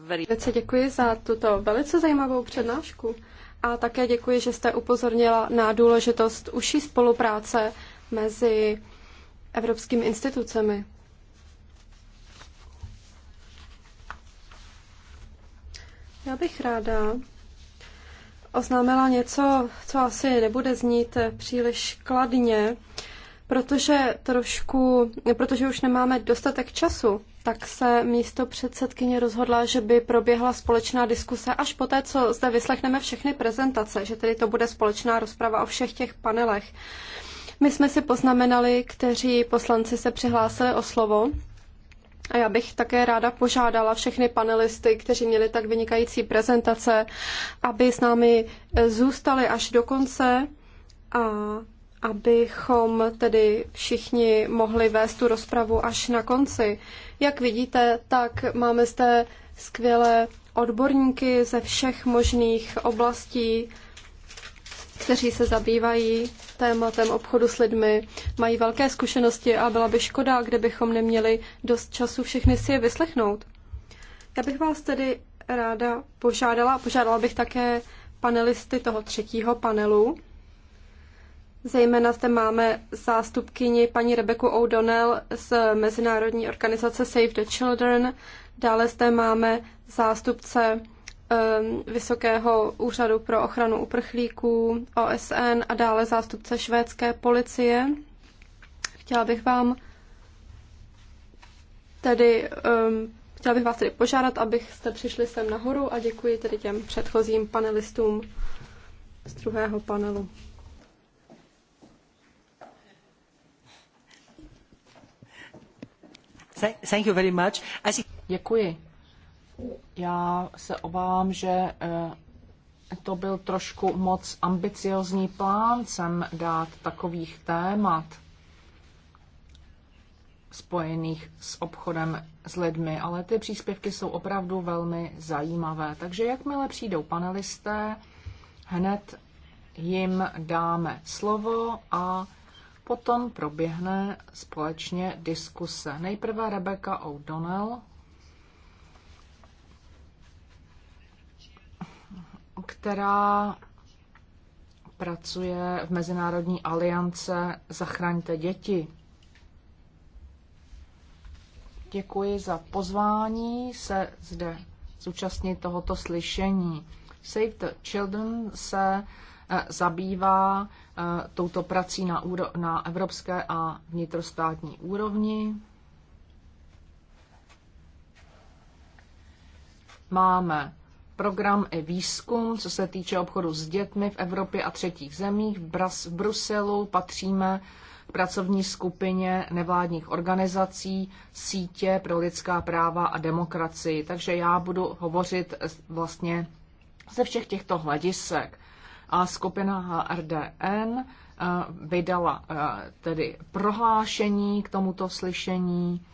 very... Velice děkuji za tuto velice zajímavou přednášku a také děkuji, že jste upozornila na důležitost užší spolupráce mezi evropskými institucemi. Já bych ráda oznámila něco, co asi nebude znít příliš kladně, protože trošku, protože už nemáme dostatek času, tak se místo předsedkyně rozhodla, že by proběhla společná diskuse až poté, co zde vyslechneme všechny prezentace, že tedy to bude společná rozprava o všech těch panelech. My jsme si poznamenali, kteří poslanci se přihlásili o slovo a já bych také ráda požádala všechny panelisty, kteří měli tak vynikající prezentace, aby s námi eh, zůstali až do konce a abychom tedy všichni mohli vést tu rozpravu až na konci. Jak vidíte, tak máme zde skvělé odborníky ze všech možných oblastí kteří se zabývají tématem obchodu s lidmi, mají velké zkušenosti a byla by škoda, kdybychom neměli dost času všechny si je vyslechnout. Já bych vás tedy ráda požádala, požádala bych také panelisty toho třetího panelu. Zejména zde máme zástupkyni paní Rebeku O'Donnell z Mezinárodní organizace Save the Children, dále zde máme zástupce Vysokého úřadu pro ochranu uprchlíků, OSN a dále zástupce švédské policie. Chtěla bych vám tedy, um, chtěla bych vás tedy požádat, abyste přišli sem nahoru a děkuji tedy těm předchozím panelistům z druhého panelu. Thank you very much. Asi... Děkuji. Já se obávám, že eh, to byl trošku moc ambiciozní plán sem dát takových témat spojených s obchodem s lidmi, ale ty příspěvky jsou opravdu velmi zajímavé. Takže jakmile přijdou panelisté, hned jim dáme slovo a potom proběhne společně diskuse. Nejprve Rebecca O'Donnell která pracuje v Mezinárodní aliance Zachraňte děti. Děkuji za pozvání se zde zúčastnit tohoto slyšení. Save the Children se eh, zabývá eh, touto prací na, úro- na evropské a vnitrostátní úrovni. Máme program i výzkum, co se týče obchodu s dětmi v Evropě a třetích zemích. V Bruselu patříme k pracovní skupině nevládních organizací sítě pro lidská práva a demokracii. Takže já budu hovořit vlastně ze všech těchto hledisek. A skupina HRDN eh, vydala eh, tedy prohlášení k tomuto slyšení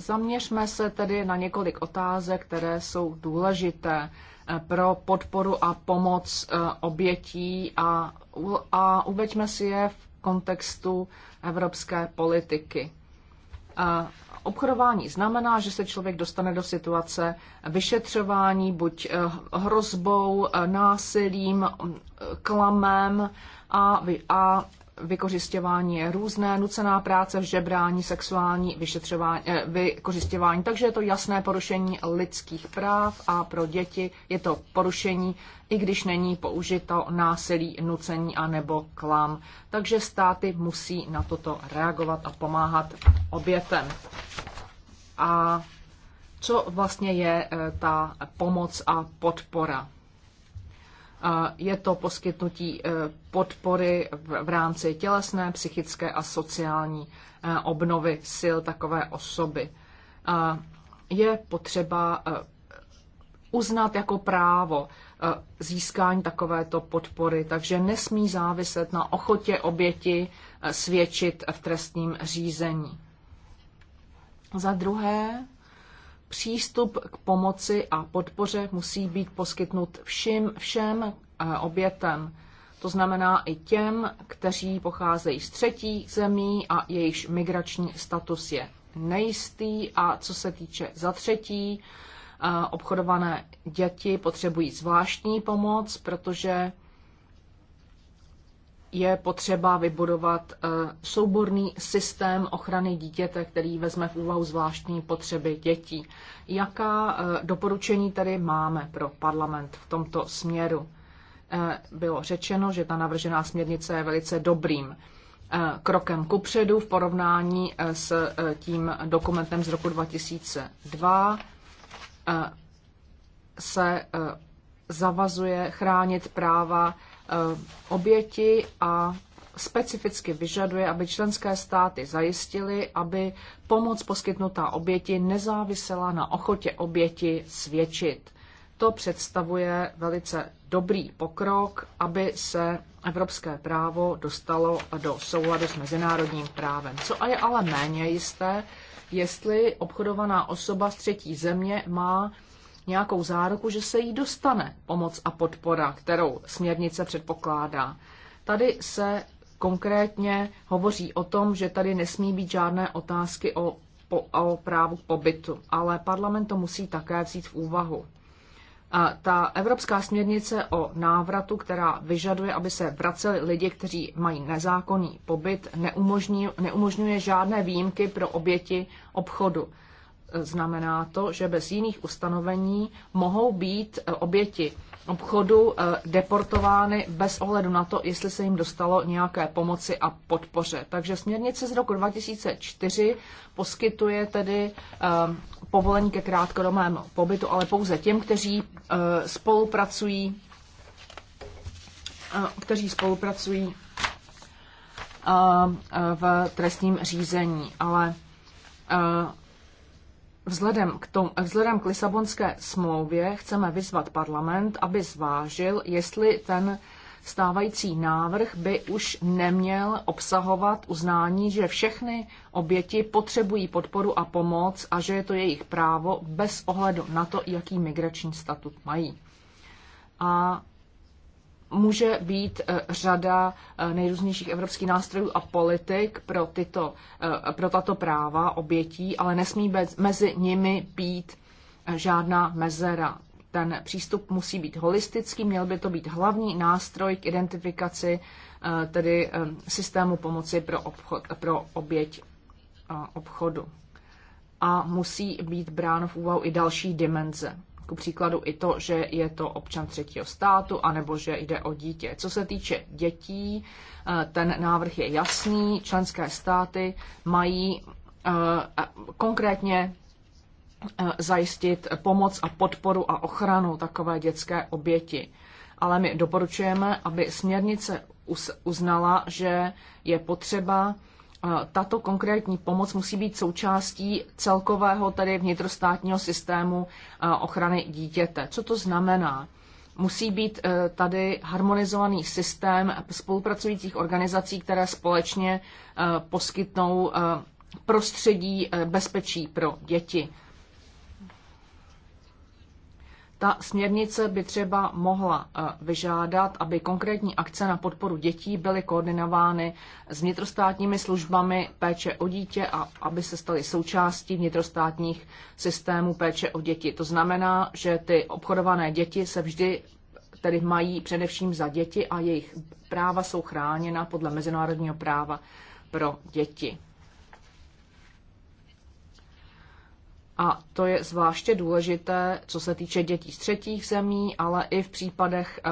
Zaměřme se tedy na několik otázek, které jsou důležité eh, pro podporu a pomoc eh, obětí a, a uveďme si je v kontextu evropské politiky. Eh, obchodování znamená, že se člověk dostane do situace vyšetřování buď hrozbou, násilím, klamem a, a vykořišťování je různé, nucená práce, žebrání, sexuální vyšetřování, eh, vykořišťování. Takže je to jasné porušení lidských práv a pro děti je to porušení, i když není použito násilí, nucení a nebo klam. Takže státy musí na toto reagovat a pomáhat obětem. A co vlastně je eh, ta pomoc a podpora? Je to poskytnutí eh, podpory v rámci tělesné, psychické a sociální eh, obnovy sil takové osoby. Je potřeba eh, uznat jako právo získání takovéto podpory, takže nesmí záviset na ochotě oběti svědčit v trestním řízení. Za druhé, Přístup k pomoci a podpoře musí být poskytnut všim, všem eh, obětem. To znamená i těm, kteří pocházejí z třetí zemí a jejichž migrační status je nejistý. A co se týče za třetí, eh, obchodované děti potřebují zvláštní pomoc, protože je potřeba vybudovat eh, souborný systém ochrany dítěte, který vezme v úvahu zvláštní potřeby dětí. Jaká eh, doporučení tedy máme pro parlament v tomto směru? Eh, bylo řečeno, že ta navržená směrnice je velice dobrým krokem kupředu v porovnání s tím dokumentem z roku 2002 se zavazuje chránit práva Eh, oběti a specificky vyžaduje, aby členské státy zajistily, aby pomoc poskytnutá oběti nezávisela na ochotě oběti svědčit. To představuje velice dobrý pokrok, aby se evropské právo dostalo do souladu s mezinárodním právem. Co je ale méně jisté, jestli obchodovaná osoba z třetí země má nějakou záruku, že se jí dostane pomoc a podpora, kterou směrnice předpokládá. Tady se konkrétně hovoří o tom, že tady nesmí být žádné otázky o, po, o právu pobytu, ale parlament to musí také vzít v úvahu. A ta evropská směrnice o návratu, která vyžaduje, aby se vraceli lidi, kteří mají nezákonný pobyt, neumožňuje žádné výjimky pro oběti obchodu znamená to, že bez jiných ustanovení mohou být eh, oběti obchodu eh, deportovány bez ohledu na to, jestli se jim dostalo nějaké pomoci a podpoře. Takže směrnice z roku 2004 poskytuje tedy eh, povolení ke krátkodobému pobytu, ale pouze těm, kteří spolupracují kteří spolupracují v trestním řízení. Ale Vzhledem k, tom, vzhledem k Lisabonské smlouvě chceme vyzvat parlament, aby zvážil, jestli ten stávající návrh by už neměl obsahovat uznání, že všechny oběti potřebují podporu a pomoc a že je to jejich právo bez ohledu na to, jaký migrační statut mají. A může být eh, řada eh, nejrůznějších evropských nástrojů a politik pro, tyto, eh, pro tato práva obětí, ale nesmí bez, mezi nimi být žádná mezera. Ten přístup musí být holistický, měl by to být hlavní nástroj k identifikaci tedy systému pomoci pro, obchod, pro oběť obchodu. A musí být bráno v úvahu i další dimenze ku příkladu i to, že je to občan třetího státu, anebo že jde o dítě. Co se týče dětí, eh, ten návrh je jasný. Členské státy mají eh, konkrétně eh, zajistit pomoc a podporu a ochranu takové dětské oběti. Ale my doporučujeme, aby směrnice uznala, že je potřeba tato konkrétní pomoc musí být součástí celkového tedy vnitrostátního systému e, ochrany dítěte. Co to znamená? Musí být e, tady harmonizovaný systém spolupracujících organizací, které společně e, poskytnou prostředí bezpečí pro děti. Ta směrnice by třeba mohla eh, vyžádat, aby konkrétní akce na podporu dětí byly koordinovány s vnitrostátními službami péče o dítě a aby se staly součástí vnitrostátních systémů péče o děti. To znamená, že ty obchodované děti se vždy tedy mají především za děti a jejich práva jsou chráněna podle mezinárodního práva pro děti. A to je zvláště důležité, co se týče dětí z třetích zemí, ale i v případech eh,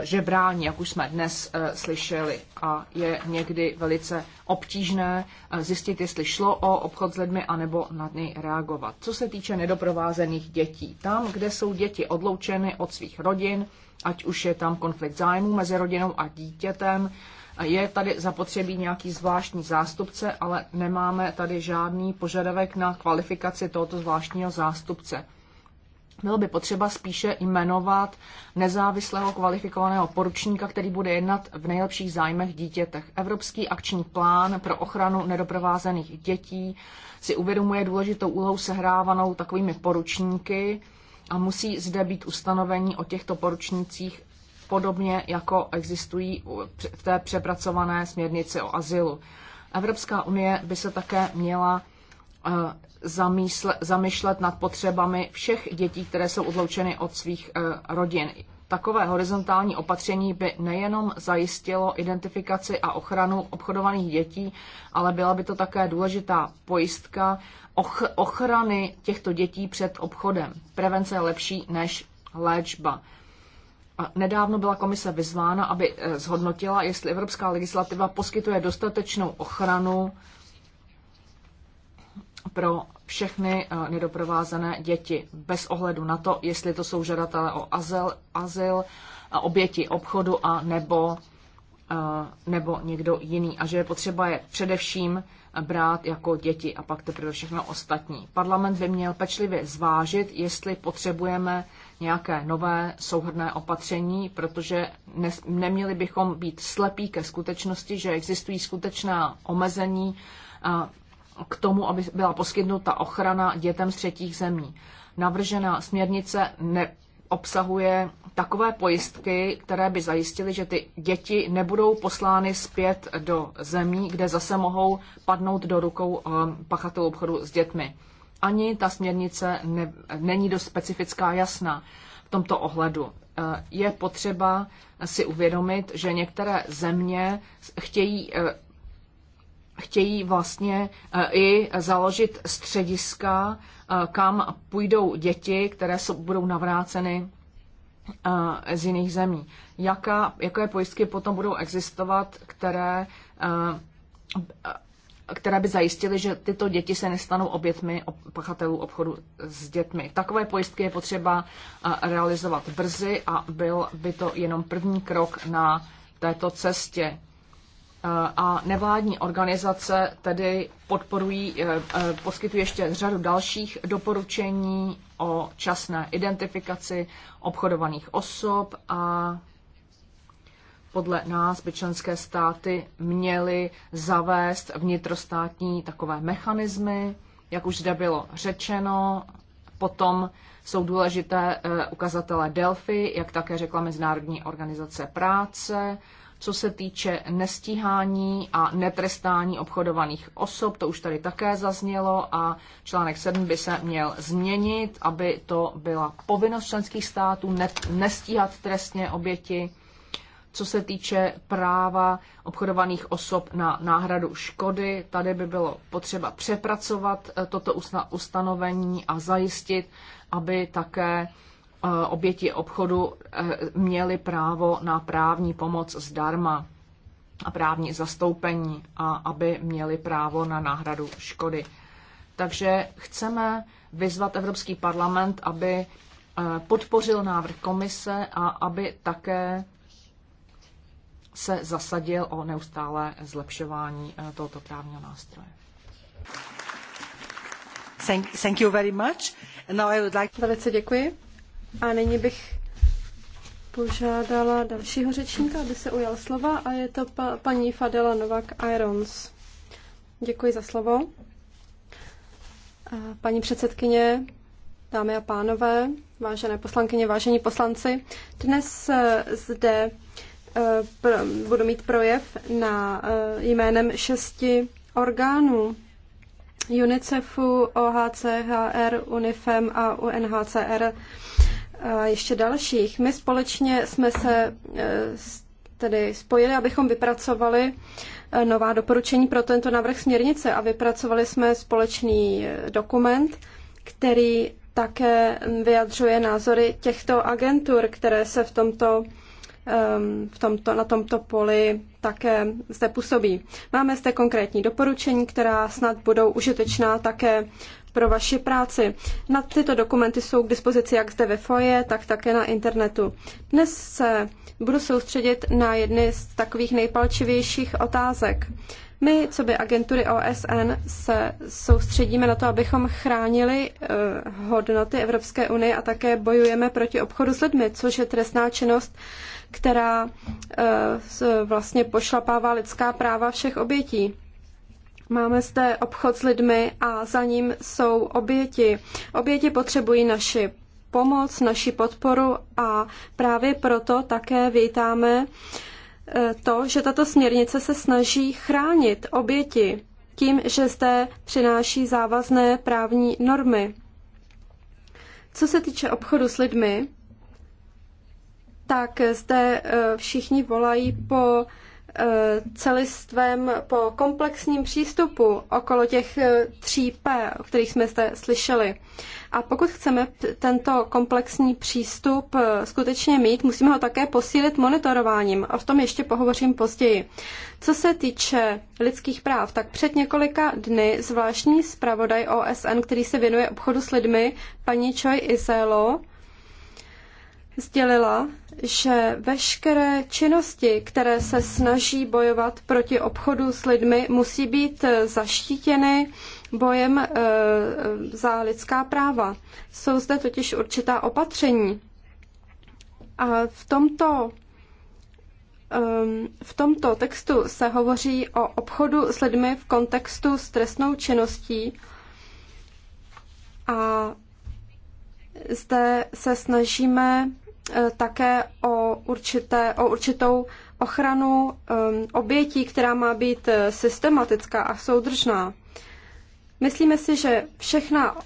eh, žebrání, jak už jsme dnes eh, slyšeli. A je někdy velice obtížné zjistit, jestli šlo o obchod s lidmi, anebo na něj reagovat. Co se týče nedoprovázených dětí, tam, kde jsou děti odloučeny od svých rodin, ať už je tam konflikt zájmů mezi rodinou a dítětem, je tady zapotřebí nějaký zvláštní zástupce, ale nemáme tady žádný požadavek na kvalifikaci tohoto zvláštního zástupce. Bylo by potřeba spíše jmenovat nezávislého kvalifikovaného poručníka, který bude jednat v nejlepších zájmech dítětech. Evropský akční plán pro ochranu nedoprovázených dětí si uvědomuje důležitou úlohu sehrávanou takovými poručníky a musí zde být ustanovení o těchto poručnících podobně jako existují v té přepracované směrnici o azylu. Evropská unie by se také měla eh, zamýšlet nad potřebami všech dětí, které jsou odloučeny od svých eh, rodin. Takové horizontální opatření by nejenom zajistilo identifikaci a ochranu obchodovaných dětí, ale byla by to také důležitá pojistka ochrany těchto dětí před obchodem. Prevence je lepší než léčba. Nedávno byla komise vyzvána, aby eh, zhodnotila, jestli evropská legislativa poskytuje dostatečnou ochranu pro všechny eh, nedoprovázené děti, bez ohledu na to, jestli to jsou žadatelé o azyl, azyl eh, oběti obchodu a nebo, nebo někdo jiný. A že je potřeba je především brát jako děti a pak teprve všechno ostatní. Parlament by měl pečlivě zvážit, jestli potřebujeme nějaké nové souhrné opatření, protože ne, neměli bychom být slepí ke skutečnosti, že existují skutečná omezení k tomu, aby byla poskytnuta ochrana dětem z třetích zemí. Navržená směrnice ne, obsahuje takové pojistky, které by zajistily, že ty děti nebudou poslány zpět do zemí, kde zase mohou padnout do rukou um, pachatelů obchodu s dětmi ani ta směrnice ne, není dost specifická jasná v tomto ohledu. Eh, je potřeba si uvědomit, že některé země chtějí eh, chtějí vlastně eh, i založit střediska, kam půjdou děti, které jsou, budou navráceny z jiných zemí. Jaká, jaké pojistky potom budou existovat, které které by zajistily, že tyto děti se nestanou obětmi pachatelů obchodu s dětmi. Takové pojistky je potřeba realizovat brzy a byl by to jenom první krok na této cestě. A nevládní organizace tedy podporují, e, e, poskytují ještě řadu dalších doporučení o časné identifikaci obchodovaných osob a podle nás by členské státy měly zavést vnitrostátní takové mechanismy, jak už zde bylo řečeno. Potom jsou důležité eh, ukazatele Delphi, jak také řekla Mezinárodní organizace práce. Co se týče nestíhání a netrestání obchodovaných osob, to už tady také zaznělo a článek 7 by se měl změnit, aby to byla povinnost členských států nestíhat trestně oběti co se týče práva obchodovaných osob na náhradu škody, tady by bylo potřeba přepracovat eh, toto ustanovení a zajistit, aby také eh, oběti obchodu eh, měly právo na právní pomoc zdarma a právní zastoupení a aby měli právo na náhradu škody. Takže chceme vyzvat Evropský parlament, aby podpořil návrh komise a aby také se zasadil o neustále zlepšování eh, tohoto právního nástroje. Thank, thank you very much. Now I would like... Velice děkuji. A nyní bych požádala dalšího řečníka, aby se ujal slova, a je to pa, paní Fadela Novak-Irons. Děkuji za slovo. Eh, paní předsedkyně, dámy a pánové, vážené poslankyně, vážení poslanci, dnes eh, zde Eh, budu mít projev na eh, jménem šesti orgánů. UNICEFu, OHCHR, UNIFEM a UNHCR a ještě dalších. My společně jsme se eh, tedy spojili, abychom vypracovali nová doporučení pro tento návrh směrnice a vypracovali jsme společný dokument, který také vyjadřuje názory těchto agentur, které se v tomto Ehm, v tomto, na tomto poli také zde působí. Máme zde konkrétní doporučení, která snad budou užitečná také pro vaši práci. Na tyto dokumenty jsou k dispozici jak zde ve foje, tak také na internetu. Dnes se budu soustředit na jedny z takových nejpalčivějších otázek. My, co by agentury OSN, se soustředíme na to, abychom chránili eh, hodnoty Evropské unie a také bojujeme proti obchodu s lidmi, což je trestná činnost, která eh, vlastně pošlapává lidská práva všech obětí. Máme zde obchod s lidmi a za ním jsou oběti. Oběti potřebují naši pomoc, naši podporu a právě proto také vítáme eh, to, že tato směrnice se snaží chránit oběti tím, že zde přináší závazné právní normy. Co se týče obchodu s lidmi, tak zde eh, všichni volají po eh, celistvém, po komplexním přístupu okolo těch eh, tří p o kterých jsme zde slyšeli. A pokud chceme tento komplexní přístup skutečně mít, musíme ho také posílit monitorováním. O tom ještě pohovořím později. Co se týče lidských práv, tak před několika dny zvláštní zpravodaj OSN, který se věnuje obchodu s lidmi, paní Choi Iselo, sdělila, že veškeré činnosti, které se snaží bojovat proti obchodu s lidmi, musí být eh, zaštítěny bojem eh, za lidská práva. Jsou zde totiž určitá opatření. A v tomto ehm, v tomto textu se hovoří o obchodu s lidmi v kontextu s trestnou činností a zde se snažíme Eh, také o, určité, o určitou ochranu eh, obětí, která má být eh, systematická a soudržná. Myslíme si, že všechna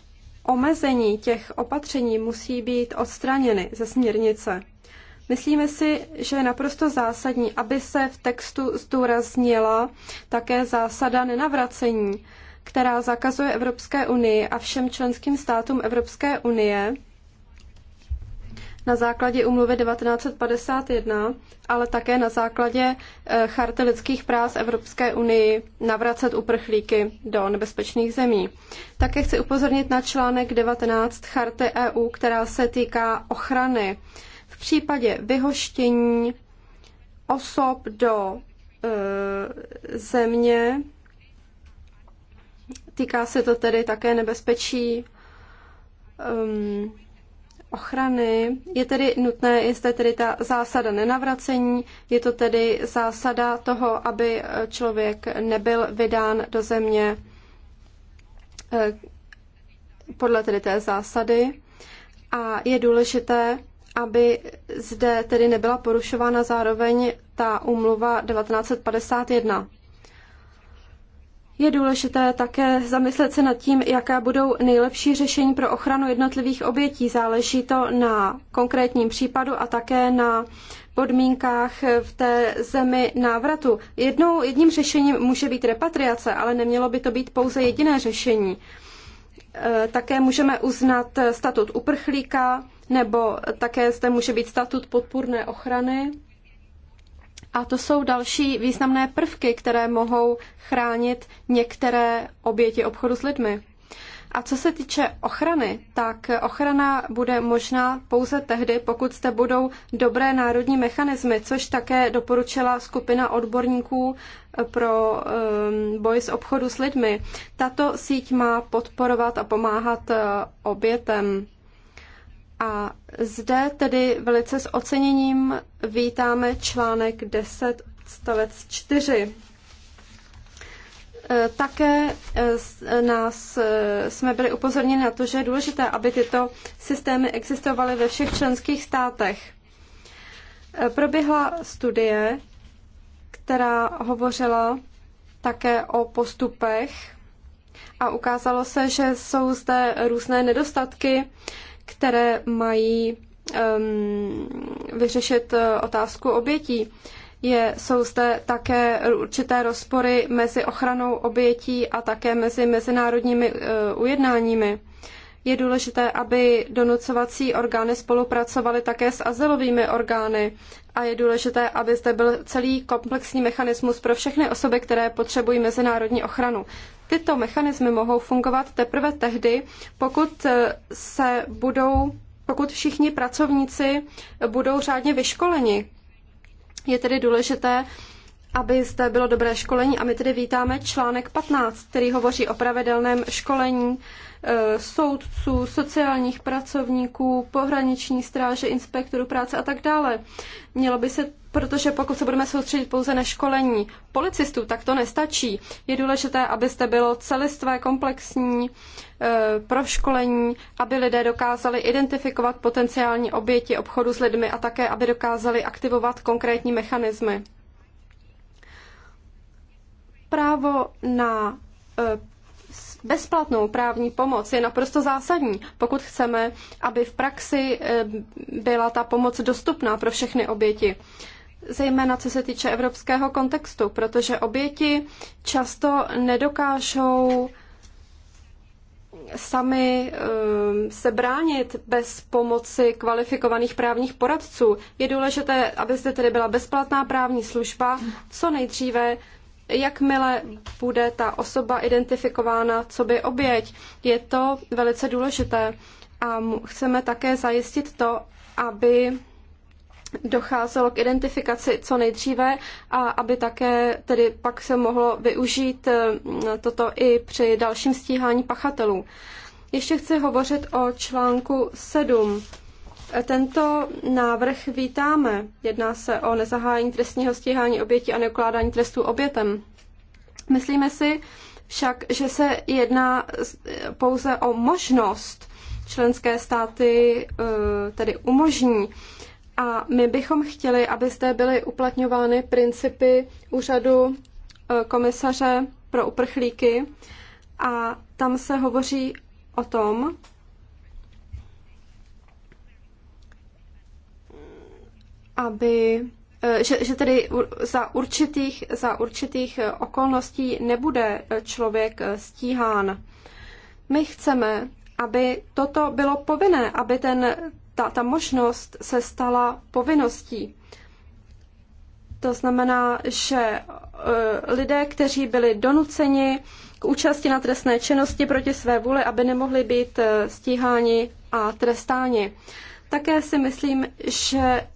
omezení těch opatření musí být odstraněny ze směrnice. Myslíme si, že je naprosto zásadní, aby se v textu zdůraznila také zásada nenavracení, která zakazuje Evropské unii a všem členským státům Evropské unie na základě umluvy 1951, ale také na základě eh, charty lidských práv Evropské unii navracet uprchlíky do nebezpečných zemí. Také chci upozornit na článek 19 charty EU, která se týká ochrany v případě vyhoštění osob do e, země. Týká se to tedy také nebezpečí um, ochrany. Je tedy nutné, je zde tedy ta zásada nenavracení, je to tedy zásada toho, aby člověk nebyl vydán do země eh, podle tedy té zásady. A je důležité, aby zde tedy nebyla porušována zároveň ta úmluva 1951. Je důležité také zamyslet se nad tím, jaká budou nejlepší řešení pro ochranu jednotlivých obětí. Záleží to na konkrétním případu a také na podmínkách v té zemi návratu. Jednou, jedním řešením může být repatriace, ale nemělo by to být pouze jediné řešení. E, také můžeme uznat statut uprchlíka, nebo také zde může být statut podpůrné ochrany. A to jsou další významné prvky, které mohou chránit některé oběti obchodu s lidmi. A co se týče ochrany, tak ochrana bude možná pouze tehdy, pokud zde budou dobré národní mechanismy, což také doporučila skupina odborníků pro ehm, boj s obchodu s lidmi. Tato síť má podporovat a pomáhat eh, obětem a zde tedy velice s oceněním vítáme článek 10 stavec 4. Také e, e, nás, e, jsme byli upozorněni na to, že je důležité, aby tyto systémy existovaly ve všech členských státech. Proběhla studie, která hovořila také o postupech a ukázalo se, že jsou zde různé nedostatky které mají um, vyřešit eh, otázku obětí. Je, jsou zde také určité rozpory mezi ochranou obětí a také mezi mezinárodními uh, ujednáními. Je důležité, aby donucovací orgány spolupracovaly také s azylovými orgány a je důležité, aby zde byl celý komplexní mechanismus pro všechny osoby, které potřebují mezinárodní ochranu. Tyto mechanismy mohou fungovat teprve tehdy, pokud eh, se budou, pokud všichni pracovníci budou řádně vyškoleni. Je tedy důležité, aby zde bylo dobré školení a my tedy vítáme článek 15, který hovoří o pravidelném školení Eh, soudců, sociálních pracovníků, pohraniční stráže, inspektorů práce a tak dále. Mělo by se protože pokud se budeme soustředit pouze na školení policistů, tak to nestačí. Je důležité, abyste bylo celistvé, komplexní pro eh, proškolení, aby lidé dokázali identifikovat potenciální oběti obchodu s lidmi a také, aby dokázali aktivovat konkrétní mechanismy. Právo na eh, bezplatnou právní pomoc je naprosto zásadní, pokud chceme, aby v praxi eh, byla ta pomoc dostupná pro všechny oběti. Zejména co se týče evropského kontextu, protože oběti často nedokážou sami eh, se bránit bez pomoci kvalifikovaných právních poradců. Je důležité, aby zde tedy byla bezplatná právní služba co nejdříve jakmile bude ta osoba identifikována co by oběť. Je to velice důležité a chceme také zajistit to, aby docházelo k identifikaci co nejdříve a aby také tedy pak se mohlo využít eh, toto i při dalším stíhání pachatelů. Ještě chci hovořit o článku 7 tento návrh vítáme. Jedná se o nezahájení trestního stíhání oběti a neukládání trestů obětem. Myslíme si však, že se jedná pouze o možnost členské státy eh, tedy umožní. A my bychom chtěli, aby zde byly uplatňovány principy úřadu eh, komisaře pro uprchlíky a tam se hovoří o tom, aby eh, že, že tedy za určitých, za určitých eh, okolností nebude eh, člověk stíhán. My chceme, aby toto bylo povinné, aby ten, ta, ta možnost se stala povinností. To znamená, že lidé, kteří byli donuceni k účasti na trestné činnosti proti své vůli, aby nemohli být stíháni a trestáni. Také si myslím, že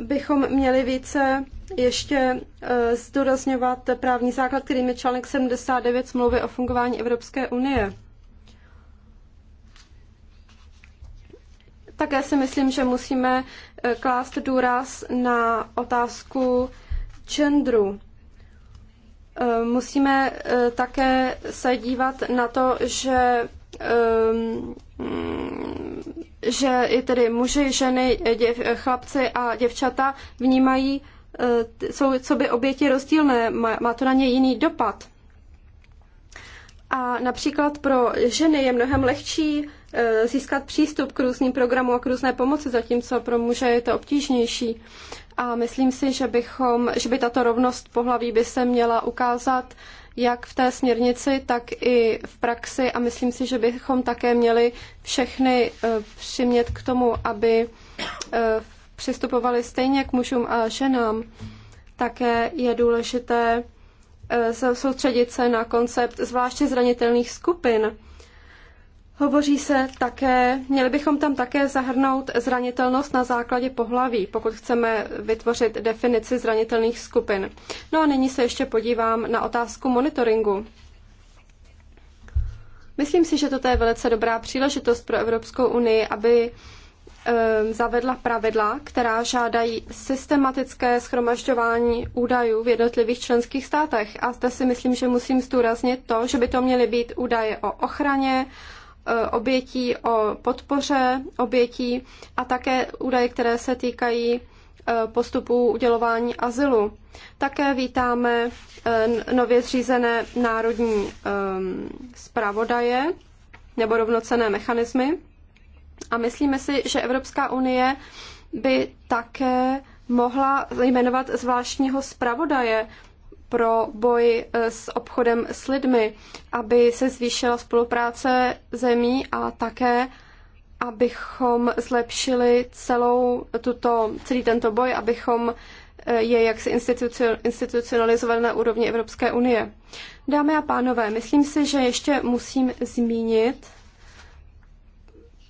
bychom měli více ještě eh, zdůrazňovat právní základ, kterým je článek 79 smlouvy o fungování Evropské unie. Také si myslím, že musíme eh, klást důraz na otázku genderu. Eh, musíme také se dívat na to, že ehm, že i tedy muži, ženy, děv, chlapci a děvčata vnímají, eh, jsou co by oběti rozdílné, má to na ně jiný dopad. A například pro ženy je mnohem lehčí eh, získat přístup k různým programům a k různé pomoci, zatímco pro muže je to obtížnější. A myslím si, že, bychom, že by tato rovnost pohlaví by se měla ukázat jak v té směrnici, tak i v praxi a myslím si, že bychom také měli všechny eh, přimět k tomu, aby eh, přistupovali stejně k mužům a ženám. Také je důležité eh, soustředit se na koncept zvláště zranitelných skupin. Hovoří se také, měli bychom tam také zahrnout zranitelnost na základě pohlaví, pokud chceme vytvořit definici zranitelných skupin. No a nyní se ještě podívám na otázku monitoringu. Myslím si, že toto je velice dobrá příležitost pro Evropskou unii, aby ehm, zavedla pravidla, která žádají systematické schromažďování údajů v jednotlivých členských státech. A zde si myslím, že musím zdůraznit to, že by to měly být údaje o ochraně, E, obětí, o podpoře obětí a také údaje, které se týkají e, postupů udělování azylu. Také vítáme e, nově zřízené národní zpravodaje nebo rovnocené mechanismy a myslíme si, že Evropská unie by také mohla jmenovat zvláštního zpravodaje pro boj e, s obchodem s lidmi, aby se zvýšila spolupráce zemí a také abychom zlepšili celou tuto, celý tento boj, abychom e, je jaksi institucionalizovali na úrovni Evropské unie. Dámy a pánové, myslím si, že ještě musím zmínit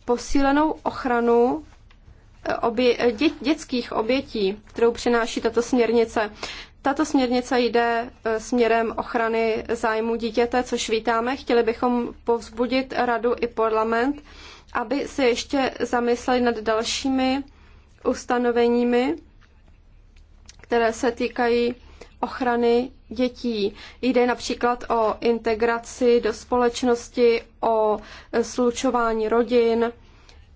posílenou ochranu e, obě, dě, dětských obětí, kterou přináší tato směrnice. Tato směrnice jde e, směrem ochrany zájmu dítěte, což vítáme. Chtěli bychom povzbudit radu i parlament, aby se ještě zamysleli nad dalšími ustanoveními, které se týkají ochrany dětí. Jde například o integraci do společnosti, o e, slučování rodin.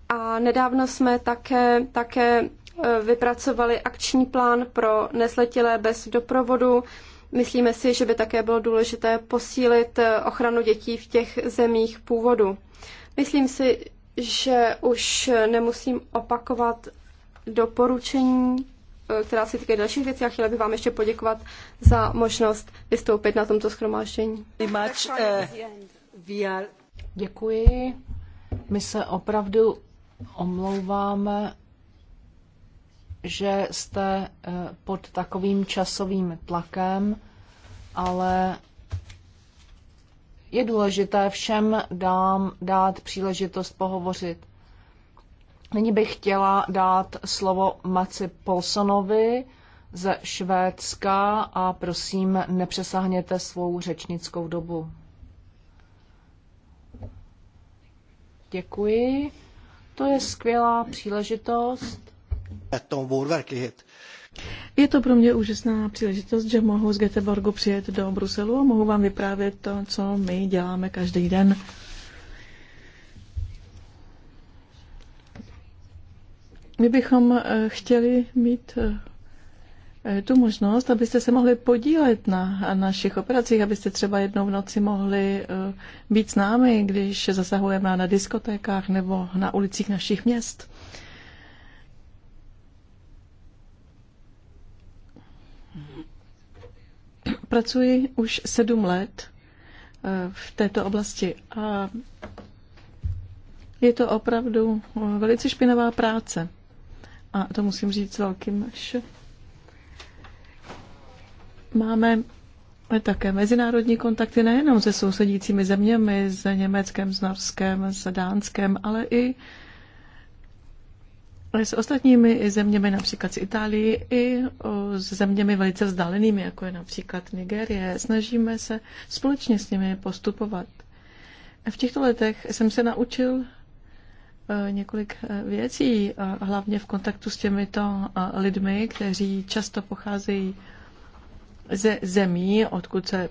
A nedávno jsme také, také E, vypracovali akční plán pro nesletilé bez doprovodu. Myslíme si, že by také bylo důležité posílit e, ochranu dětí v těch zemích původu. Myslím si, že už nemusím opakovat doporučení, e, která se týká dalších věcí a chtěla bych vám ještě poděkovat za možnost vystoupit na tomto schromáždění. Uh, Děkuji. My se opravdu omlouváme že jste eh, pod takovým časovým tlakem, ale je důležité všem dám dát příležitost pohovořit. Nyní bych chtěla dát slovo Maci Polsonovi ze Švédska a prosím, nepřesahněte svou řečnickou dobu. Děkuji. To je skvělá příležitost je to pro mě úžasná příležitost, že mohu z Göteborgu přijet do Bruselu a mohu vám vyprávět to, co my děláme každý den. My bychom eh, chtěli mít eh, tu možnost, abyste se mohli podílet na našich operacích, abyste třeba jednou v noci mohli eh, být s námi, když zasahujeme na diskotékách nebo na ulicích našich měst. Pracuji už sedm let eh, v této oblasti a je to opravdu eh, velice špinavá práce. A to musím říct s velkým š. Máme také mezinárodní kontakty nejenom se sousedícími zeměmi, s Německem, s Norskem, s Dánskem, ale i s ostatními zeměmi, například s Itálií, i s zeměmi velice vzdálenými, jako je například Nigérie. Snažíme se společně s nimi postupovat. V těchto letech jsem se naučil e, několik e, věcí, hlavně v kontaktu s těmito e, lidmi, kteří často pocházejí ze zemí, odkud se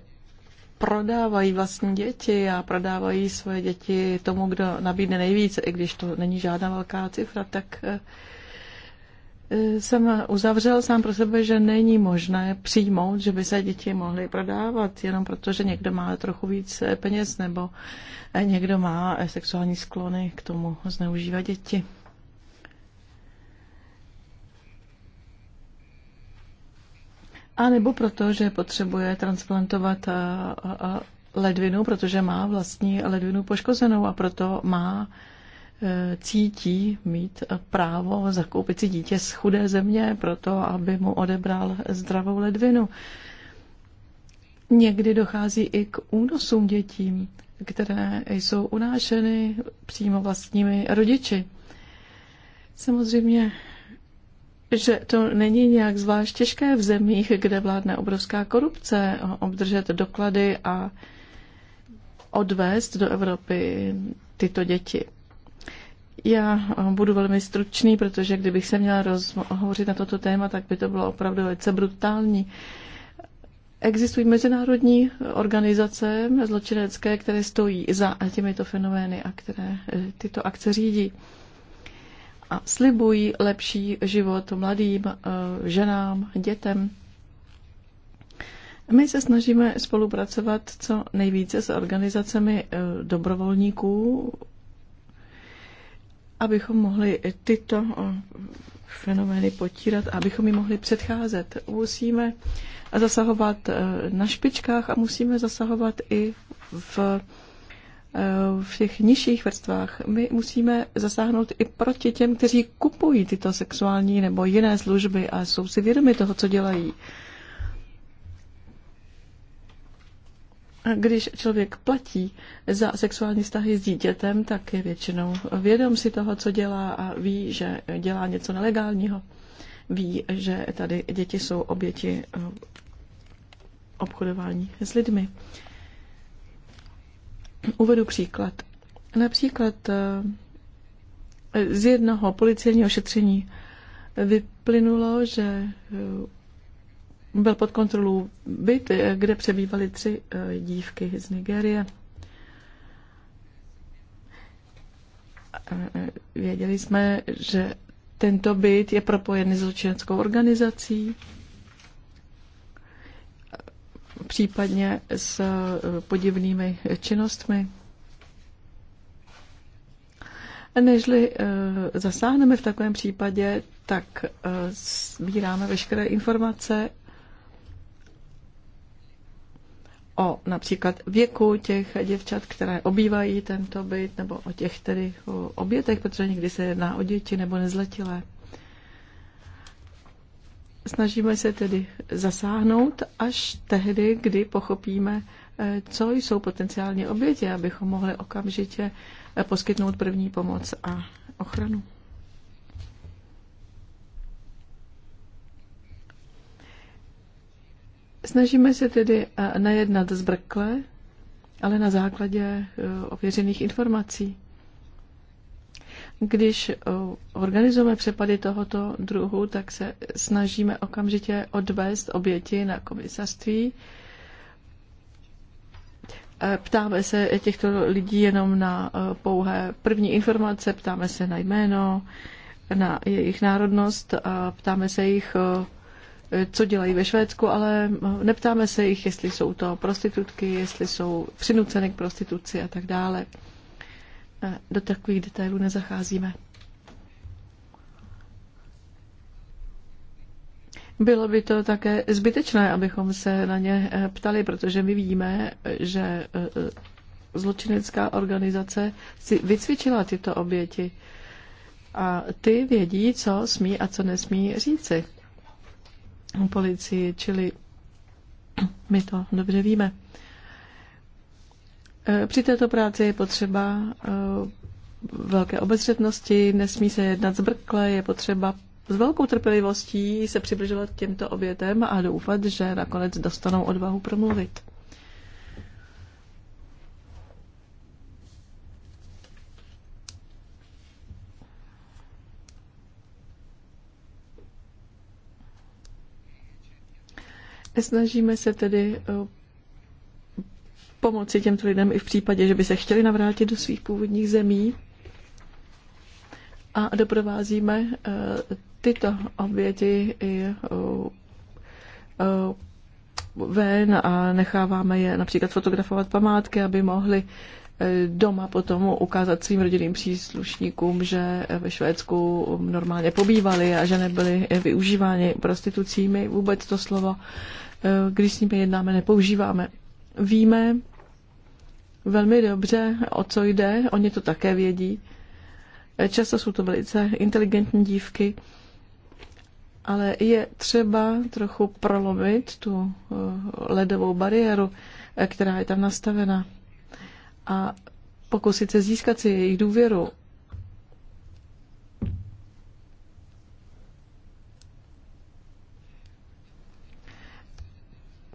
prodávají vlastní děti a prodávají svoje děti tomu, kdo nabídne nejvíce, i když to není žádná velká cifra, tak eh, eh, jsem uzavřel sám pro sebe, že není možné přijmout, že by se děti mohly prodávat, jenom proto, že někdo má trochu víc peněz nebo eh, někdo má sexuální sklony k tomu zneužívat děti. A nebo proto, že potřebuje transplantovat ledvinu, protože má vlastní ledvinu poškozenou a proto má e, cítí mít právo zakoupit si dítě z chudé země proto, aby mu odebral zdravou ledvinu. Někdy dochází i k únosům dětím, které jsou unášeny přímo vlastními rodiči. Samozřejmě že to není nějak zvlášť těžké v zemích, kde vládne obrovská korupce, obdržet doklady a odvést do Evropy tyto děti. Já budu velmi stručný, protože kdybych se měla rozhovořit na toto téma, tak by to bylo opravdu velice brutální. Existují mezinárodní organizace zločinecké, které stojí za těmito fenomény a které tyto akce řídí a slibují lepší život mladým eh, ženám, dětem. My se snažíme spolupracovat co nejvíce s organizacemi eh, dobrovolníků, abychom mohli tyto eh, fenomény potírat, abychom jim mohli předcházet. Musíme zasahovat na špičkách a musíme zasahovat i v v těch nižších vrstvách. My musíme zasáhnout i proti těm, kteří kupují tyto sexuální nebo jiné služby a jsou si vědomi toho, co dělají. Když člověk platí za sexuální vztahy s dítětem, tak je většinou vědom si toho, co dělá a ví, že dělá něco nelegálního. Ví, že tady děti jsou oběti eh, obchodování s lidmi. Uvedu příklad. Například eh, z jednoho policejního šetření vyplynulo, že eh, byl pod kontrolou byt, eh, kde přebývaly tři dívky z Nigérie. Věděli jsme, že tento byt je propojený s zločineckou organizací případně s eh, podivnými činnostmi. Nežli eh, zasáhneme v takovém případě, tak eh, sbíráme veškeré informace o například věku těch děvčat, které obývají tento byt, nebo o těch tedy obětech, protože někdy se jedná o děti nebo nezletilé. Snažíme se tedy zasáhnout až tehdy, kdy pochopíme, eh, co jsou potenciální oběti, abychom mohli okamžitě eh, poskytnout první pomoc a ochranu. Snažíme se tedy eh, nejednat zbrkle, ale na základě ověřených informací. Když eh, organizujeme přepady tohoto druhu, tak se snažíme okamžitě odvést oběti na komisařství. Eh, ptáme se těchto lidí jenom na eh, pouhé první informace, ptáme se na jméno, na jejich národnost a ptáme se jich, co dělají ve Švédsku, ale neptáme se jich, jestli jsou to prostitutky, jestli jsou přinuceny k prostituci a tak dále do takových detailů nezacházíme. Bylo by to také zbytečné, abychom se na ně eh, ptali, protože my víme, že eh, zločinecká organizace si vycvičila tyto oběti a ty vědí, co smí a co nesmí říci policii, čili my to dobře víme. Eh, při této práci je potřeba eh, velké obezřetnosti, nesmí se jednat zbrkle, je potřeba s velkou trpělivostí se přibližovat těmto obětem a doufat, že nakonec dostanou odvahu promluvit. Snažíme se tedy eh, pomoci těmto lidem i v případě, že by se chtěli navrátit do svých původních zemí. A doprovázíme eh, tyto oběti i eh, eh, ven a necháváme je například fotografovat památky, aby mohli doma potom ukázat svým rodinným příslušníkům, že ve Švédsku normálně pobývali a že nebyli využíváni prostitucími. Vůbec to slovo, když s nimi jednáme, nepoužíváme. Víme, velmi dobře, o co jde, oni to také vědí. Často jsou to velice inteligentní dívky, ale je třeba trochu prolomit tu eh, ledovou bariéru, eh, která je tam nastavena a pokusit se získat si jejich důvěru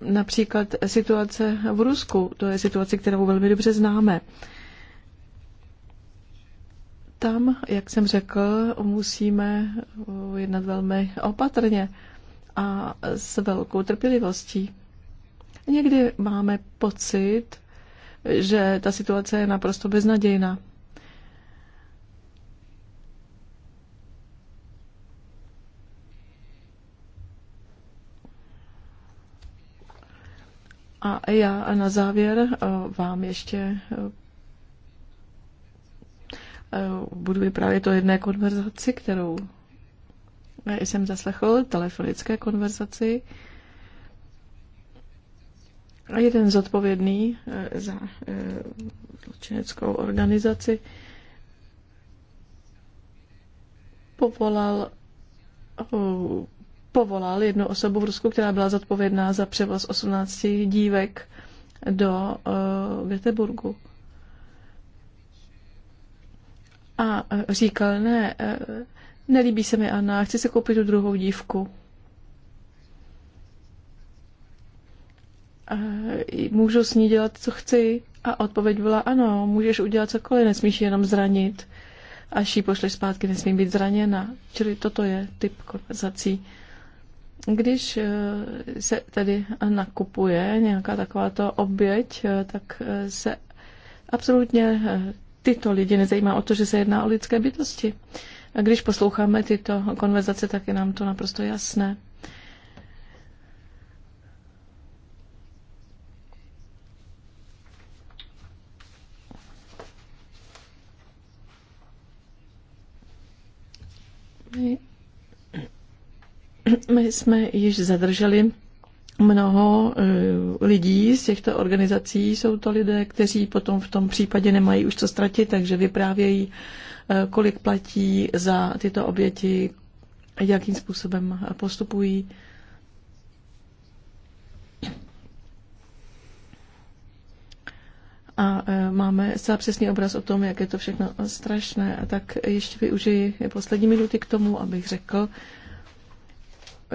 Například situace v Rusku, to je situace, kterou velmi dobře známe. Tam, jak jsem řekl, musíme jednat velmi opatrně a s velkou trpělivostí. Někdy máme pocit, že ta situace je naprosto beznadějná. A já na závěr eh, vám ještě eh, eh, budu vyprávět o jedné konverzaci, kterou jsem zaslechl, telefonické konverzaci. A jeden zodpovědný za zločineckou organizaci povolal povolal jednu osobu v Rusku, která byla zodpovědná za převoz 18 dívek do uh, Göteborgu. A eh, říkal, ne, eh, nelíbí se mi Anna, chci si koupit tu druhou dívku. můžu s ní dělat, co chci? A odpověď byla ano, můžeš udělat cokoliv, nesmíš jenom zranit. Až ji pošleš zpátky, nesmí být zraněna. Čili toto je typ konverzací, když eh, se tedy nakupuje nějaká takováto oběť, eh, tak eh, se absolutně tyto lidi nezajímá o to, že se jedná o lidské bytosti. A když posloucháme tyto konverzace, tak je nám to naprosto jasné. My [CLEARS THROAT] My jsme již zadrželi mnoho eh, lidí z těchto organizací. Jsou to lidé, kteří potom v tom případě nemají už co ztratit, takže vyprávějí, eh, kolik platí za tyto oběti, jakým způsobem postupují. a eh, máme zcela přesný obraz o tom, jak je to všechno strašné. A tak ještě využiji poslední minuty k tomu, abych řekl,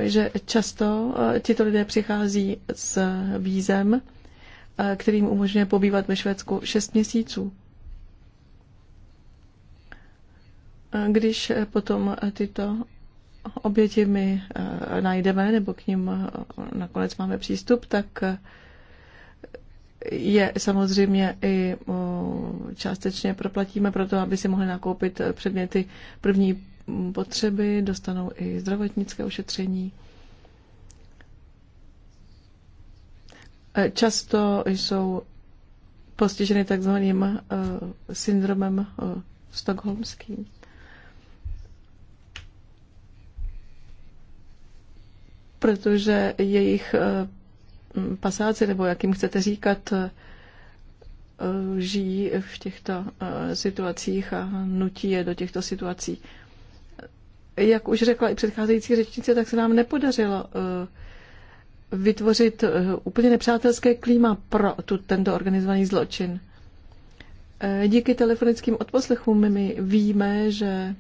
že často eh, tito lidé přichází s vízem, eh, kterým umožňuje pobývat ve Švédsku 6 měsíců. Eh, když potom tyto oběti my najdeme nebo k ním nakonec máme přístup, tak je samozřejmě i částečně proplatíme proto, aby si mohli nakoupit předměty první potřeby, dostanou i zdravotnické ošetření. Eh, často jsou postiženy takzvaným eh, syndromem eh, stokholmským. Protože jejich pasáci, nebo jak jim chcete říkat, žijí v těchto situacích a nutí je do těchto situací jak už řekla i předcházející řečnice, tak se nám nepodařilo eh, vytvořit eh, úplně nepřátelské klíma pro tu, tento organizovaný zločin. Eh, díky telefonickým odposlechům my víme, že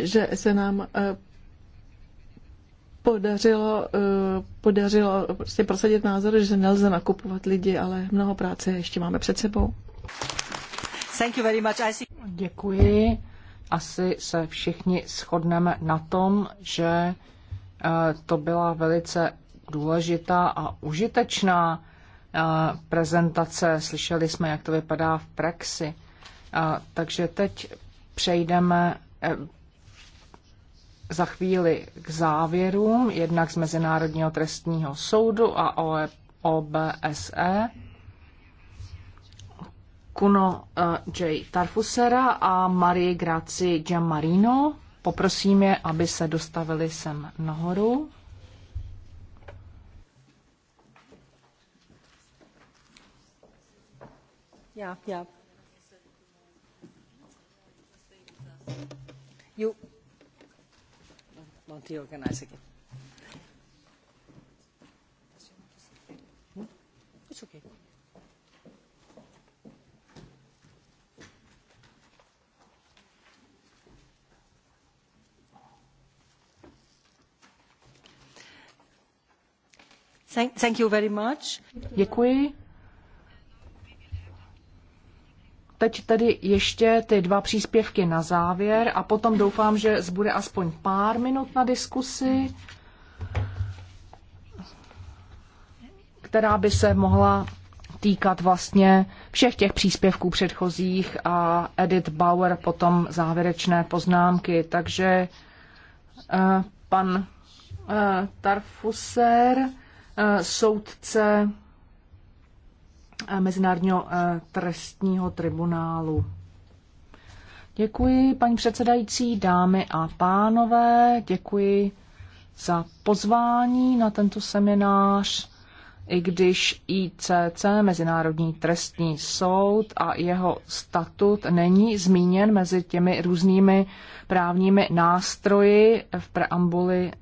že se nám podařilo, podařilo prostě prosadit názor, že nelze nakupovat lidi, ale mnoho práce ještě máme před sebou. Děkuji. Asi se všichni shodneme na tom, že eh, to byla velice důležitá a užitečná eh, prezentace. Slyšeli jsme, jak to vypadá v praxi. Eh, takže teď přejdeme za chvíli k závěrům, jednak z Mezinárodního trestního soudu a OBSE. Kuno eh, J. Tarfusera a Marie Graci Giammarino. Poprosím je, aby se dostavili sem nahoru. Já, já. You want to organize again. It's okay. Děkuji. Teď tedy ještě ty dva příspěvky na závěr a potom doufám, že zbude aspoň pár minut na diskusi, která by se mohla týkat vlastně všech těch příspěvků předchozích a Edith Bauer potom závěrečné poznámky. Takže eh, pan eh, Tarfuser Eh, soudce eh, Mezinárodního eh, trestního tribunálu. Děkuji, paní předsedající, dámy a pánové, děkuji za pozvání na tento seminář, i když ICC, Mezinárodní trestní soud a jeho statut není zmíněn mezi těmi různými právními nástroji v preambuli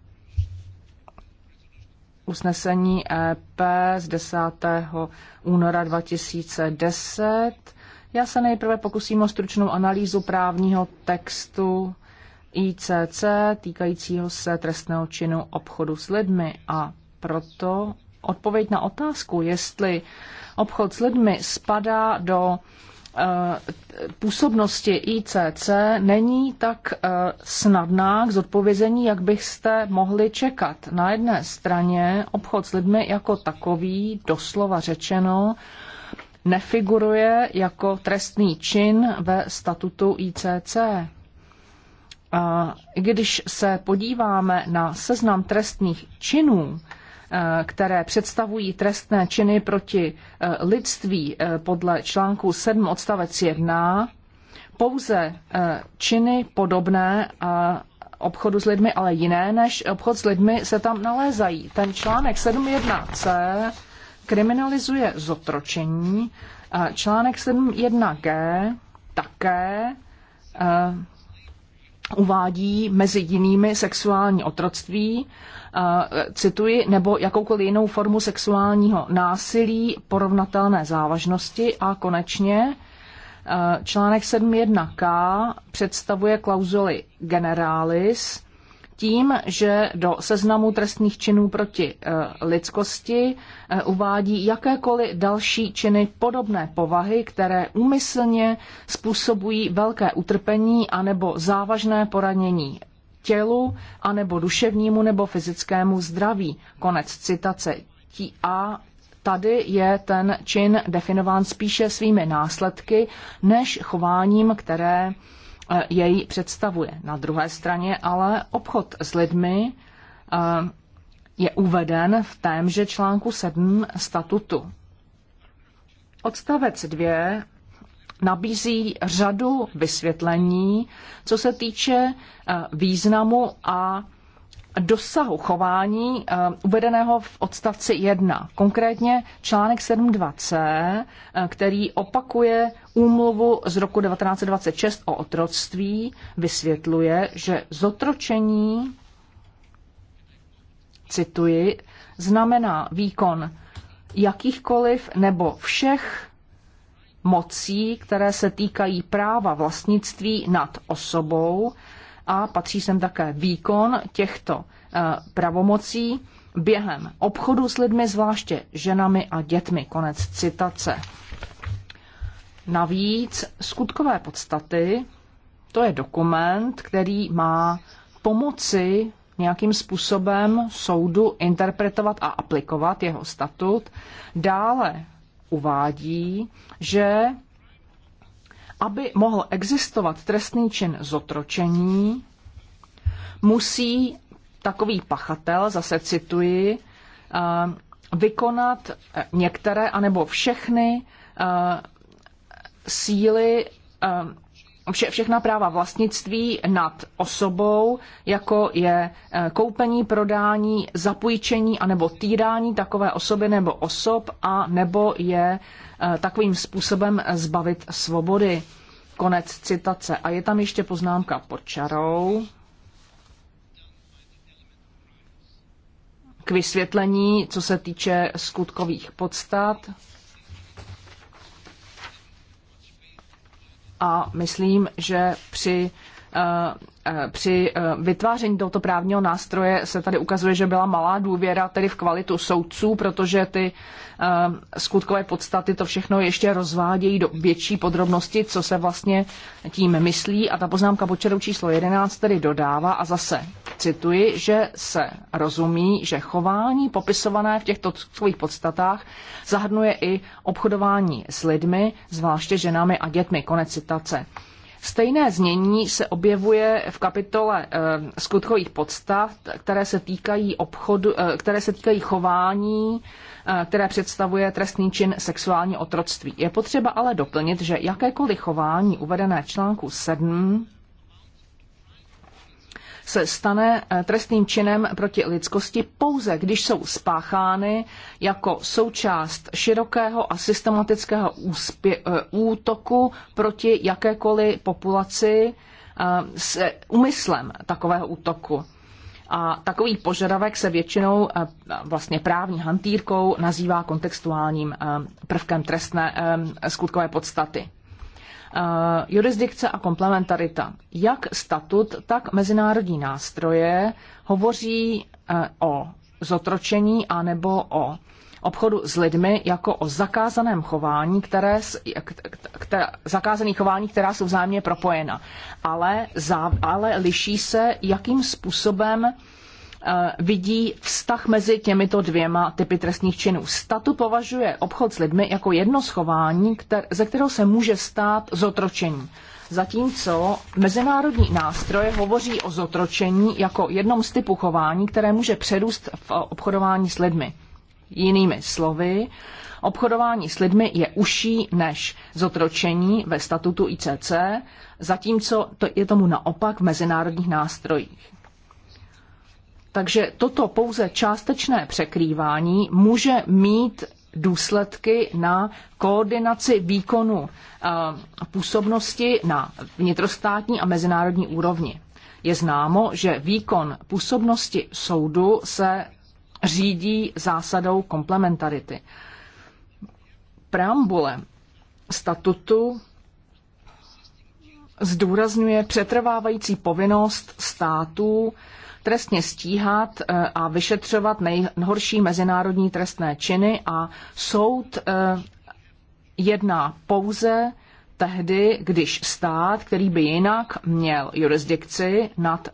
usnesení EP z 10. února 2010. Já se nejprve pokusím o stručnou analýzu právního textu ICC týkajícího se trestného činu obchodu s lidmi a proto odpověď na otázku, jestli obchod s lidmi spadá do Eh, působnosti ICC není tak eh, snadná k zodpovězení, jak byste mohli čekat. Na jedné straně obchod s lidmi jako takový, doslova řečeno, nefiguruje jako trestný čin ve statutu ICC. Eh, I když se podíváme na seznam trestných činů, Eh, které představují trestné činy proti eh, lidství eh, podle článku 7 odstavec 1, pouze činy podobné a obchodu s lidmi, ale jiné než obchod s lidmi se tam nalézají. Ten článek 7.1c kriminalizuje zotročení, a článek 7.1g také uh, uvádí mezi jinými sexuální otroctví E, cituji, nebo jakoukoliv jinou formu sexuálního násilí porovnatelné závažnosti a konečně e, článek 7.1k představuje klauzuli generalis tím, že do seznamu trestných činů proti e, lidskosti uvádí jakékoliv další činy podobné povahy, které úmyslně způsobují velké utrpení anebo závažné poranění tělu, anebo duševnímu nebo fyzickému zdraví. Konec citace. A tady je ten čin definován spíše svými následky než chováním, které eh, jej představuje. Na druhé straně ale obchod s lidmi eh, je uveden v témže článku 7 statutu. Odstavec 2 nabízí řadu vysvětlení, co se týče eh, významu a dosahu chování eh, uvedeného v odstavci 1. Konkrétně článek 7.2c, eh, který opakuje úmluvu z roku 1926 o otroctví, vysvětluje, že zotročení, cituji, znamená výkon jakýchkoliv nebo všech mocí, které se týkají práva vlastnictví nad osobou a patří sem také výkon těchto eh, pravomocí během obchodu s lidmi, zvláště ženami a dětmi. Konec citace. Navíc skutkové podstaty, to je dokument, který má pomoci nějakým způsobem soudu interpretovat a aplikovat jeho statut. Dále uvádí, že aby mohl existovat trestný čin zotročení, musí takový pachatel, zase cituji, eh, vykonat některé anebo všechny eh, síly eh, vše, všechna práva vlastnictví nad osobou, jako je eh, koupení, prodání, zapůjčení anebo týrání takové osoby nebo osob a nebo je eh, takovým způsobem zbavit svobody. Konec citace. A je tam ještě poznámka pod čarou. K vysvětlení, co se týče skutkových podstat. a myslím, že při eh, eh, při eh, vytváření tohoto právního nástroje se tady ukazuje, že byla malá důvěra tedy v kvalitu soudců, protože ty skutkové podstaty to všechno ještě rozvádějí do větší podrobnosti, co se vlastně tím myslí. A ta poznámka počeru číslo 11 tedy dodává a zase cituji, že se rozumí, že chování popisované v těchto svých podstatách zahrnuje i obchodování s lidmi, zvláště ženami a dětmi. Konec citace. Stejné znění se objevuje v kapitole e, skutkových podstat, které se týkají obchodu, e, které se týkají chování, e, které představuje trestný čin sexuální otroctví. Je potřeba ale doplnit, že jakékoliv chování uvedené v článku 7 se stane eh, trestným činem proti lidskosti pouze, když jsou spáchány jako součást širokého a systematického úspě- eh, útoku proti jakékoliv populaci eh, s úmyslem takového útoku. A takový požadavek se většinou vlastně právní hantýrkou nazývá kontextuálním prvkem trestné skutkové podstaty. Eh, jurisdikce a komplementarita. Jak statut, tak mezinárodní nástroje hovoří eh, o zotročení anebo o obchodu s lidmi jako o zakázaném chování, které, které, zakázaný chování, která jsou vzájemně propojena. Ale, ale liší se, jakým způsobem Eh, vidí vztah mezi těmito dvěma typy trestních činů. Statu považuje obchod s lidmi jako jedno schování, kter- ze kterého se může stát zotročení. Zatímco mezinárodní nástroje hovoří o zotročení jako jednom z typů chování, které může přerůst v obchodování s lidmi. Jinými slovy, obchodování s lidmi je užší než zotročení ve statutu ICC, zatímco to je tomu naopak v mezinárodních nástrojích. Takže toto pouze částečné překrývání může mít důsledky na koordinaci výkonu eh, působnosti na vnitrostátní a mezinárodní úrovni. Je známo, že výkon působnosti soudu se řídí zásadou komplementarity. Preambule statutu zdůrazňuje přetrvávající povinnost států trestně stíhat eh, a vyšetřovat nejhorší mezinárodní trestné činy a soud eh, jedná pouze tehdy, když stát, který by jinak měl jurisdikci nad,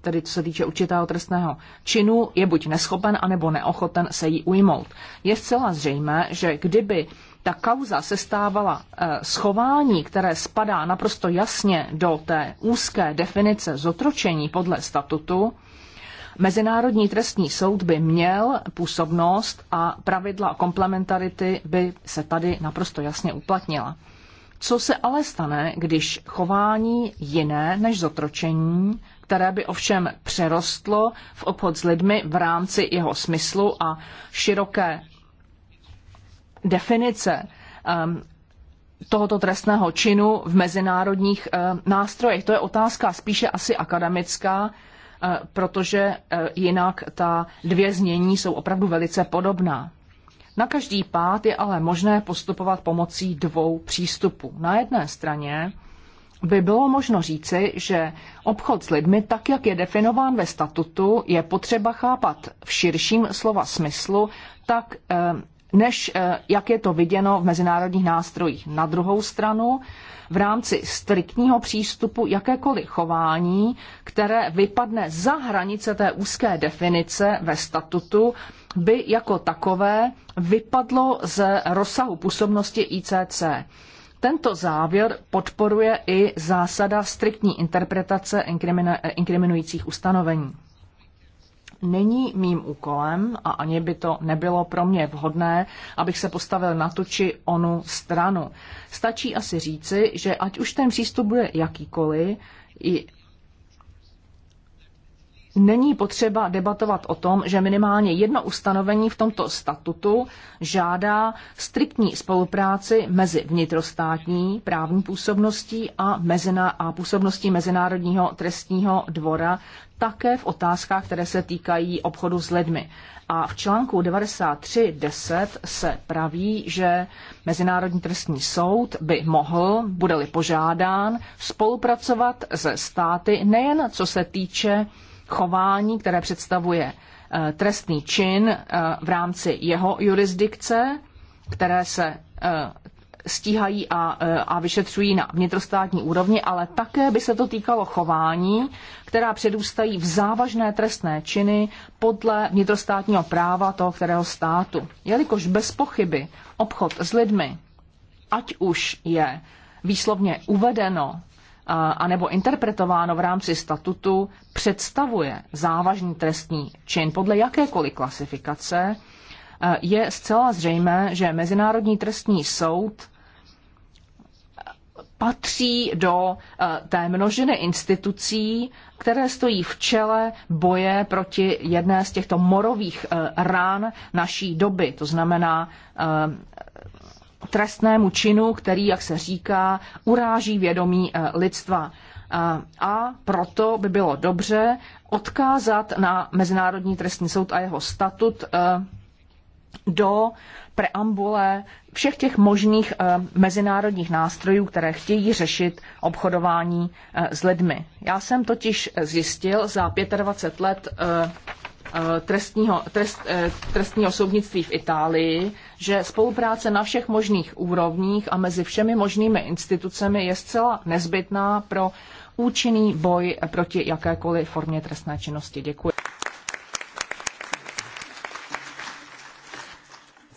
tedy co se týče určitého trestného činu, je buď neschopen, anebo neochoten se jí ujmout. Je zcela zřejmé, že kdyby ta kauza se stávala eh, schování, které spadá naprosto jasně do té úzké definice zotročení podle statutu, Mezinárodní trestní soud by měl působnost a pravidla komplementarity by se tady naprosto jasně uplatnila. Co se ale stane, když chování jiné než zotročení, které by ovšem přerostlo v obchod s lidmi v rámci jeho smyslu a široké definice um, tohoto trestného činu v mezinárodních um, nástrojech? To je otázka spíše asi akademická, Eh, protože eh, jinak ta dvě znění jsou opravdu velice podobná. Na každý pád je ale možné postupovat pomocí dvou přístupů. Na jedné straně by bylo možno říci, že obchod s lidmi, tak jak je definován ve statutu, je potřeba chápat v širším slova smyslu, tak eh, než eh, jak je to viděno v mezinárodních nástrojích. Na druhou stranu, v rámci striktního přístupu jakékoliv chování, které vypadne za hranice té úzké definice ve statutu, by jako takové vypadlo z rozsahu působnosti ICC. Tento závěr podporuje i zásada striktní interpretace eh, inkriminujících ustanovení není mým úkolem a ani by to nebylo pro mě vhodné, abych se postavil na tu či onu stranu. Stačí asi říci, že ať už ten přístup bude jakýkoliv, není potřeba debatovat o tom, že minimálně jedno ustanovení v tomto statutu žádá striktní spolupráci mezi vnitrostátní právní působností a, mezina, a působností Mezinárodního trestního dvora také v otázkách, které se týkají obchodu s lidmi. A v článku 93.10 se praví, že Mezinárodní trestní soud by mohl, bude-li požádán, spolupracovat se státy nejen co se týče chování, které představuje eh, trestný čin eh, v rámci jeho jurisdikce, které se eh, stíhají a, e, a vyšetřují na vnitrostátní úrovni, ale také by se to týkalo chování, která předůstají v závažné trestné činy podle vnitrostátního práva toho kterého státu. Jelikož bez pochyby obchod s lidmi, ať už je výslovně uvedeno anebo interpretováno v rámci statutu, představuje závažný trestní čin podle jakékoliv klasifikace, e, je zcela zřejmé, že Mezinárodní trestní soud patří do eh, té množiny institucí, které stojí v čele boje proti jedné z těchto morových eh, rán naší doby, to znamená eh, trestnému činu, který, jak se říká, uráží vědomí lidstva. A proto by bylo dobře odkázat na Mezinárodní trestní soud a jeho statut do preambule všech těch možných eh, mezinárodních nástrojů, které chtějí řešit obchodování eh, s lidmi. Já jsem totiž zjistil za 25 let eh, trestního, trest, trestního soudnictví v Itálii, že spolupráce na všech možných úrovních a mezi všemi možnými institucemi je zcela nezbytná pro účinný boj proti jakékoliv formě trestné činnosti. Děkuji.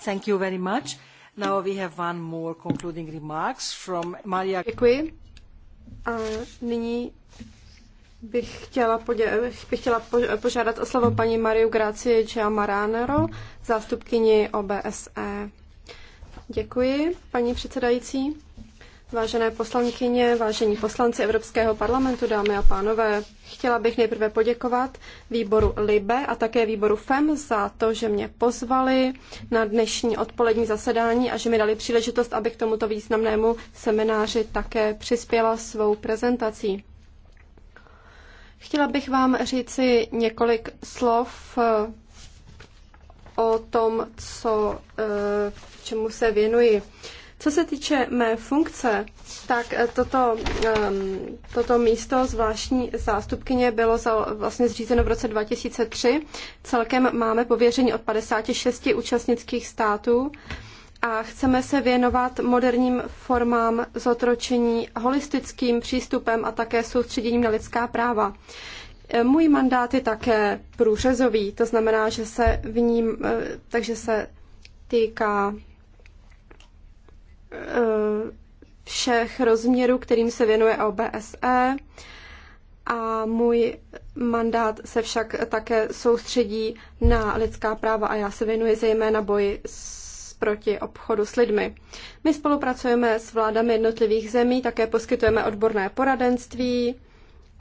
Thank you very much nyní bych chtěla, bych chtěla požádat o slovo paní Mariu Gracie Giamarano, zástupkyni OBSE. Děkuji, paní předsedající. Vážené poslankyně, vážení poslanci Evropského parlamentu, dámy a pánové, chtěla bych nejprve poděkovat výboru LIBE a také výboru FEM za to, že mě pozvali na dnešní odpolední zasedání a že mi dali příležitost, abych k tomuto významnému semináři také přispěla svou prezentací. Chtěla bych vám říci několik slov eh, o tom, co, eh, čemu se věnuji. Co se týče mé funkce, tak eh, toto, ehm, toto místo zvláštní zástupkyně bylo za, vlastně zřízeno v roce 2003. Celkem máme pověření od 56 účastnických států a chceme se věnovat moderním formám zotročení, holistickým přístupem a také soustředěním na lidská práva. Eh, můj mandát je také průřezový, to znamená, že se v ním, eh, takže se týká všech rozměrů, kterým se věnuje OBSE. A můj mandát se však také soustředí na lidská práva a já se věnuji zejména boji s, proti obchodu s lidmi. My spolupracujeme s vládami jednotlivých zemí, také poskytujeme odborné poradenství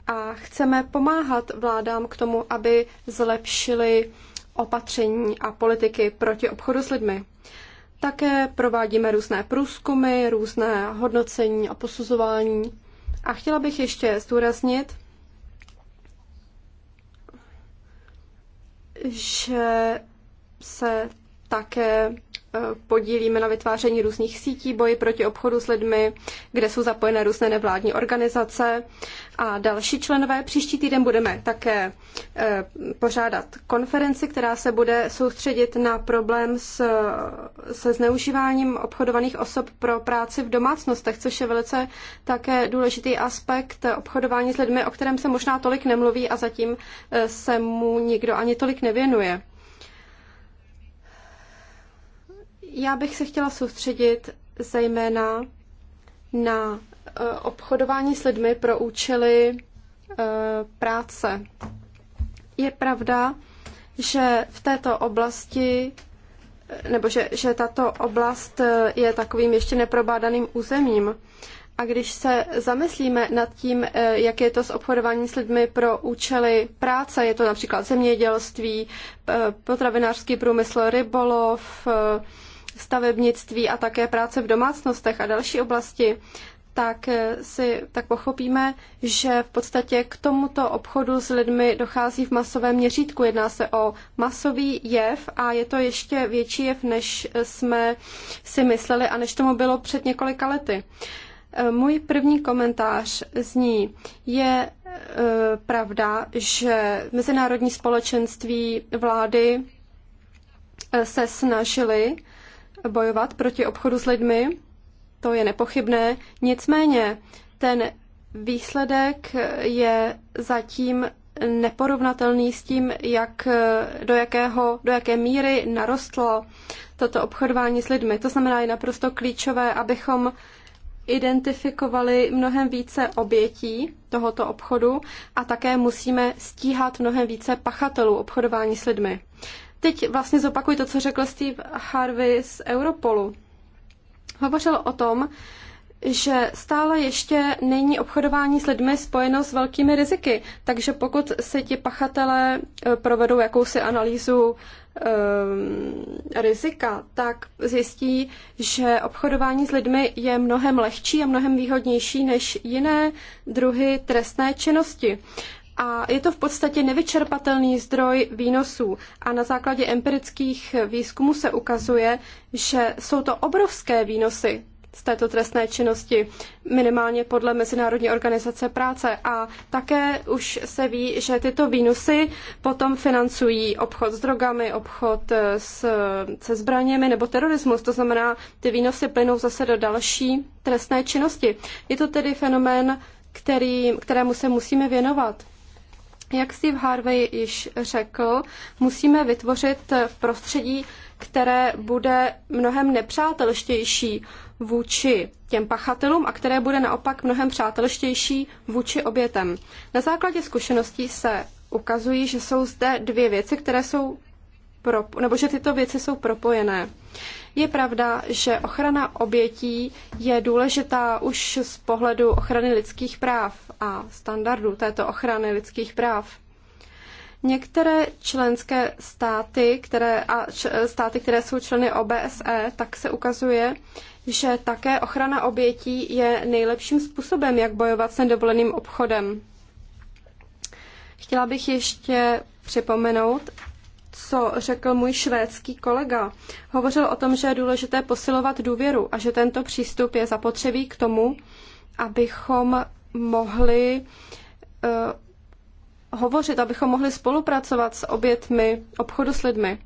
a chceme pomáhat vládám k tomu, aby zlepšili opatření a politiky proti obchodu s lidmi. Také provádíme různé průzkumy, různé hodnocení a posuzování. A chtěla bych ještě zdůraznit, že se také e, podílíme na vytváření různých sítí boji proti obchodu s lidmi, kde jsou zapojené různé nevládní organizace a další členové. Příští týden budeme také eh, pořádat konferenci, která se bude soustředit na problém s, se zneužíváním obchodovaných osob pro práci v domácnostech, což je velice také důležitý aspekt obchodování s lidmi, o kterém se možná tolik nemluví a zatím eh, se mu nikdo ani tolik nevěnuje. Já bych se chtěla soustředit zejména na eh, obchodování s lidmi pro účely eh, práce. Je pravda, že v této oblasti eh, nebo že, že tato oblast je takovým ještě neprobádaným územím. A když se zamyslíme nad tím, jak je to s obchodováním s lidmi pro účely práce, je to například zemědělství, potravinářský průmysl, rybolov, stavebnictví a také práce v domácnostech a další oblasti, tak eh, si tak pochopíme, že v podstatě k tomuto obchodu s lidmi dochází v masovém měřítku. Jedná se o masový jev a je to ještě větší jev, než jsme si mysleli a než tomu bylo před několika lety. Eh, můj první komentář zní, je eh, pravda, že mezinárodní společenství vlády se snažili bojovat proti obchodu s lidmi, to je nepochybné. Nicméně ten výsledek je zatím neporovnatelný s tím, jak, do, jakého, do jaké míry narostlo toto obchodování s lidmi. To znamená, je naprosto klíčové, abychom identifikovali mnohem více obětí tohoto obchodu a také musíme stíhat mnohem více pachatelů obchodování s lidmi. Teď vlastně zopakuji to, co řekl Steve Harvey z Europolu. Hovořil o tom, že stále ještě není obchodování s lidmi spojeno s velkými riziky, takže pokud si ti pachatelé eh, provedou jakousi analýzu um, rizika, tak zjistí, že obchodování s lidmi je mnohem lehčí a mnohem výhodnější než jiné druhy trestné činnosti a je to v podstatě nevyčerpatelný zdroj výnosů. A na základě empirických výzkumů se ukazuje, že jsou to obrovské výnosy z této trestné činnosti, minimálně podle Mezinárodní organizace práce. A také už se ví, že tyto výnosy potom financují obchod s drogami, obchod s, se zbraněmi nebo terorismus. To znamená, ty výnosy plynou zase do další trestné činnosti. Je to tedy fenomén, který, kterému se musíme věnovat. Vlastně, jak Steve Harvey již řekl, musíme vytvořit prostředí, které bude mnohem nepřátelštější vůči těm pachatelům a které bude naopak mnohem přátelštější vůči obětem. Na základě zkušeností se ukazují, že jsou zde dvě věci, které jsou pro, nebo že tyto věci jsou propojené. Je pravda, že ochrana obětí je důležitá už z pohledu ochrany lidských práv a standardů této ochrany lidských práv. Některé členské státy, které, a státy, které jsou členy OBSE, tak se ukazuje, že také ochrana obětí je nejlepším způsobem, jak bojovat s nedovoleným obchodem. Chtěla bych ještě připomenout, co řekl můj švédský kolega. Hovořil o tom, že je důležité posilovat důvěru a že tento přístup je zapotřebí k tomu, abychom mohli uh, hovořit, abychom mohli spolupracovat s obětmi obchodu s lidmi.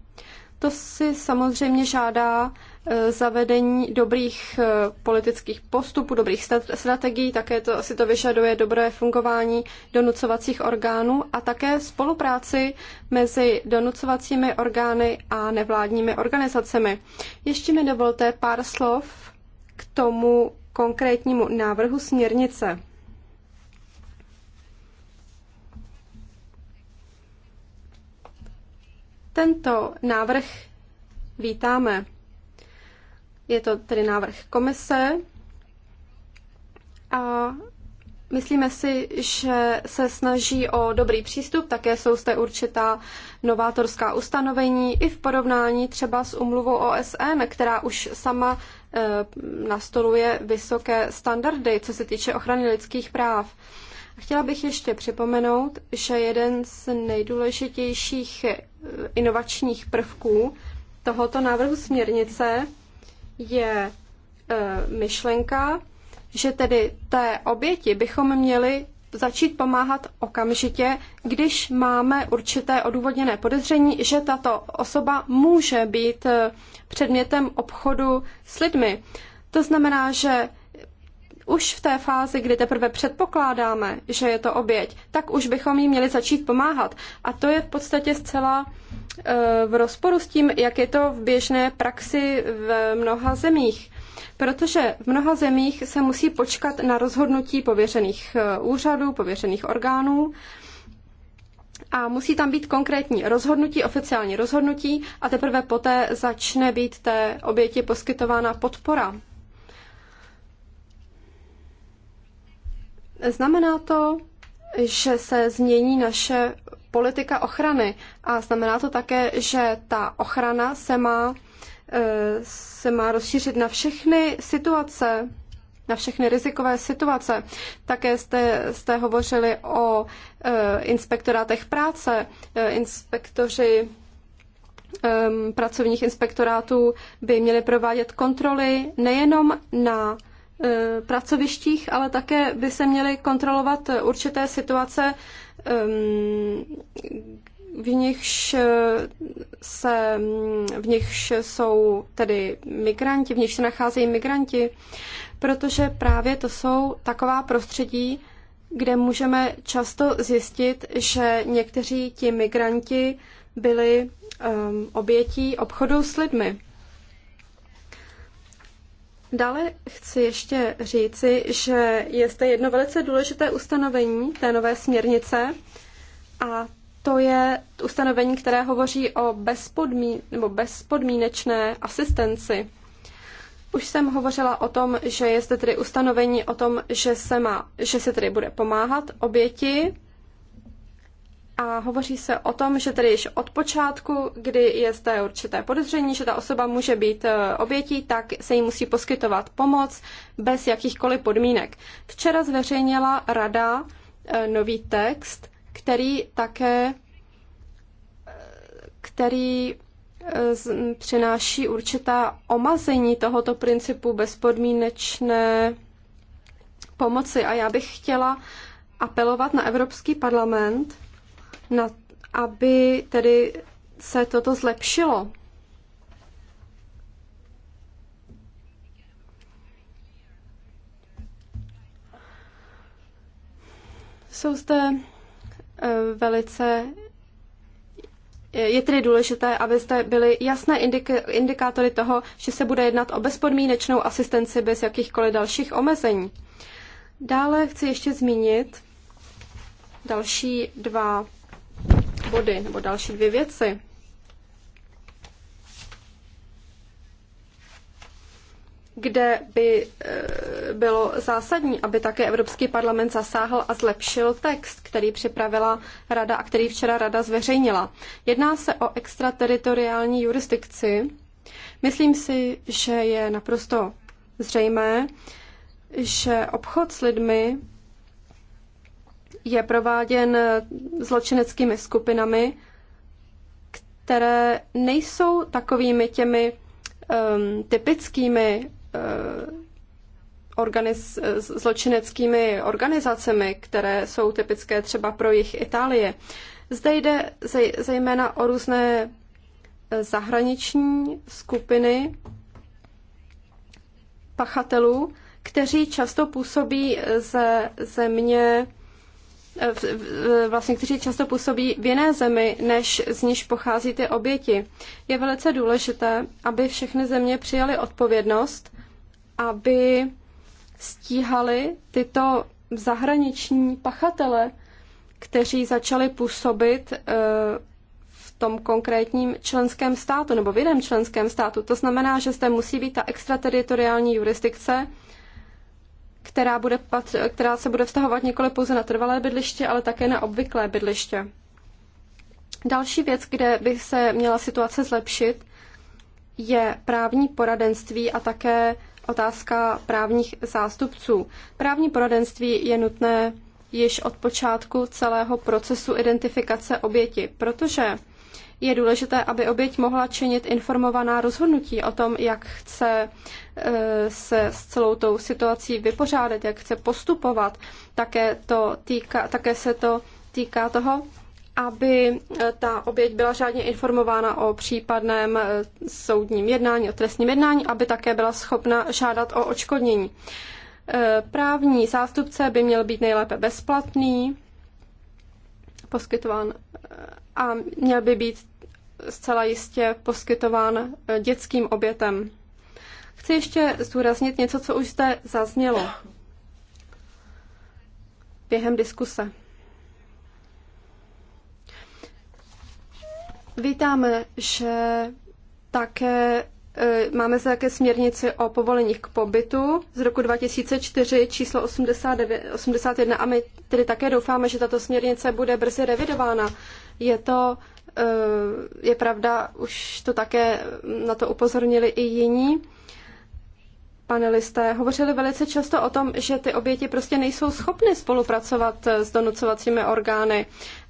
To si samozřejmě žádá Eh, zavedení dobrých eh, politických postupů, dobrých strategií, také to, asi to vyžaduje dobré fungování donucovacích orgánů a také spolupráci mezi donucovacími orgány a nevládními organizacemi. Ještě mi dovolte pár slov k tomu konkrétnímu návrhu směrnice. Tento návrh vítáme. Je to tedy návrh komise a myslíme si, že se snaží o dobrý přístup, také jsou zde určitá novátorská ustanovení i v porovnání třeba s umluvou OSN, která už sama eh, nastoluje vysoké standardy, co se týče ochrany lidských práv. Chtěla bych ještě připomenout, že jeden z nejdůležitějších eh, inovačních prvků tohoto návrhu směrnice je e, myšlenka, že tedy té oběti bychom měli začít pomáhat okamžitě, když máme určité odůvodněné podezření, že tato osoba může být e, předmětem obchodu s lidmi. To znamená, že už v té fázi, kdy teprve předpokládáme, že je to oběť, tak už bychom jí měli začít pomáhat. A to je v podstatě zcela v rozporu s tím, jak je to v běžné praxi v mnoha zemích. Protože v mnoha zemích se musí počkat na rozhodnutí pověřených eh, úřadů, pověřených orgánů a musí tam být konkrétní rozhodnutí, oficiální rozhodnutí a teprve poté začne být té oběti poskytována podpora. Znamená to, že se změní naše politika ochrany. A znamená to také, že ta ochrana se má, e, se má rozšířit na všechny situace, na všechny rizikové situace. Také jste, jste hovořili o e, inspektorátech práce. E, inspektoři pracovních inspektorátů by měli provádět kontroly nejenom na pracovištích, ale také by se měly kontrolovat určité situace Ehm, v nichž eh, se, v nichž jsou tedy migranti, v nichž se nacházejí migranti, protože právě to jsou taková prostředí, kde můžeme často zjistit, že někteří ti migranti byli um, obětí obchodu s lidmi. Dále chci ještě říci, že je zde jedno velice důležité ustanovení té nové směrnice a to je ustanovení, které hovoří o bezpodmí, nebo bezpodmínečné asistenci. Už jsem hovořila o tom, že je zde tedy ustanovení o tom, že se, má, že se tedy bude pomáhat oběti a hovoří se o tom, že tedy již od počátku, kdy je zde určité podezření, že ta osoba může být e, obětí, tak se jí musí poskytovat pomoc bez jakýchkoliv podmínek. Včera zveřejnila rada e, nový text, který také e, který přináší určitá omazení tohoto principu bezpodmínečné pomoci. A já bych chtěla apelovat na Evropský parlament, na, aby tedy se toto zlepšilo. Jsou zde e, velice je tedy důležité, abyste byly jasné indika- indikátory toho, že se bude jednat o bezpodmínečnou asistenci bez jakýchkoliv dalších omezení. Dále chci ještě zmínit další dva body nebo další dvě věci. kde by eh, bylo zásadní, aby také Evropský parlament zasáhl a zlepšil text, který připravila Rada a který včera Rada zveřejnila. Jedná se o extrateritoriální jurisdikci. Myslím si, že je naprosto zřejmé, že obchod s lidmi je prováděn eh, zločineckými skupinami, které nejsou takovými těmi um, typickými uh, organiz, eh, zločineckými organizacemi, které jsou typické třeba pro jich Itálie. Zde jde zej, zejména o různé zahraniční skupiny pachatelů, kteří často působí ze země Eh, eh, vlastně, kteří často působí v jiné zemi, než z níž pochází ty oběti. Je velice důležité, aby všechny země přijaly odpovědnost, aby stíhali tyto zahraniční pachatele, kteří začali působit eh, v tom konkrétním členském státu nebo v jiném členském státu. To znamená, že zde musí být ta extrateritoriální jurisdikce, která, bude, která se bude vztahovat nikoli pouze na trvalé bydliště, ale také na obvyklé bydliště. Další věc, kde by se měla situace zlepšit, je právní poradenství a také otázka právních zástupců. Právní poradenství je nutné již od počátku celého procesu identifikace oběti, protože je důležité, aby oběť mohla činit informovaná rozhodnutí o tom, jak chce eh, se s celou tou situací vypořádat, jak chce postupovat. Také, to týka, také se to týká toho, aby eh, ta oběť byla řádně informována o případném eh, soudním jednání, o trestním jednání, aby také byla schopna žádat o očkodnění. Právní zástupce by měl být nejlépe bezplatný, poskytován a měl by být zcela jistě poskytován eh, dětským obětem. Chci ještě zdůraznit něco, co už zde zaznělo během diskuse. Vítáme, že také eh, máme zde také směrnici o povoleních k pobytu z roku 2004 číslo 89, 81 a my tedy také doufáme, že tato směrnice bude brzy revidována. Je to Eh, je pravda, už to také na to upozornili i jiní panelisté, hovořili velice často o tom, že ty oběti prostě nejsou schopny spolupracovat eh, s donucovacími orgány.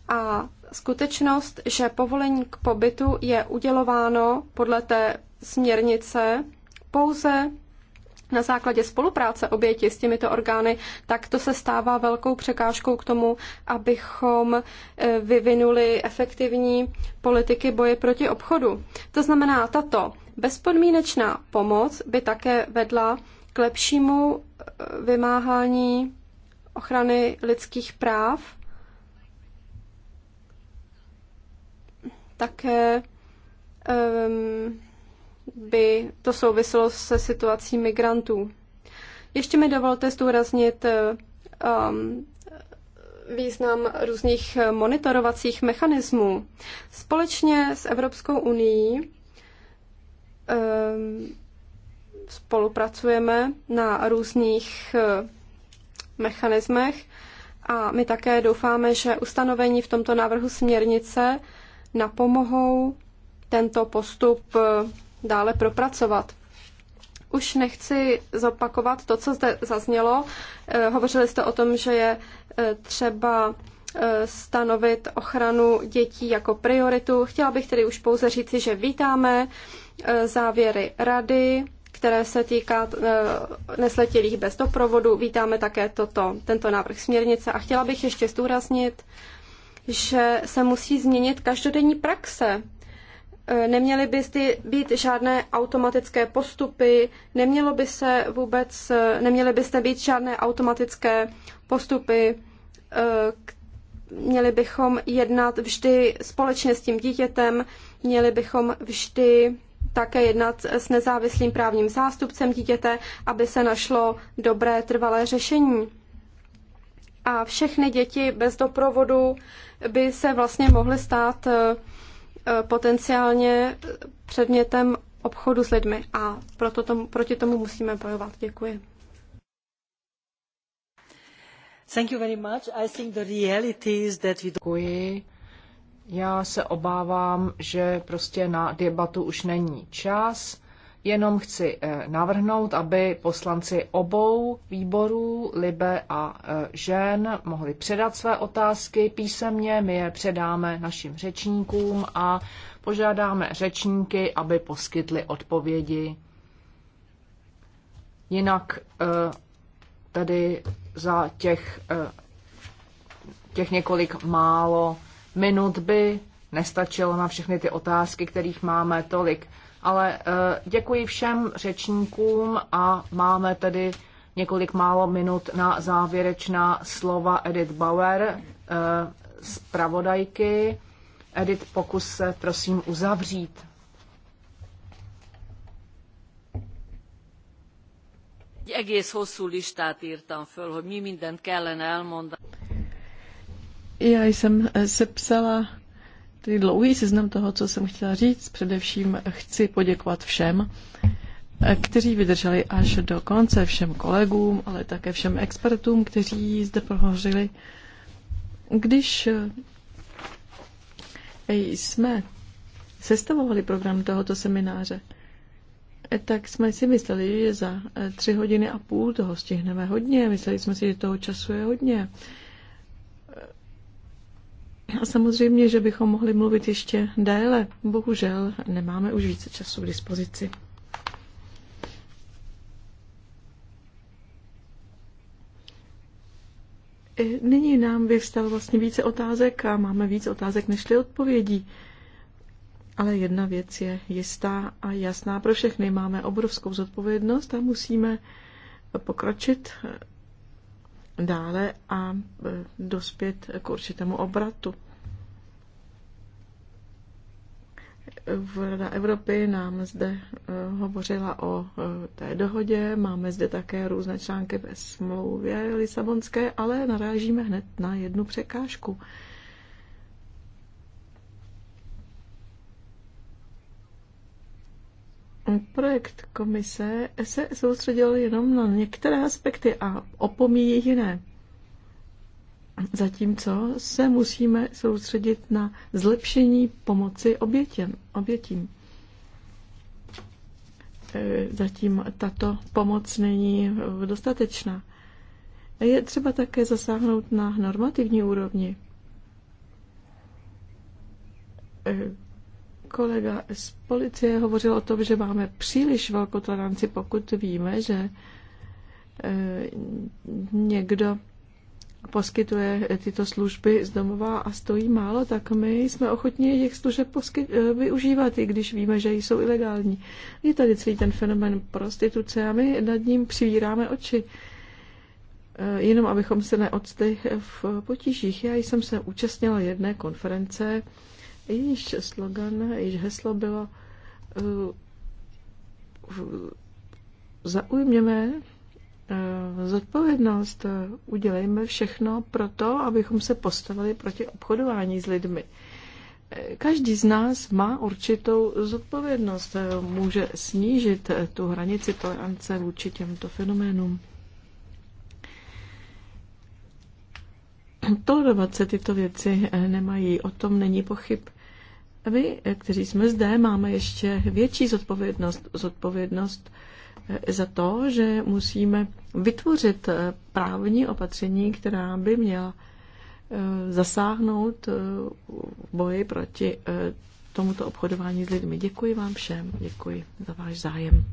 A skutečnost, že povolení k pobytu je udělováno podle té směrnice pouze na základě spolupráce oběti s těmito orgány, tak to se stává velkou překážkou k tomu, abychom eh, vyvinuli efektivní politiky boje proti obchodu. To znamená, tato bezpodmínečná pomoc by také vedla k lepšímu eh, vymáhání ochrany lidských práv, také um, by to souviselo se situací migrantů. Ještě mi dovolte zdůraznit eh, um, význam různých monitorovacích mechanismů. Společně s Evropskou unii um, spolupracujeme na různých eh, mechanismech a my také doufáme, že ustanovení v tomto návrhu směrnice napomohou tento postup eh, dále propracovat. Už nechci zopakovat to, co zde zaznělo. Eh, hovořili jste o tom, že je eh, třeba eh, stanovit ochranu dětí jako prioritu. Chtěla bych tedy už pouze říci, že vítáme závěry rady, které se týká nesletilých bez doprovodu. Vítáme také toto, tento návrh směrnice a chtěla bych ještě zdůraznit, že se musí změnit každodenní praxe E, neměly by být žádné automatické postupy, nemělo by se vůbec, e, neměly byste být žádné automatické postupy, e, měli bychom jednat vždy společně s tím dítětem, měli bychom vždy také jednat s nezávislým právním zástupcem dítěte, aby se našlo dobré trvalé řešení. A všechny děti bez doprovodu by se vlastně mohly stát Eh, potenciálně předmětem obchodu s lidmi a proto tomu, proti tomu musíme bojovat. Děkuji. Thank you very much. I think the reality is that we... Děkuji. Já se obávám, že prostě na debatu už není čas. Jenom chci eh, navrhnout, aby poslanci obou výborů, Libe a eh, Žen, mohli předat své otázky písemně. My je předáme našim řečníkům a požádáme řečníky, aby poskytli odpovědi. Jinak eh, tedy za těch, těch několik málo minut by nestačilo na všechny ty otázky, kterých máme tolik. Ale eh, děkuji všem řečníkům a máme tedy několik málo minut na závěrečná slova Edith Bauer, eh, zpravodajky. Edith, pokus se prosím uzavřít. egész hosszú listát írtam föl, hogy mi mindent kellene elmondani. Já jsem eh, sepsala tedy dlouhý seznam toho, co jsem chtěla říct. Především chci poděkovat všem, kteří vydrželi až do konce, všem kolegům, ale také všem expertům, kteří zde prohořili. Když jsme sestavovali program tohoto semináře, tak jsme si mysleli, že za tři hodiny a půl toho stihneme hodně. Mysleli jsme si, že toho času je hodně. A samozřejmě, že bychom mohli mluvit ještě déle. Bohužel nemáme už více času k dispozici. E, nyní nám vyvstal vlastně více otázek a máme více otázek než odpovědí. Ale jedna věc je jistá a jasná pro všechny. Máme obrovskou zodpovědnost a musíme pokročit dále a e, dospět k určitému obratu. Rada Evropy nám zde e, hovořila o e, té dohodě, máme zde také různé články ve smlouvě Lisabonské, ale narážíme hned na jednu překážku. Projekt komise se soustředil jenom na některé aspekty a opomíjí jiné. Zatímco se musíme soustředit na zlepšení pomoci obětěm, obětím. E, zatím tato pomoc není dostatečná. Je třeba také zasáhnout na normativní úrovni e, Kolega z policie hovořil o tom, že máme příliš velkou toleranci, pokud víme, že e, někdo poskytuje tyto služby z domova a stojí málo, tak my jsme ochotni těch služeb posky- e, využívat, i když víme, že jsou ilegální. Je tady celý ten fenomen prostituce a my nad ním přivíráme oči, e, jenom abychom se neodstihli v potížích. Já jsem se účastnila jedné konference Jejíž slogan, jejíž heslo bylo eh, zaujměme eh, zodpovědnost, eh, udělejme všechno pro to, abychom se postavili proti obchodování s lidmi. Každý z nás má určitou zodpovědnost, může snížit tu hranici tolerance vůči těmto fenoménům. Tolerovat se tyto věci nemají, o tom není pochyb vy, kteří jsme zde, máme ještě větší zodpovědnost, zodpovědnost eh, za to, že musíme vytvořit eh, právní opatření, která by měla eh, zasáhnout boji proti tomuto obchodování s lidmi. Děkuji vám všem, děkuji za váš zájem.